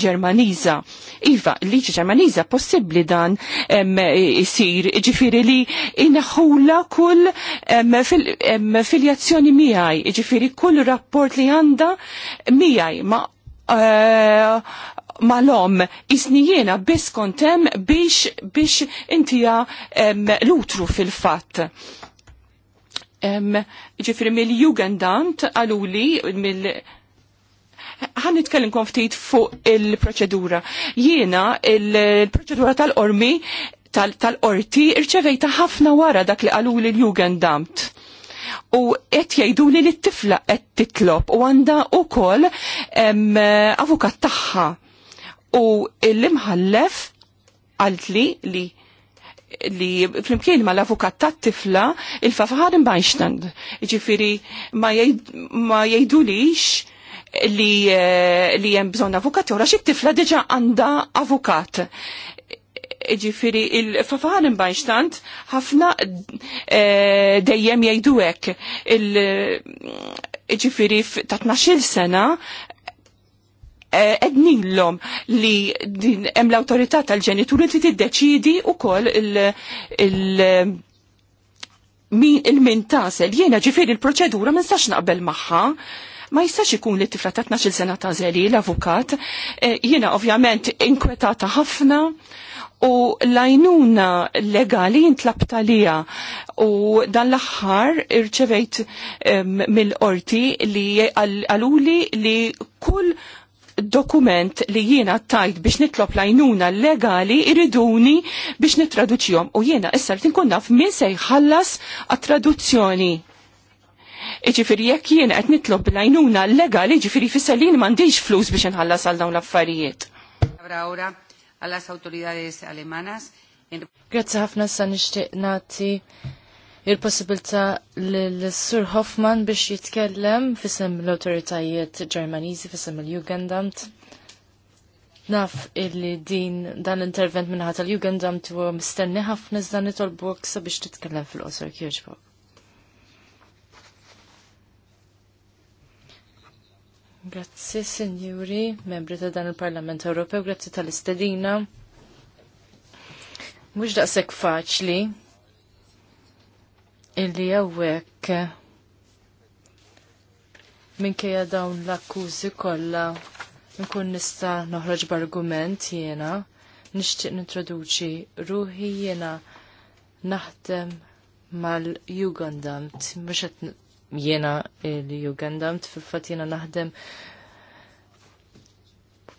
S4: Ġermaniża. Iva, l liġi Ġermaniża possibbli dan ehm, isir ġifiri li inaħula kull ehm, filjazzjoni miegħi, ġifiri kull rapport li għandha miegħi ma' Eh, malom isnijena biss kontem biex biex intija lutru fil-fatt. Ġifri mill-Jugendant għaluli mill- ħan nitkellimkom ftit fuq il-proċedura. Jiena il-proċedura tal-ormi tal-orti tal irċevejta ħafna wara dak li għaluli l jugendant u qed jgħiduli li t-tifla qed titlob u għandha wkoll avukat tagħha. U l-imħallef għaltli li li flimkien ma l-avukat ta' tifla il fafħar imbajnstand. Ġifiri ma jgħidulix li eh, li jem bżon avukat, jora xie tifla diġa għanda avukat. Ġifiri, eh, il fafan bajxtant, ħafna dejjem jajduwek hekk. Ġifiri, ta' 12 sena, eh, ednillom li hemm l awtorità tal-ġenituri li tiddeċidi wkoll il- il-min tasel, jiena ġifiri il-proċedura ma nistax naqbel magħha ma jistax ikun li tifra ta' 12 sena ta' zeli l-avukat, eh, jiena ovvjament inkwetata ħafna, u lajnuna legali jintlab lija u dan l-axħar irċevejt mill-orti li għaluli li kull dokument li jiena tajt biex nitlob lajnuna legali iriduni biex nitraduċjom u jiena issa li tinkun naf min se jħallas għat-traduzzjoni. Iġifiri jekk jiena qed nitlob lajnuna legali, iġifiri fissalin m'għandix flus biex nħallas għal dawn l-affarijiet
S1: għallas autoridades alemanas.
S4: Grazie ħafna sa nixtieq nati
S2: il-possibilità l-Sur Hoffman biex jitkellem fissem l-autoritajiet Ġermaniżi fisem il-Jugendamt. Naf illi din dan l-intervent minnaħat tal-Jugendamt u mistenni ħafna iżda nitolbok sabiex titkellem fil-qosor kieġbok. Grazzi, Sinjuri, membri ta' dan il-Parlament Ewropew, grazzi tal-istedina. Mhux daqshekk faċli illi hawnhekk minkejja dawn l-akkużi kollha nkun nista' noħroġ b'argument jiena nixtieq nintroduċi ruħi jiena naħdem mal jugandant mhux qed jena eh, l-Uganda, fil-fat jena naħdem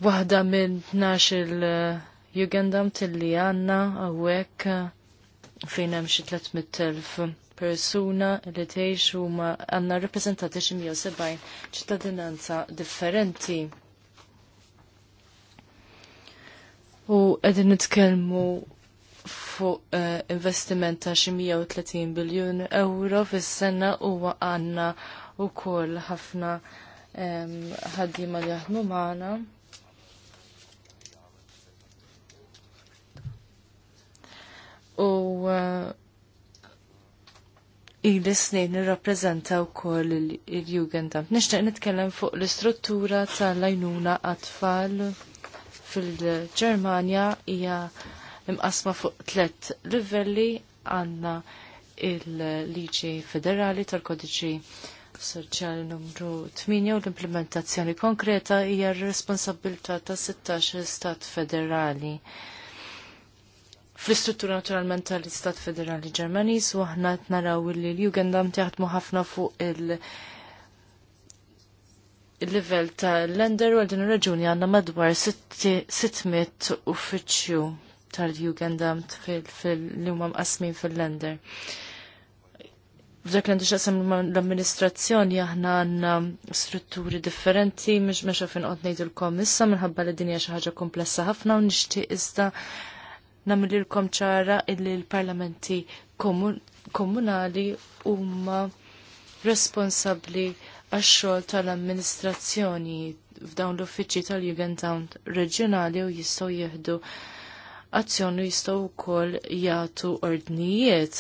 S2: wahda minn 12 il-Uganda eh, tilli għanna għawek eh, fejn hemm xi 300,000 persuna li tgħix huma għandna rappreżentati xi 170 ċittadinanza differenti. U qegħdin nitkellmu fuq eh, investiment ta' xi 130 biljun euro fis-sena huwa għandna wkoll ħafna ħaddiema li jaħdmu magħna. U eh, ili snin nirrapprezenta u koll il jugenda Nishtaq nitkellem fuq l-istruttura tal-lajnuna għatfall fil-ġermania hija imqasma fuq tlet livelli għanna il-liġi federali tal-kodiċi soċjali numru 8 u l-implementazzjoni konkreta hija r-responsabilità ta' 16 stat federali. Fl-istruttura naturalment tal-Istat Federali Ġermaniż u aħna qed naraw li l-Jugendam jaħdmu ħafna fuq il- il-level ta' lender u għal din raġuni għandna madwar 600 uffiċċju tal-Jugendamt li huma mqasmin fil-lender. F'dak l xaqsam l-amministrazzjoni aħna għandna strutturi differenti, mhux mexa fin qod ngħidilkom issa minħabba li dinja xi ħaġa komplessa ħafna u nixtieq l-kom ċara illi l-parlamenti komunali huma responsabbli għax-xogħol tal-amministrazzjoni f'dawn l-uffiċċji tal-Jugendamt reġjonali u jistgħu jieħdu azzjoni jistgħu wkoll jagħtu ordnijiet.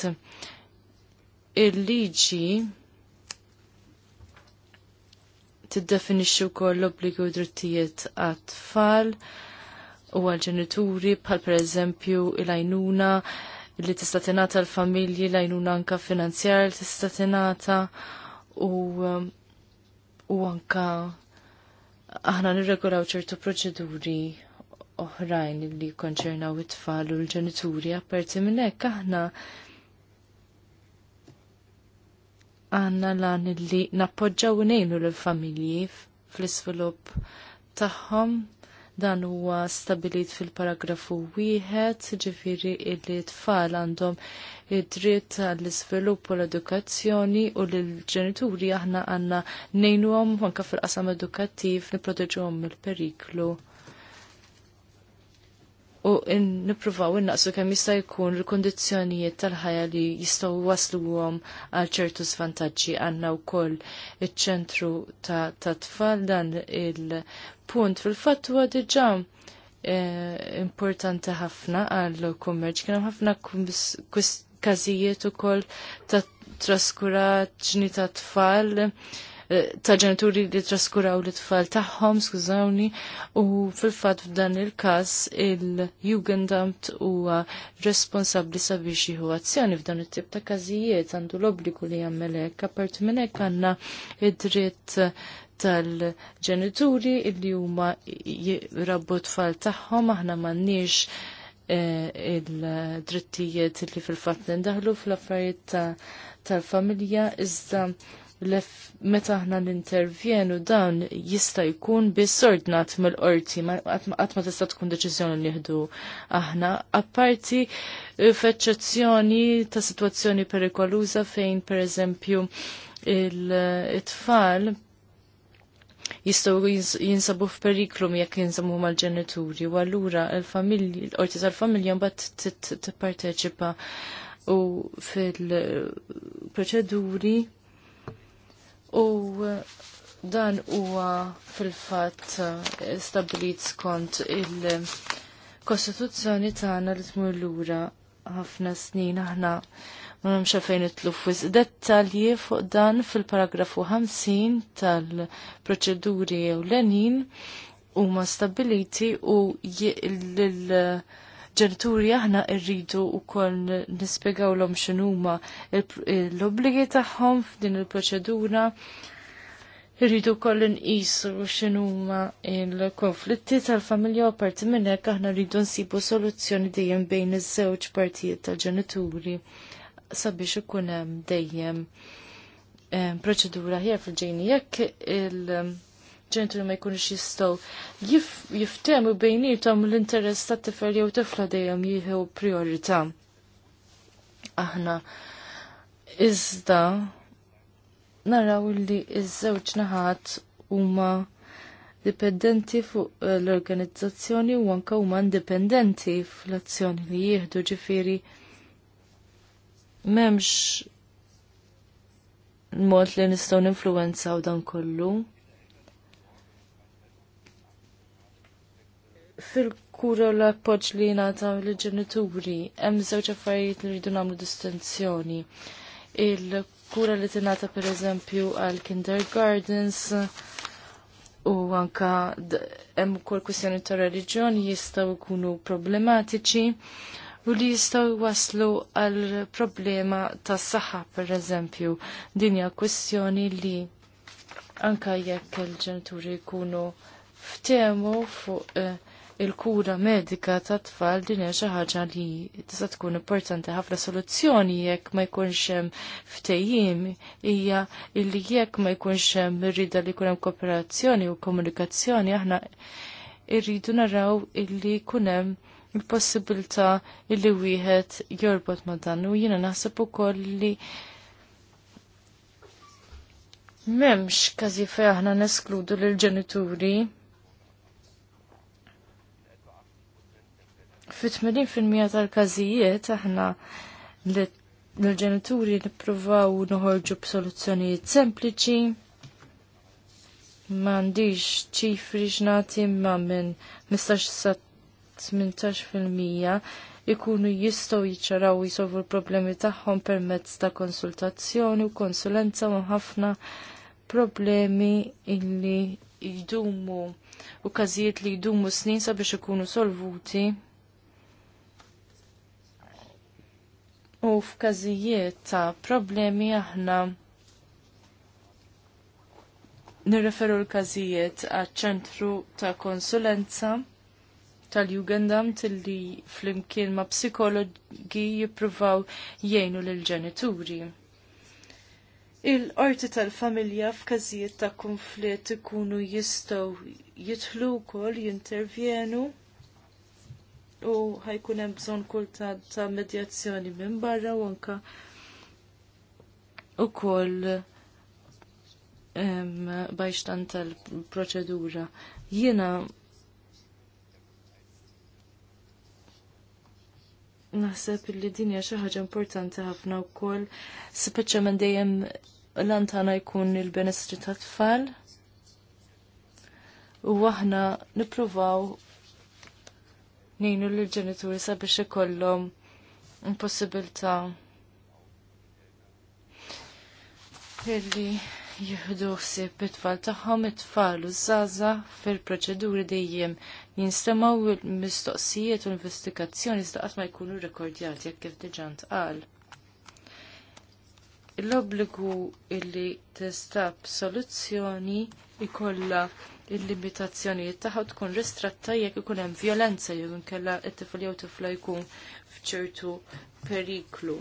S2: Il-liġi tiddefinixxi wkoll l-obbligu drittijiet għat-tfal u għal-ġenituri bħal pereżempju il-għajnuna li tista' tingħata l-familji l-għajnuna anka finanzjar li tista' tingħata u u anka aħna nirregolaw ċertu proċeduri oħrajn li konċernaw it-tfal u l-ġenituri, apparti minn hekk aħna għanna lan li nappoġġaw nejnu l-familji fl-isvilupp tagħhom dan huwa stabilit fil-paragrafu wieħed, ġifiri t tfal għandhom id-dritt għall-iżvilupp u l-edukazzjoni u l-ġenituri aħna għandna nejnuhom anke fil-qasam edukattiv niprotegġuhom mill-periklu u nippruvaw innaqsu kemm jista' jkun il-kondizzjonijiet tal-ħajja li jistgħu wasluhom għal ċertu svantaġġi għandna wkoll iċ-ċentru ta' tfal dan il-punt fil-fatt huwa diġà eh, importanti ħafna għal kummerċ kien hemm ħafna każijiet ukoll ta' traskuraġni ta' tfal Eh, ta' ġenituri li traskuraw li tfal tagħhom, skużawni, u fil-fatt f'dan il-każ il-Jugendamt huwa responsabbli sabiex jieħu azzjoni f'dan it-tip ta' każijiet għandu l-obbligu li jagħmel hekk. Apparti minn hekk għandna id-dritt tal-ġenituri li huma jirabbu tfal tagħhom aħna m'għandniex eh, il-drittijiet li fil-fat nindaħlu fl-affarijiet tal-familja iżda meta aħna nintervjenu dan jista' jkun bis-sordnat mill-qorti qatt ma tista' tkun deċiżjoni nieħdu aħna. Apparti eh, f'eċċezzjoni ta' sitwazzjoni perikoluża fejn pereżempju il-tfal eh, jistaw jinsabu f'periklu jekk jinsabu mal-ġenituri u allura l-familji, l-qorti tal-familja mbagħad tipparteċipa u fil-proċeduri eh, U eh, dan huwa fil-fatt eh, stabilit skont il-Kostituzzjoni tagħna li tmur lura ħafna snin aħna ma nafx fejn itlu fwis dettalji fuq dan fil-paragrafu 50 tal-proċeduri ewlenin huma stabiliti u il ġenituri aħna rridu wkoll nispjegawlhom x'inhuma l-obbligi tagħhom f'din il-proċedura. Irridu koll nqisu x'inhuma il-konflitti tal-familja u parti minn hekk aħna rridu nsibu soluzzjoni dejjem bejn iż-żewġ partijiet tal-ġenituri sabiex ikun hemm dejjem eh, proċedura ħjar fil-ġejni jekk il- ġentri ma jkunux jistaw jiftemu bejnietom l-interess ta' tifel jew tifla dejjem jieħu priorità. Aħna iżda naraw li iż-żewġ naħat huma dipendenti fuq l-organizzazzjoni u anka huma indipendenti fl-azzjoni li jieħdu ġifiri m'hemmx mod li nistgħu ninfluwenzaw dan kollu. fil-kura l appoġġ li nata l-ġenituri, hemm żewġ affarijiet li rridu nagħmlu distinzjoni. Il-kura li tingħata pereżempju għal kindergardens u anka hemm ukoll kwistjoni ta' reliġjoni jistgħu jkunu problematiċi u li jistgħu waslu għal problema tas saħħa per eżempju. hija kwestjoni li anka jekk il-ġenituri jkunu ftehmu fuq eh, il-kura medika ta' tfal din hija xi ħaġa li tista' tkun importanti ħafna soluzzjoni jekk ma jkunx hemm ftehim hija illi jekk ma jkunx hemm irrida li jkun hemm kooperazzjoni u komunikazzjoni aħna irridu naraw illi jkun hemm il-possibilità illi wieħed jorbot ma' dan u jiena naħseb ukoll li Memx kazi fej aħna neskludu l-ġenituri Fit-80% tal-każijiet aħna l-ġenituri nippruvaw noħorġu b'soluzzjonijiet sempliċi, m'għandix ċifri xnati ma' minn 15 sa 18% ikunu jistgħu jiċċaraw jisolvu l-problemi tagħhom permezz ta' konsultazzjoni u konsulenza u ħafna problemi illi jdumu u każijiet li jdumu snin sabiex ikunu solvuti u f'każijiet ta' problemi aħna nirreferu l-każijiet għaċ-ċentru ta' konsulenza tal-Jugendamt li flimkien ma' psikologi jippruvaw jgħinu l-ġenituri. Il-qorti tal-familja f'każijiet ta' konflitt ikunu jistgħu jitħlu wkoll jintervjenu u ħajkun hemm bżonn kull ta' medjazzjoni minn barra u anka ukoll bajxtan tal-proċedura. Jiena naħseb li din hija xi ħaġa importanti ħafna wkoll speċjalment dejjem lantana jkun il benestri tat-tfal u aħna nippruvaw nejnu l-ġenituri sabiex ikollhom impossibilità illi jieħdu ħsieb it-tfal tagħhom it-tfal u żgħażagħ fil-proċeduri dejjem jinstemaw il-mistoqsijiet u l-investigazzjoni iżda qatt ma jkunu rrekordjati jekk kif diġà ntqal l-obbligu illi testab soluzzjoni ikollha il-limitazzjonijiet tagħha tkun ristratta jekk ikun hemm violenza jew inkella t-tifel jew tifla jkun f'ċertu periklu.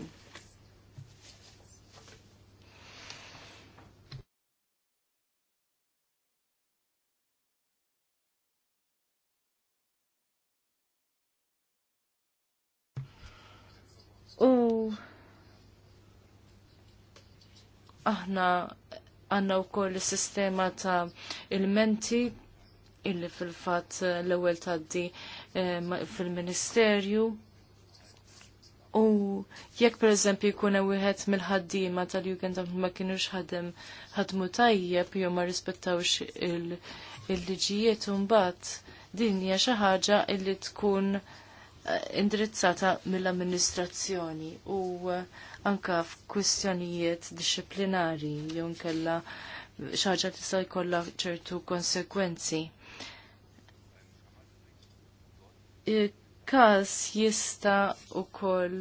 S2: U aħna għanna u koll sistema ta' il-menti illi fil-fat eh, l-ewel di eh, fil-ministerju. U jekk per eżempju jkun hemm wieħed mill-ħaddiema tal-Jugendamt ma kienux ħadem ħadmu tajjeb jew ma rispettawx il-liġijiet u mbagħad din hija xi ħaġa illi tkun Eh, indirizzata mill-amministrazzjoni u eh, anka f'kwistjonijiet disciplinari jew nkella xaġa tista' jkollha ċertu konsekwenzi Każ jista wkoll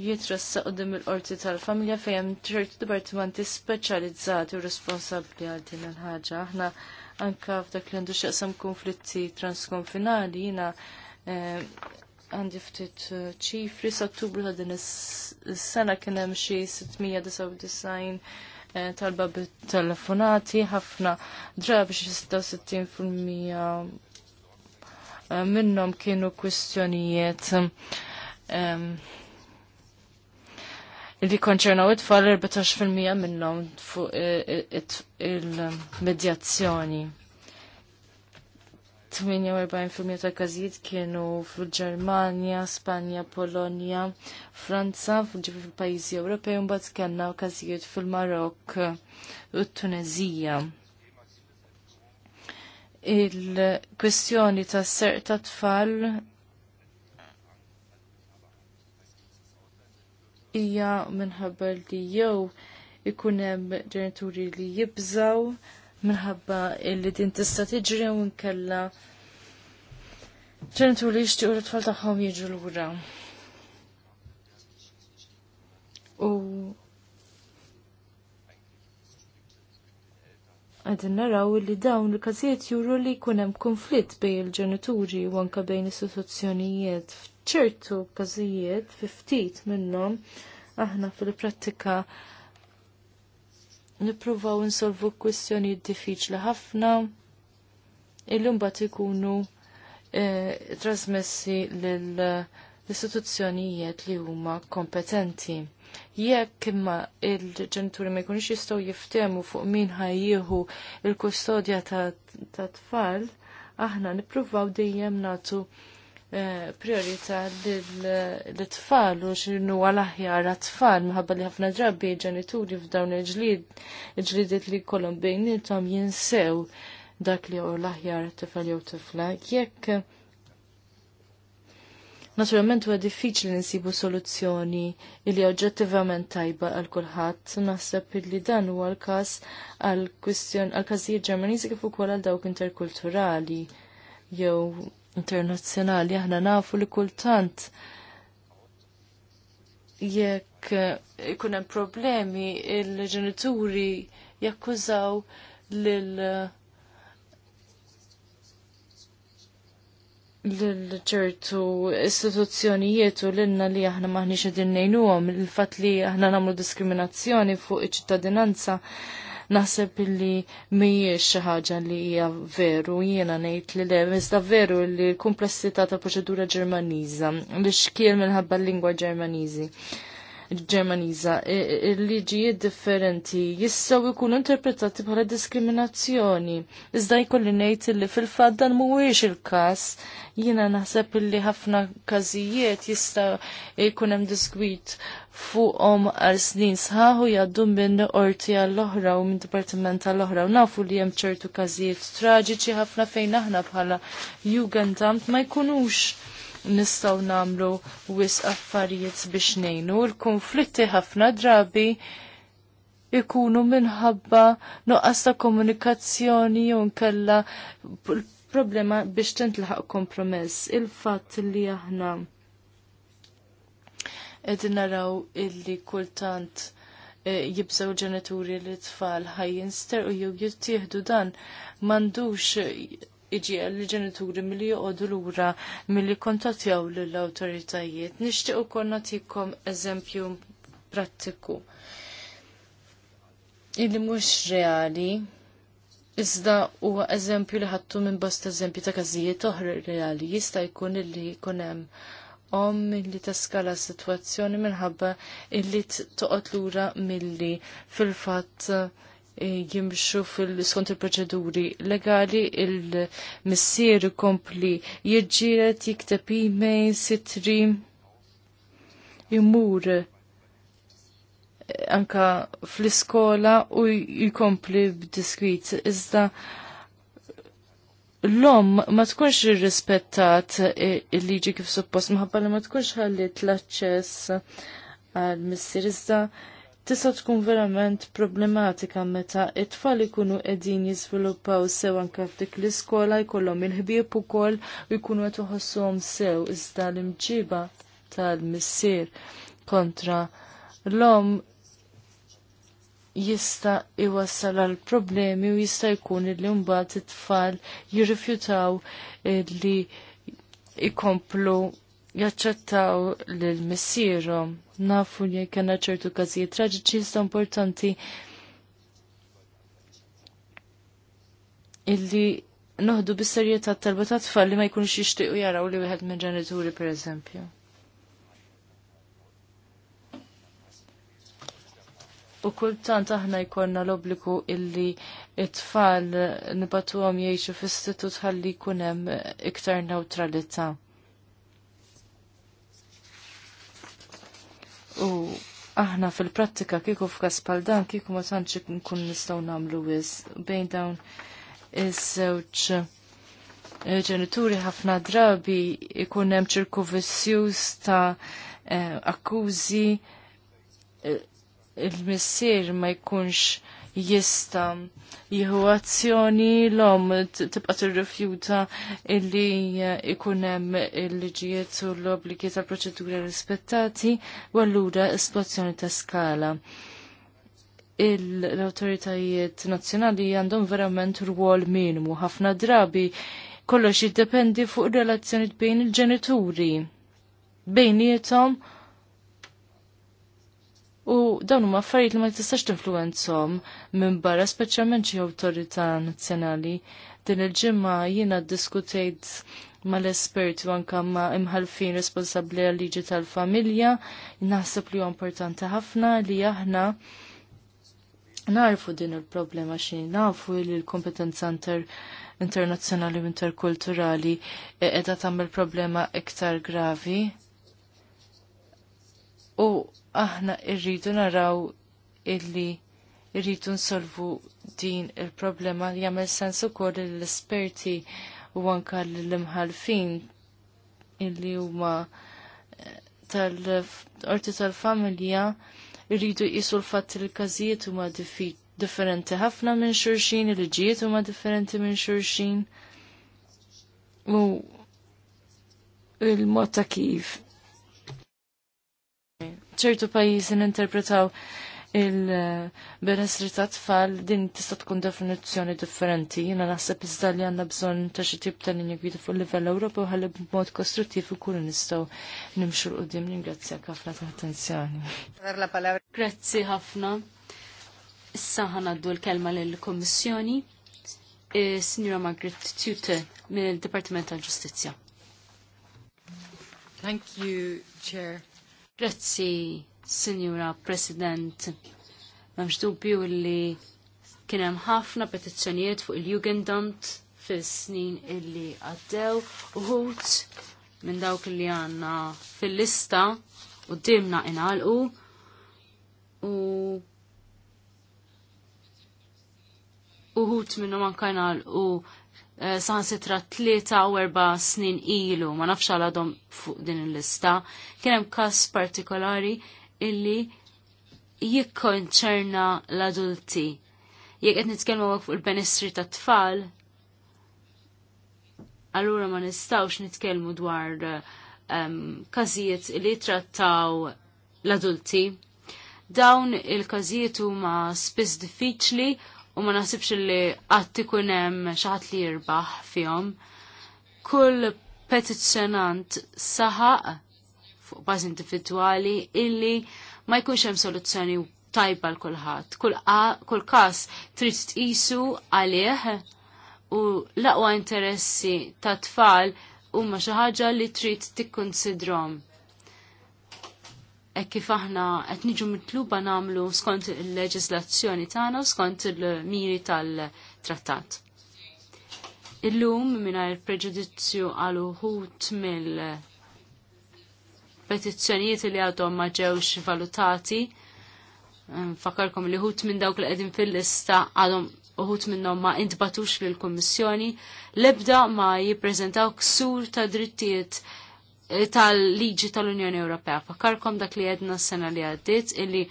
S2: koll qudiem il-qorti tal-familja fejn hemm ċertu dipartimenti speċjalizzati u responsabbli għal din il-ħaġa. Aħna anka f'dak li għandu x'jaqsam konflitti transkonfinali jiena eh, għandi ftit uh, ċifri s tubru ta' din is-sena kien hemm xi 699 eh, talba bit-telefonati, ħafna drabi xi 66% eh, minnhom kienu kwistjonijiet ehm, li konċernaw it-tfal 14% minnhom fuq eh, il-medjazzjoni. 48% tal-każijiet kienu fil-Ġermanja, Spanja, Polonja, Franza, ġifi fil-pajjiżi Ewropej, mbagħad kellna każijiet fil marok u t-Tunezija. Il-kwestjoni tas serq ta' tfal hija minħabba li jew ikun hemm ġenituri li jibżaw minħabba illi din tista' tiġri u nkella ċentu li jixtiequ l-tfal tagħhom jiġu lura. U għadin naraw li dawn il każijiet juru li jkun hemm konflitt bejn il-ġenituri u anke bejn istituzzjonijiet. ċertu każijiet, fi ftit minnhom, aħna fil-prattika nippruvaw insolvu kwistjoni diffiċli ħafna illum bat ikunu eh, trasmessi l-istituzzjonijiet eh, li huma kompetenti. Jekk imma il-ġenituri ma jkunx jistgħu jiftemu fuq min ħajjieħu il-kustodja ta' tfal, aħna nippruvaw dejjem nagħtu Eh, priorità l-tfal u xinu għal-aħjar għat-tfal minħabba li ħafna drabi ġenituri f'dawn il-ġlid, il-ġlidiet li kolom bejnietom jinsew dak li u l-aħjar tfal jew t-tfla. Jekk Naturalment huwa diffiċli nsibu soluzzjoni li oġġettivament tajba għal kulħadd. Naħseb li dan huwa l-każ għal kwistjon għal każijiet Ġermaniżi kif ukoll għal dawk interkulturali jew internazzjonali aħna nafu li kultant jekk eh, ikun hemm problemi il-ġenituri jakkużaw lil l-ċertu istituzzjonijiet u l-inna li aħna maħniċ għedin nejnuhom, il-fat li aħna namlu diskriminazzjoni fuq iċ-ċittadinanza naħseb illi mhijiex xi ħaġa li hija veru jiena ngħid li le iżda veru li l-kumplessità tal-proċedura Ġermaniża li xkiel minħabba l-lingwa Ġermaniżi. Ġermaniża, il-liġijiet differenti jistgħu jkunu interpretati bħala diskriminazzjoni. Iżda jkolli ngħid li fil-fatt dan mhuwiex il-każ. Jiena naħseb illi ħafna każijiet jista' jkun hemm diskwit fuqhom għal snin sħaħu jgħaddu minn orti għall-oħra u minn dipartiment għall-oħra u nafu li hemm ċertu każijiet traġiċi ħafna fejn aħna bħala Jugendamt ma jkunux nistaw namlu wis affarijiet biex nejnu. L-konflitti ħafna drabi ikunu minħabba noqqas ta' komunikazzjoni u nkella problema biex tintlaħaq kompromess. Il-fatt li aħna edin naraw illi kultant eh, jibżaw ġenituri li tfal ħajjin ster u jew jittieħdu dan mandux eh, iġi li ġenituri mill-li joqodu l-ura mill-li kontatjaw l-autoritajiet. Nishtiq u konnatikom eżempju prattiku. Illi mux reali, Iżda huwa eżempju li ħattu minn bost eżempju ta' każijiet oħra reali jista' jkun illi jkun hemm om milli taskala situazzjoni minħabba illi toqgħod lura milli fil-fatt eh, jimxu fil-skont il-proċeduri legali il-missier kompli jirġiret jikteb e-mail sitri jimur eh, anka fl-iskola u jkompli b'diskwit iżda l-om ma tkunx irrispettat il-liġi kif suppost maħabba li ma tkunx ħallit l-aċċess għal missier iżda tista' tkun verament problematika meta it-tfal ikunu qegħdin jiżviluppaw sew anka f'dik l-iskola jkollhom il-ħbieb ukoll u jkunu qed iħossuhom sew iżda l-imġiba tal-missier kontra l-om jista iwassal għal problemi u jista jkun li mbagħad it-tfal jirrifjutaw li ikomplu jaċċettaw lil missierhom. Nafu li kena ċertu każijiet traġiċi jista importanti illi noħdu bis-serjetà talba ta' tfal li ma jkunx jixtiequ jaraw li wieħed minn ġenituri pereżempju. u kultant aħna jkollna l-obbligu illi it-tfal nibatuhom jgħixu f'istitut ħalli jkun hemm iktar neutralita. U aħna fil-prattika kieku f'każ bħal dan kieku ma tantx nkun nistgħu nagħmlu wis bejn dawn iż-żewġ eh, ġenituri ħafna drabi ikun hemm ċirku ta' eh, akkużi eh, il-missier ma jkunx jista jieħu azzjoni l-om tibqa tirrifjuta illi ikun hemm il-liġijiet u l-obbligi tal-proċedura rispettati u allura situazzjoni ta' skala. L-autoritajiet nazzjonali għandhom verament rwol minimu ħafna drabi kollox jiddependi fuq relazzjoni bejn il-ġenituri bejnietom U dawn huma affarijiet li ma tistax tinfluwenzhom minn barra speċjalment xi awtorità nazzjonali. Din il-ġimgħa jiena ddiskutejt mal-esperti u anke ma' imħalfin responsabbli għal-liġi tal-familja, naħseb li huwa importanti ħafna li aħna narfu din il-problema xi nafu li l-kompetenza inter internazzjonali u interkulturali qiegħda tagħmel problema iktar gravi U aħna irridu naraw illi irridu nsolvu din il-problema li jagħmel sens ukoll l-esperti u anka l-imħalfin illi huma eh, tal-orti tal-familja irridu jisul l-fatt li każijiet huma differenti ħafna minn xulxin, il-ġijiet huma differenti minn xulxin. U il-mod ta' kif ċertu pajjiżi ninterpretaw il-benessri ta' tfal din tista' tkun definizzjoni differenti. Jiena naħseb iżda li għandna bżonn ta' xi tip ta' linja gwida fuq livell Ewropa u ħalli b'mod kostruttiv ikunu nistgħu nimxu l qudiem ningrazzjak ħafna ta' attenzjoni.
S3: Grazzi ħafna. Issa ħanaddu l-kelma lill-Kummissjoni. E, Signora Margaret Tute mill-Dipartiment tal-Ġustizzja. Thank you, Chair. Grazzi, Signora President. Memx dubju li kienem ħafna petizzjonijiet fuq il-Jugendamt fil-snin illi għaddew uħut minn dawk li għanna fil-lista u dimna inqalqu u uħut minnu man kanal Eh, san sitra tlieta u erba snin ilu, ma nafx għal-għadhom fuq din il-lista, kienem kas partikolari illi jikkonċerna l-adulti. Jek qed nitkellmu fuq il benistri ta' tfal, allura ma nistawx nitkellmu dwar um, ehm, kazijiet li trattaw l-adulti. Dawn il-kazijiet huma spiss diffiċli u ma naħsibx li qatt ikun hemm xi ħadd li jirbaħ fihom. Kull petizzjonant saħaq fuq baz individwali illi ma jkunx hemm soluzzjoni tajba l kulħadd. Kull każ trid tqisu għalih u l-aqwa interessi ta' tfal huma xi ħaġa li trid tikkunsidrom E kif aħna qed niġu mitluba nagħmlu skont il-leġislazzjoni tagħna skont il-miri tal-trattat. Illum mingħajr preġudizzju għal uħut mill petizzjonijiet li għadhom ma ġewx valutati, fakarkom li uħut minn dawk li qegħdin fil-lista għadhom uħut minnhom ma intbatux lill-Kummissjoni, l-ebda ma jippreżentaw ksur ta' drittijiet tal-liġi tal-Unjoni Ewropea. Fakarkom dak li għedna s-sena li għaddit illi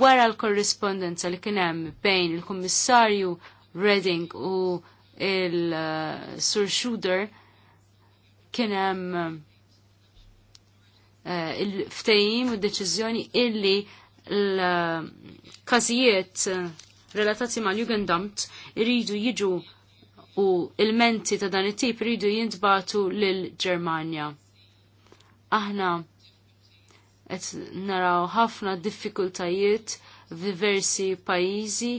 S3: wara l-korrespondenza li kien hemm bejn il-Kummissarju Redding u il-Sur Schuder kien hemm eh, il-ftejim u deċiżjoni illi l-każijiet eh, relatati mal-Jugendamt iridu jiġu u il-menti ta' dan it-tip iridu jintbatu lil Ġermanja Aħna qed naraw ħafna diffikultajiet f'diversi pajjiżi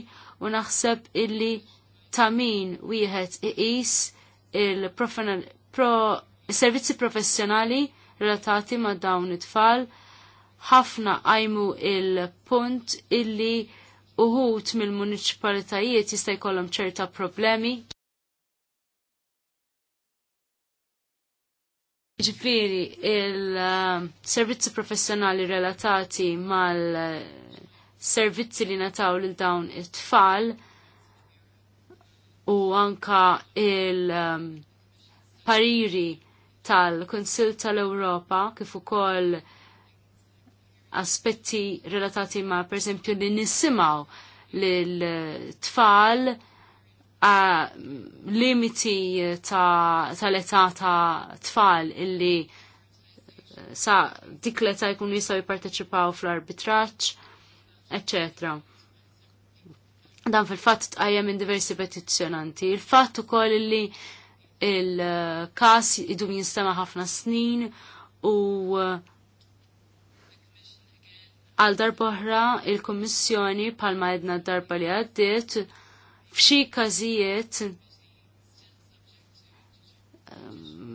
S3: u naħseb illi ta' min wieħed iqis il-servizzi pro professjonali relatati ma' dawn it-tfal ħafna għajmu il-punt illi uħut mill-municipalitajiet jista' jkollhom ċerta problemi Ġifiri, il-servizzi professjonali relatati mal-servizzi eh, li nataw lil dawn it-tfal u anka il-pariri ehm, tal-Konsil tal-Europa kif ukoll aspetti relatati ma' per esempio li nisimaw lil-tfal a limiti ta' tal-età ta' tfal illi eh, sa' dik l-età jkun jistaw jipparteċipaw fl-arbitraċ, etc. Dan fil-fatt tqajjem minn diversi petizzjonanti. Il-fatt ukoll illi il-kas idum jinstema ħafna snin u eh, għal darboħra il-Kommissjoni palma edna darba li għaddit F'xi każijiet ehm,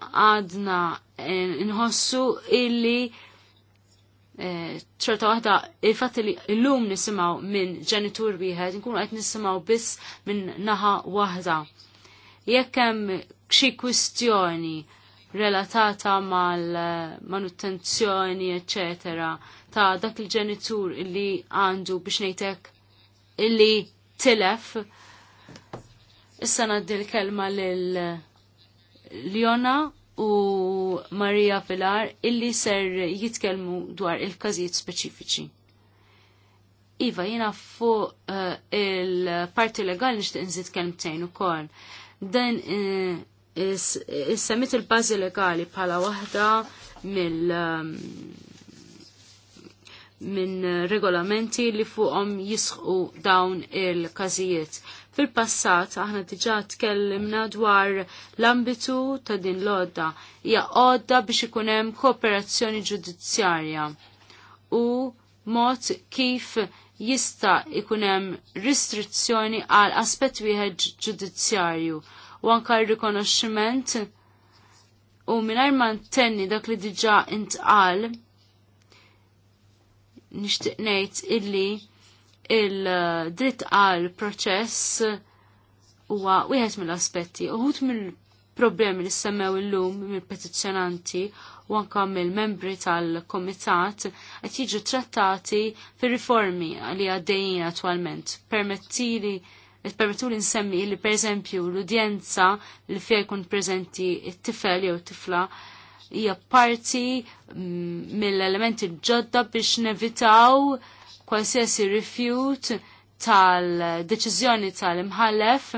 S3: għadna eh, nħossu illi eh, ċerta waħda il fat li l-lum nisimaw minn ġenitur wieħed nkunu qed nisimgħu biss minn naħa waħda. Jekk hemm xi kwistjoni relatata mal-manutenzjoni, eh, eccetera, ta' dak il-ġenitur illi għandu biex ngħidlek illi tilef. Issa naddi l-kelma lil Liona u Maria Pilar illi ser jitkellmu dwar il-każijiet speċifiċi. Iva, jina fuq uh, il-parti legali nixtieq nżid kelmtejn ukoll. Dan uh, is is il-bażi legali bħala waħda mill- um, minn regolamenti li fuqhom jisħu dawn il-każijiet. Fil-passat aħna diġà tkellimna dwar l-ambitu ta' din l-odda hija għodda biex ikun hemm kooperazzjoni ġudizzjarja u mod kif jista' ikun hemm restrizzjoni għal aspett wieħed ġudizzjarju u anka r-rikonoxximent u mingħajr ma ntenni dak li diġà intqal nixtieq ngħid illi il-dritt għal proċess huwa wieħed mill-aspetti uħud mill-problemi li semmew illum mill-petizzjonanti u anke mill-membri tal-komitat qed jiġu trattati fir-riformi li għaddejjin attwalment. Permettili permettu li nsemmi li per eżempju l-udjenza li fija jkun preżenti t tifel jew t tifla hija parti mm, mill-elementi ġodda biex nevitaw qualsiasi rifjut tal-deċiżjoni tal-imħallef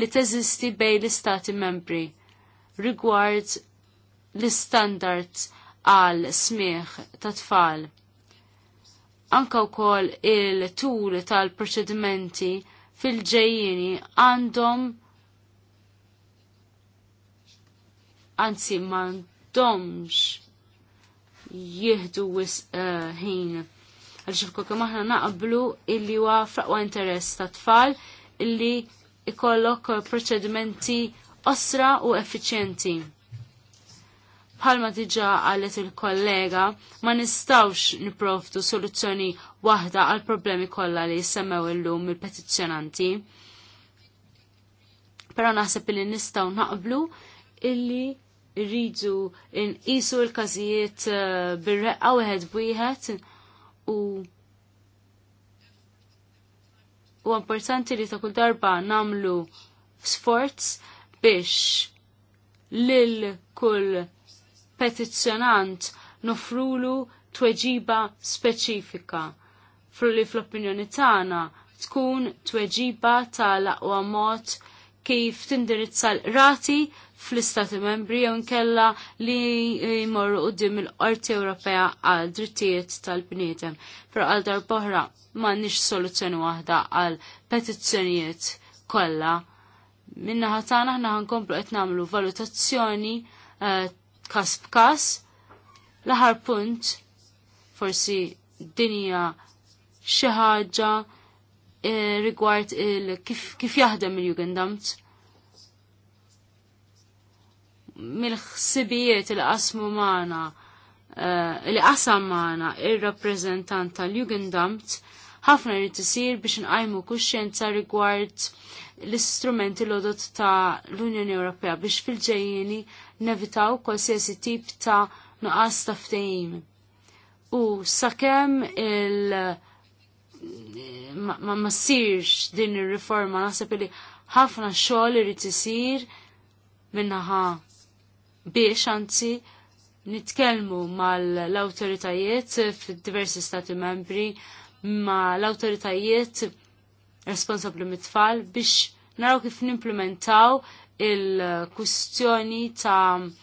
S3: li teżisti bej l-istati membri rigward l istandard għal smieħ ta' tfal. Anka wkoll il-tul tal-proċedimenti fil-ġejjini għandhom anzi man m'għandhomx jieħdu wis eh, ħin. Għal xifku kem aħna naqblu illi huwa fraqwa interess ta' tfal illi ikollok proċedimenti osra u effiċjenti. Bħalma diġa għalet il-kollega, ma nistawx niproftu soluzzjoni waħda għal problemi kollha li jissemmew illum il-petizzjonanti. Pero naħseb li nistaw naqblu illi in nqisu l-każijiet eh, bir-reqqa wieħed wieħed u u importanti li ta' kull darba namlu sforz biex lil kull petizzjonant nofrulu tweġiba speċifika. Frulli fl-opinjoni tagħna tkun tweġiba tal-aqwa mod kif tindirizza l-rati fl-Istati Membri jew nkella li jmorru qudiem il-Qorti Ewropea għal drittijiet tal-bniedem. Però għal darb'oħra m'għandniex soluzzjoni waħda għal petizzjonijiet kollha. Minna ħatana ħna ħankomplu qed nagħmlu valutazzjoni eh, kas b'kas. l aħħar punt forsi dinja xi ħaġa eh, rigward il kif, kif jaħdem il-Jugendamt mill-ħsibijiet il qasmu maħna, eh, li qasam maħna il-rappresentant tal-Jugendamt, ħafna li isir biex nqajmu kuxjenza rigward l-istrumenti l-odot ta' l-Unjoni Ewropea biex fil-ġejjeni nevitaw qualsiasi tip ta' nuqqas ta' ftehim. U sakemm il- ma, ma sirx din ir-riforma naħseb li ħafna xogħol irid isir minnaħa biex anzi nitkellmu mal-autoritajiet fil-diversi stati membri ma l-autoritajiet responsabli mit-tfal biex naraw kif nimplementaw il-kustjoni ta' um,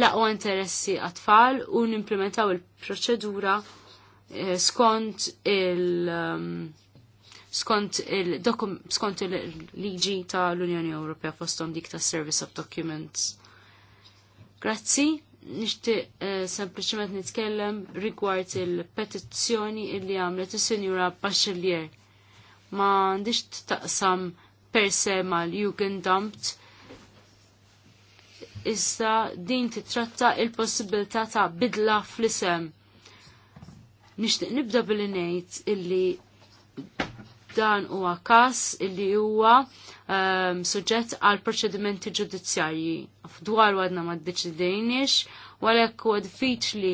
S3: laqwa interessi għat-tfal u nimplementaw il-proċedura eh, skont il- um, skont il-liġi ta' l-Unjoni Ewropea fostom dik ta' Service of Documents. Grazzi, nixtieq eh, sempliċement nitkellem rigward il-petizzjoni illi għamlet is-Sinjura Bachelier. Ma għandix taqsam per se mal-Jugendamt Issa din titratta il-possibilità ta' bidla fl-isem. Nixtieq nibda billi ngħid illi dan huwa każ li huwa um, suġġett għal proċedimenti ġudizzjarji f'dwar għadna ma ddeċidejniex u għalhekk huwa diffiċli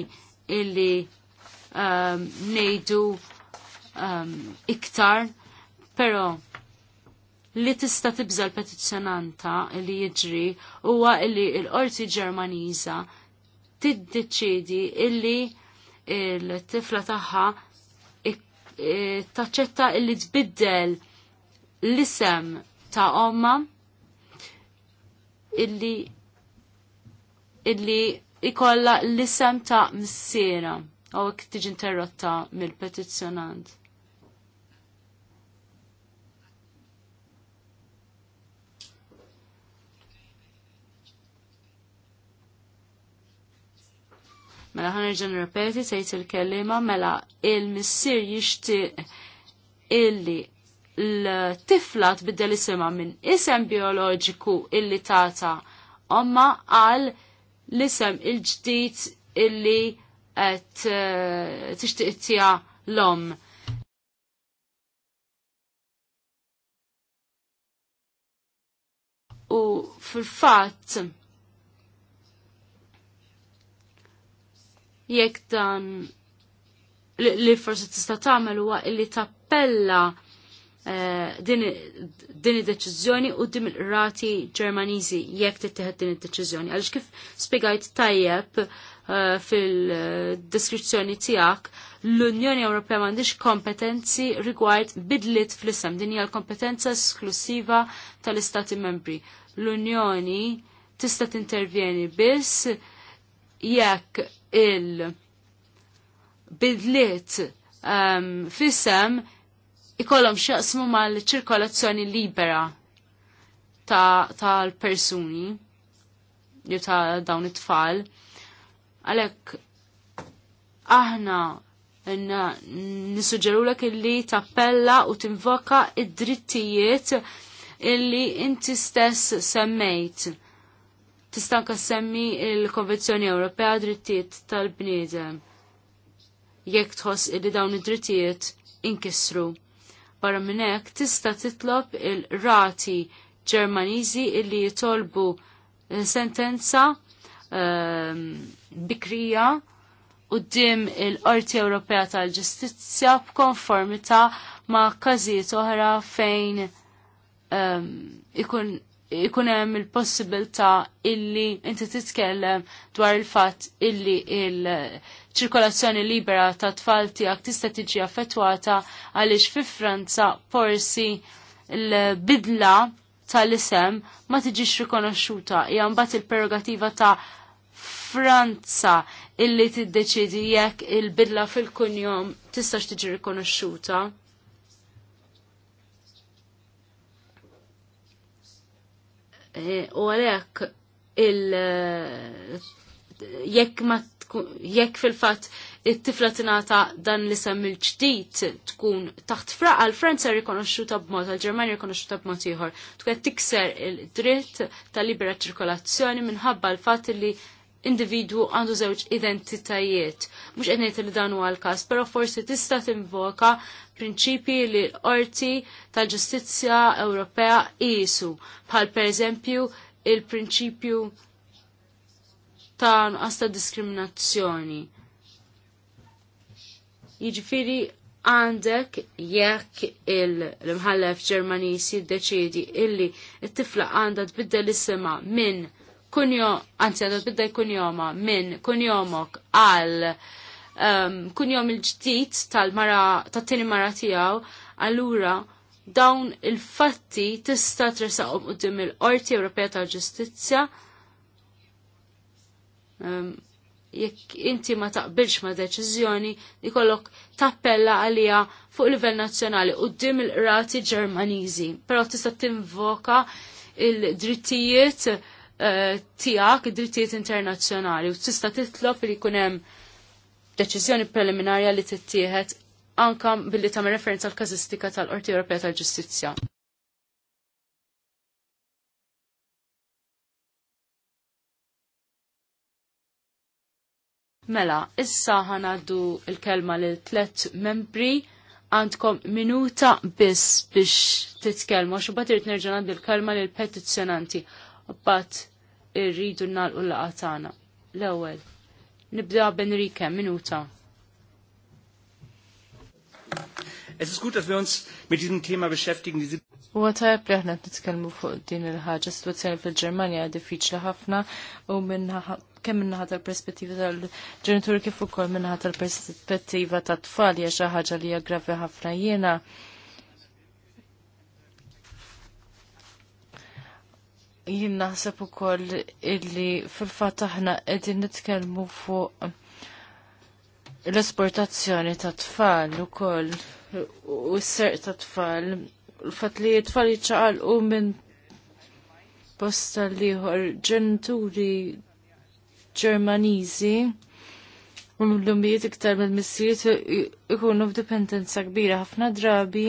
S3: illi um, ngħidu um, iktar, però li tista' tibza l-petizzjonanta li jiġri huwa illi l-qorti il Ġermaniża tiddeċiedi illi il-tifla tagħha E, taċċetta illi tbiddel l-isem ta' omma illi illi ikolla l-isem ta' missiera u tiġi interrotta mill-petizzjonant. Mela irġan nirrepeti tgħid il-kelliema mela il-missier jixtieq illi l-tifla tbiddel isima minn isem bioloġiku illi tata omma għal l-isem il-ġdid illi qed eh, tixtieq tija l-om. U fil fat jekk dan li forsi tista' tagħmel huwa li tappella eh, din id-deċiżjoni u din rati Ġermaniżi jekk tittieħed din id-deċiżjoni. Għaliex kif spjegajt tajjeb eh, fil-deskrizzjoni tiegħek, l-Unjoni Ewropea m'għandix kompetenzi rigward bidlit fl-isem. Din hija l-kompetenza esklusiva tal-Istati membri. L-Unjoni tista' tintervjeni biss jekk il-bidliet um, fissem ikollhom xaqsmu mal-ċirkolazzjoni libera tal-persuni ta jew ta' dawn it-tfal. Għalhekk aħna nisuġerulek illi tappella u tinvoka id-drittijiet illi inti stess semmejt tistanka semmi il-Konvenzjoni Ewropea drittijiet tal-bniedem. Jekk tħoss li dawn id-drittijiet inkisru. Barra minn hekk tista' titlob il-rati Ġermaniżi illi jitolbu eh, sentenza um, bikrija qudiem il-Qorti Ewropea tal-Ġustizzja b'konformità ma' każijiet oħra fejn um, ikun ikun hemm il-possibilità illi inti titkellem dwar il-fatt illi il-ċirkolazzjoni libera ta' tfal tiegħek tista' tiġi affettwata għaliex fi Franza forsi l-bidla tal-isem ma tiġix rikonoxxuta hija mbagħad il-prerogativa ta' Franza illi tiddeċidi jekk il-bidla fil-kunjom tistax tiġi rikonoxxuta. U għalek il- jekk ma jekk fil-fatt it-tifla tingħata dan li sem il-ġdid tkun taħt fraqa l-Franza rikonoxxuta b'mod, għal ġermanja rikonoxxuta b'mod ieħor. Tkun tikser il-dritt tal libera ċirkolazzjoni minħabba l-fatt li individwu għandu żewġ identitajiet. Mux għednet li dan huwa l-kas, pero forsi tista' tinvoka prinċipi li l-orti tal-ġustizzja Ewropea qisu, bħal per eżempju il-prinċipju ta' nuqqas diskriminazzjoni. Jiġifieri għandek jekk il-mħallef Ġermanis jiddeċiedi illi t-tifla għandha tbiddel isema minn kunjo, anzi għadot bidda kunjoma, minn kunjomok għal um, kunjom il-ġdijt tal-mara, tal-tini mara tijaw, allura dawn il-fatti tista tresaqom u dim il-Qorti Ewropea tal-Ġustizja. Um, jekk inti ma taqbilx ma deċiżjoni ikollok tappella għalija fuq livell nazzjonali u dim il-rati ġermaniżi, però tista' tinvoka il-drittijiet tijak id-drittijiet internazzjonali u tista' titlob li jkun hemm deċiżjoni preliminarja li tittieħed anka billi tagħmel referenza għal każistika tal-Qorti Ewropea tal-Ġustizzja. Mela, issa ħanaddu il-kelma lil tlet membri għandkom minuta biss biex titkellmu, xo bat irrit nerġan il kelma l-petizjonanti bat irridu nalqu laqa tagħna. L-ewwel. Nibda b'Enrique minuta.
S4: Es ist gut, dass wir uns mit diesem Thema beschäftigen. Diese
S2: U għatajab li ħna t-tkelmu fuq din il-ħagġa, situazzjoni fil-Germania diffiċli ħafna u minna kemm minnaħa tal-perspettiva tal-ġenituri kif ukoll minnaħa tal-perspettiva tat-tfal hija xi ħaġa li hija gravi ħafna jiena jien naħseb ukoll illi fil-fatt aħna qegħdin nitkellmu fuq l-esportazzjoni ta' tfal ukoll u s-serq ta' tfal l-fatt li t-tfal jiċċaqalqu minn posta liħor ġenituri Ġermaniżi u l lumijiet iktar mill-missijiet ikunu f'dipendenza kbira ħafna drabi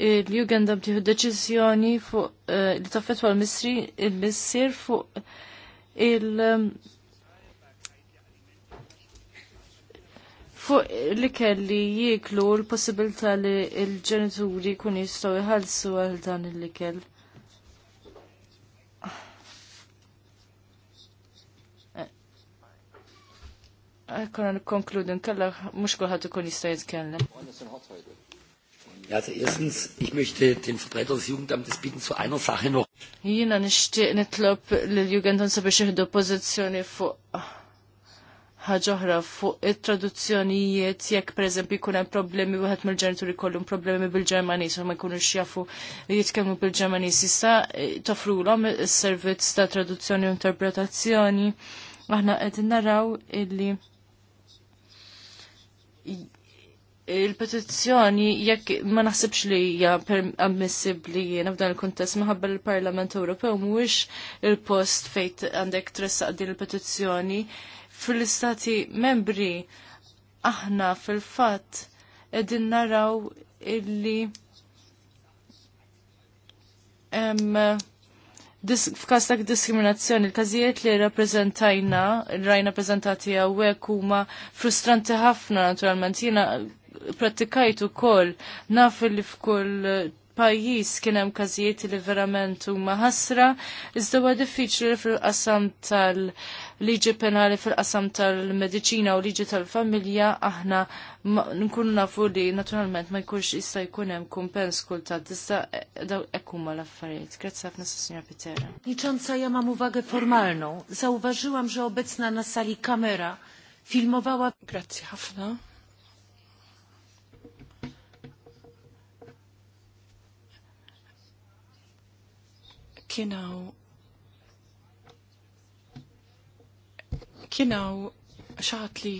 S2: il-Jugendam tiħu deċizjoni fuq eh, li taffet għal misri il-missir fuq il- ehm, fuq li kelli jiklu l possibilta li l-ġenituri kun jistaw jħalsu għal dan li il-likel. Ekkona eh, eh, nikkonkludi nkella mhux kulħadd ikun jista' jitkellem.
S4: Also erstens, ich möchte den Vertreter des Jugendamtes bitten zu einer Sache noch.
S2: Jina nitlob l-Jugendamt biex jihdu pozizjoni fuq ħaġoħra fuq it-traduzzjonijiet jekk pereżempju ikun hemm problemi wieħed mill-ġenituri un problemi bil-Ġermaniż u ma jkunux jafu jitkellmu bil-Ġermaniż issa tofruhom is-servizz ta' traduzzjoni u interpretazzjoni. Aħna qed naraw illi il-petizzjoni jekk ma naħsibx li hija ammissibbli jiena f'dan il-kuntest minħabba l-Parlament Ewropew mhuwiex il-post fejt għandek tressaq din il-petizzjoni fil-istati membri aħna fil-fatt qegħdin naraw illi hemm f'każ ta' diskriminazzjoni, l-każijiet li rappreżentajna, rajna preżentati hawnhekk huma frustranti ħafna naturalment. Jiena pratikajtu kol naf li f'kull pajjiż kien hemm każijiet li verament huma ħasra, iżda huwa diffiċli fil-qasam tal-liġi penali fil-qasam tal-mediċina u liġi tal-familja aħna nkunu nafu li naturalment ma jkunx jista' jkun hemm kumpens kultant iżda e, daw hekk huma l-affarijiet. Grazzi ħafna Signor Pitera. Licząca ja mam uwagę formalną. Zauważyłam, że obecna na
S4: sali kamera filmowała. Grazzi ħafna. kienaw kienaw xaħat li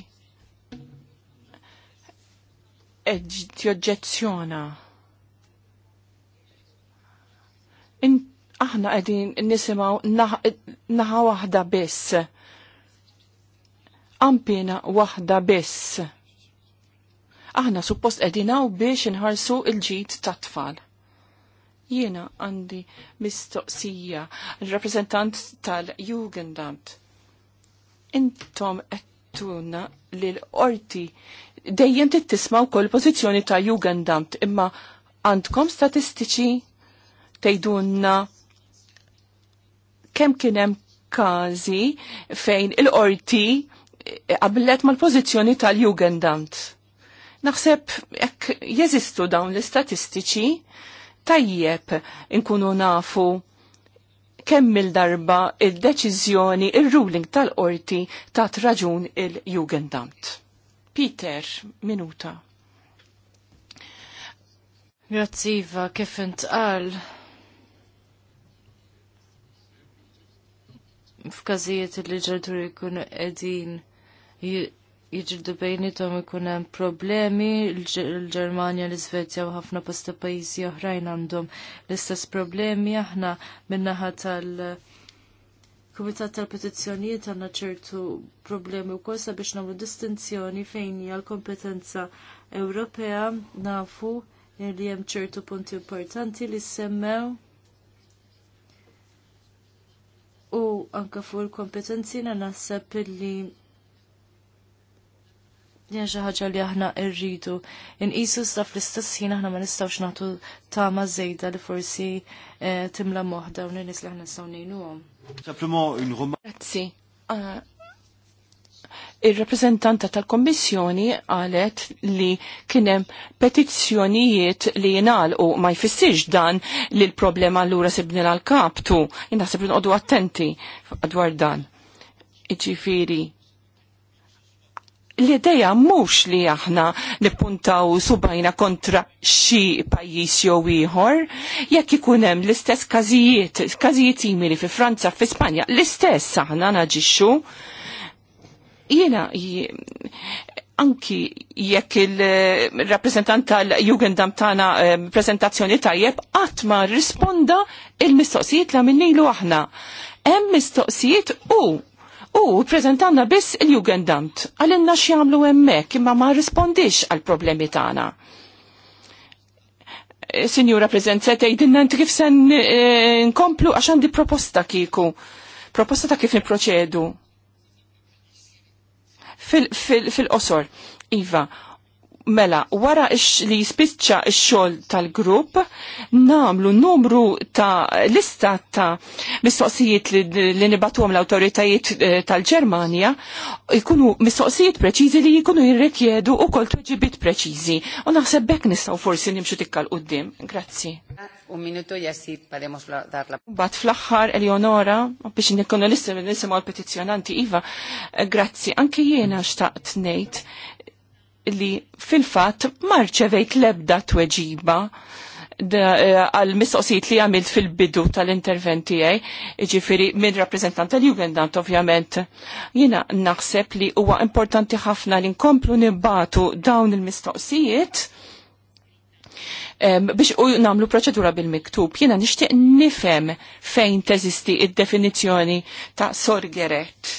S4: tjoġġezzjona. Aħna għedin nisimaw naħa wahda biss. Ampina wahda biss. Aħna suppost edinaw biex nħarsu il-ġit tat-tfal. Jiena għandi mistoqsija l-rappresentant tal-Jugendamt. Intom għettuna li l-orti dejjem tittismaw kol pozizjoni ta' Jugendamt imma għandkom statistiċi tejdunna kem kienem kazi fejn il-orti qablet mal-pozizjoni tal-Jugendamt. Naħseb jekk jeżistu dawn l-istatistiċi, tajjeb inkunu nafu kemm il-darba il-deċiżjoni il-ruling tal-qorti ta' raġun il-Jugendamt. Peter, minuta. Grazziva, kif intqal
S2: f'każijiet li ġerturi jkunu qegħdin jiġirdu bejnietom ikun hemm problemi, l-Ġermanja, l-Iżvezja u ħafna posta pajjiżi oħrajn għandhom l-istess problemi aħna min-naħa tal- Kumitat tal-petizzjonijiet għandna ċertu problemi wkoll sabiex nagħmlu distinzjoni fejn hija l-kompetenza Ewropea nafu li hemm ċertu punti importanti li semmew u anke fuq il-kompetenzi naħseb li Dien xi ħaġa li aħna rridu. Inqisu sta fl-istess ħin aħna ma nistgħux nagħtu tama żejda li forsi eh, timla
S4: moħħ dawn in-nies li aħna nistgħu
S1: ngħinuhom.
S4: Grazzi. Ah, il-rappresentanta tal-Kommissjoni għalet li kienem petizzjonijiet li jingħalqu ma jfissirx dan li l-problema l-ura sibni l-kaptu. Jina sibni attenti dwar dan. Iġifiri, l-ideja mhux li aħna nippuntaw subajna kontra xi pajjiż jew ieħor, jekk ikun hemm l-istess każijiet, każijiet simili fi Franza, fi Spanja, l-istess aħna naġixxu. Jiena anki jekk il-rappresentant tal-Jugendam tagħna prezentazzjoni tajjeb qatt ma risponda il-mistoqsijiet la minnilu aħna. Hemm mistoqsijiet u U prezentanna biss il jugendant għalinna x'jamlu hemmhekk imma ma rrispondix għal problemi tagħna. Eh, Sinjura Prezenza tgħidilna inti kif se eh, nkomplu għax għandi proposta kieku. Proposta ta' kif niproċedu. Fil-qosor, fil, fil Iva, Mela, wara li jispiċċa x-xogħol tal-grupp, namlu numru ta' lista ta' mistoqsijiet li, li nibatuhom l-awtoritajiet eh, tal-Ġermanja, jkunu mistoqsijiet preċiżi li jkunu jirrikjedu wkoll tweġibiet preċiżi. U naħseb bekk nistgħu forsi nimxu tikkal qudiem.
S1: Grazzi. Un minuto jassi paremos dar la. Bat
S4: fl-aħħar Eleonora, biex nikkunu l-istem l-petizzjonanti Iva, eh, grazzi. Anke jiena xtaqt ngħid li fil-fat marċevejt lebda tweġiba eh, għal mistoqsijiet li għamilt fil-bidu tal-interventi għaj, eh, ġifiri minn rappresentant tal-Jugendant ovvjament. Jina naħseb li huwa importanti ħafna li nkomplu nibbatu dawn il-mistoqsijiet biex u namlu proċedura bil-miktub. Jina nishtiq nifem fejn teżisti id-definizjoni ta' sorgeret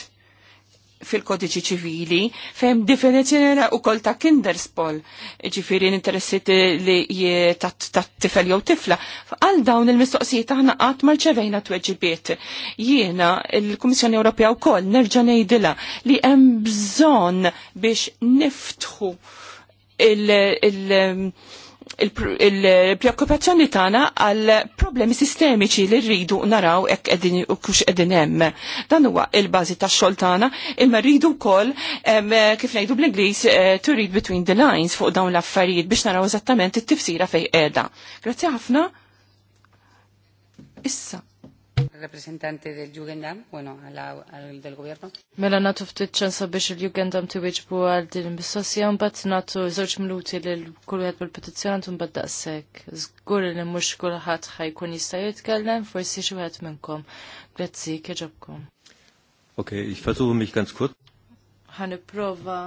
S4: fil-kodiċi ċivili fejn definizjoni u kol ta' kinderspol, ġifiri interessit li ta' tifel jew tifla. Għal dawn il-mistoqsijiet aħna qatt marċevejna tweġibiet. Jiena il-Kummissjoni Ewropea wkoll nerġa' ngħidilha li hemm bżonn biex niftħu il-, il il-preokkupazzjoni tagħna għal problemi sistemiċi li rridu naraw hekk qegħdin u kux qegħdin hemm. Dan huwa il-bażi tax-xogħol tagħna, imma rridu wkoll kif ngħidu bl-Ingliż eh, to read between the lines fuq dawn l-affarijiet biex naraw eżattament it-tifsira fejn qiegħda. Grazzi ħafna. Issa
S1: representante del Jugendam, bueno, al del gobierno.
S4: Mela natu
S2: ftit ċansa biex il-Jugendam tiwiġbu għal din il-mistoqsija, mbagħad natu żewġ minuti lil kull wieħed bil-petizzjonant u mbagħad daqshekk. Żgur li mhux kulħadd ħajkun jista' jitkellem, forsi xi wieħed minnkom. Grazzi, kieġobkom.
S1: Ok, ich versuche mich ganz kurz.
S2: Prova.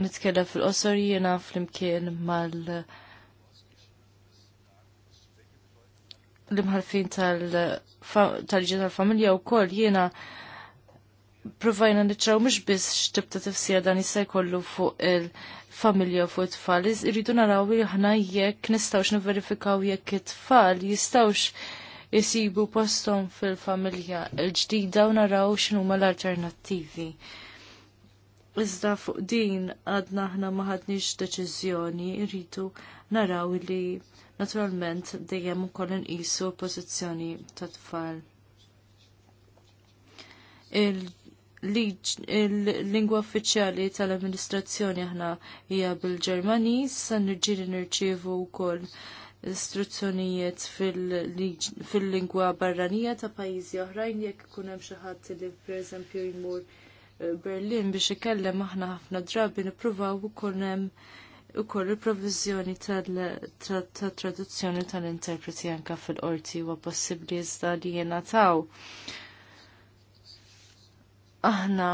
S2: nitkellem fil-qosor jiena fl-imkien mal- l-imħalfin tal ġena tal-familja u kol jena provajna nitraw mux biss xtibta tifsija dan jista' jkollu fuq il-familja fuq it-tfal. Irridu naraw li jekk nistawx niverifikaw jekk it-tfal jistawx jisibu postom fil-familja l-ġdida u naraw x'inhuma l-alternattivi. Iżda fuq din għadna ħna maħadniex deċiżjoni, irridu naraw li Naturalment dejjem ukoll inqisu pożizzjoni ta' tfal. Il-lingwa uffiċjali tal-amministrazzjoni aħna hija bil-Ġermaniż, sa nirġieli nirċievu wkoll istruzzjonijiet fil-lingwa barranija ta' pajjiżi oħrajn jekk ikun hemm xi ħadd li pereżempju jmur eh, Berlin biex ikellem aħna ħafna drabi nippruvaw ukoll hemm u koll il-provizjoni tal-traduzzjoni tal-interpreti anka fil-qorti huwa possibbli iżda li jena taw. Aħna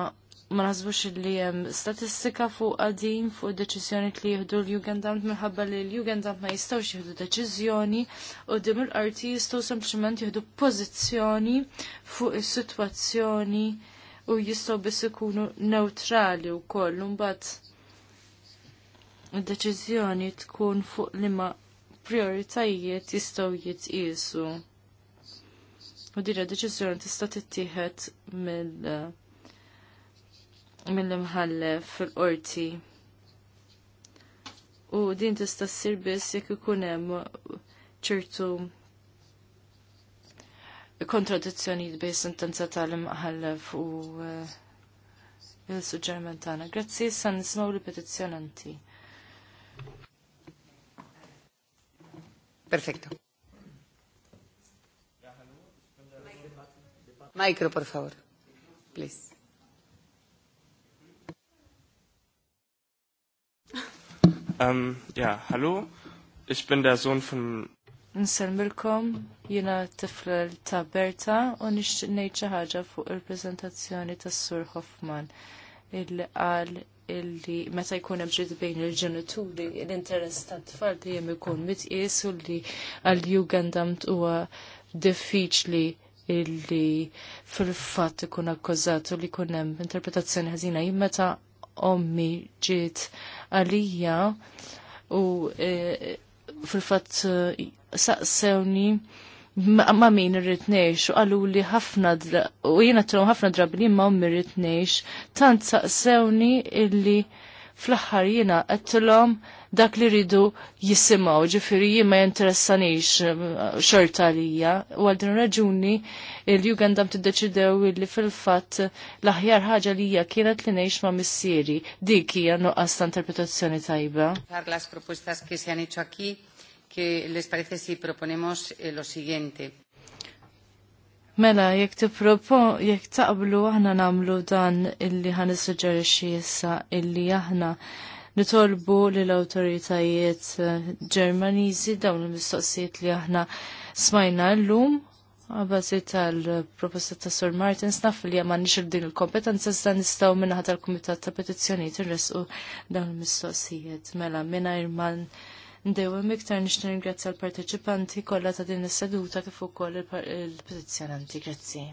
S2: ma nazbux li jem statistika fuq għadin fuq deċizjoni li jihdu l-Jugendamt minħabba li l-Jugendamt ma jistawx jihdu deċizjoni u dim l-arti jistaw sempliciment jihdu pozizjoni fuq is-situazzjoni u jistaw biss ikunu neutrali u koll. Mbagħad il deċiżjoni tkun fuq liema prioritajiet jistgħu jitqiesu. U dira deċiżjoni tista' tittieħed mill mill-imħallef fil-qorti. U din tista' ssir biss jekk ikun hemm ċertu kontradizzjonijiet bejn sentenza tal-imħallef u eh, il-suġġerment tagħna. Grazzi issa nisimgħu
S1: l Perfecto. Micro, por favor. Please. Um, ja, hallo. Ich bin der Sohn von...
S2: Milkom, jina tifla ta' Berta, un ix nejċa ħaġa fuq il-prezentazzjoni ta' Sur Hoffman, il għal illi meta jkun hemm ġrid bejn il-ġenituri l-interess tat-tfal dejjem ikun mitqies u li għal-jugendamt huwa diffiċli illi fil-fatt ikun akkużat u li jkun hemm interpretazzjoni ħażina jien meta ommi ġiet għalija u eh, fil-fatt eh, saqsewni ma' min irrid u qalu li ħafna u jiena t ħafna drabi li ma' ummi irrid tant saqsewni illi fl-aħħar jiena t dak li rridu jisimaw, ġifiri jima jinteressanix uh, xorta għalija. U għal din raġuni l t-deċidew li fil-fat l-aħjar ħaġa li hija kienet li ngħix ma' missieri. Dik hija nuqqas ta' interpretazzjoni tajba.
S1: Par las propostas se han hecho aquí que les parece si proponemos eh, lo siguiente.
S2: Mela, jek propon, jek taqblu aħna namlu dan illi ħan suġġerixxi issa illi aħna nitolbu lill awtoritajiet eh, Ġermaniżi dawn il-mistoqsijiet li aħna smajna llum għabazi tal-proposta ta' Sir Martin, naf li għamma nixir din il-kompetenza dan nistaw minna tal-Komitat ta' Petizzjoniet il dawn il-mistoqsijiet. Mela, minna irman ndewa miktar nishtar ringrazzja l-parteċipanti kollha ta' din is-seduta kif ukoll il-petizzjonanti. Grazzi.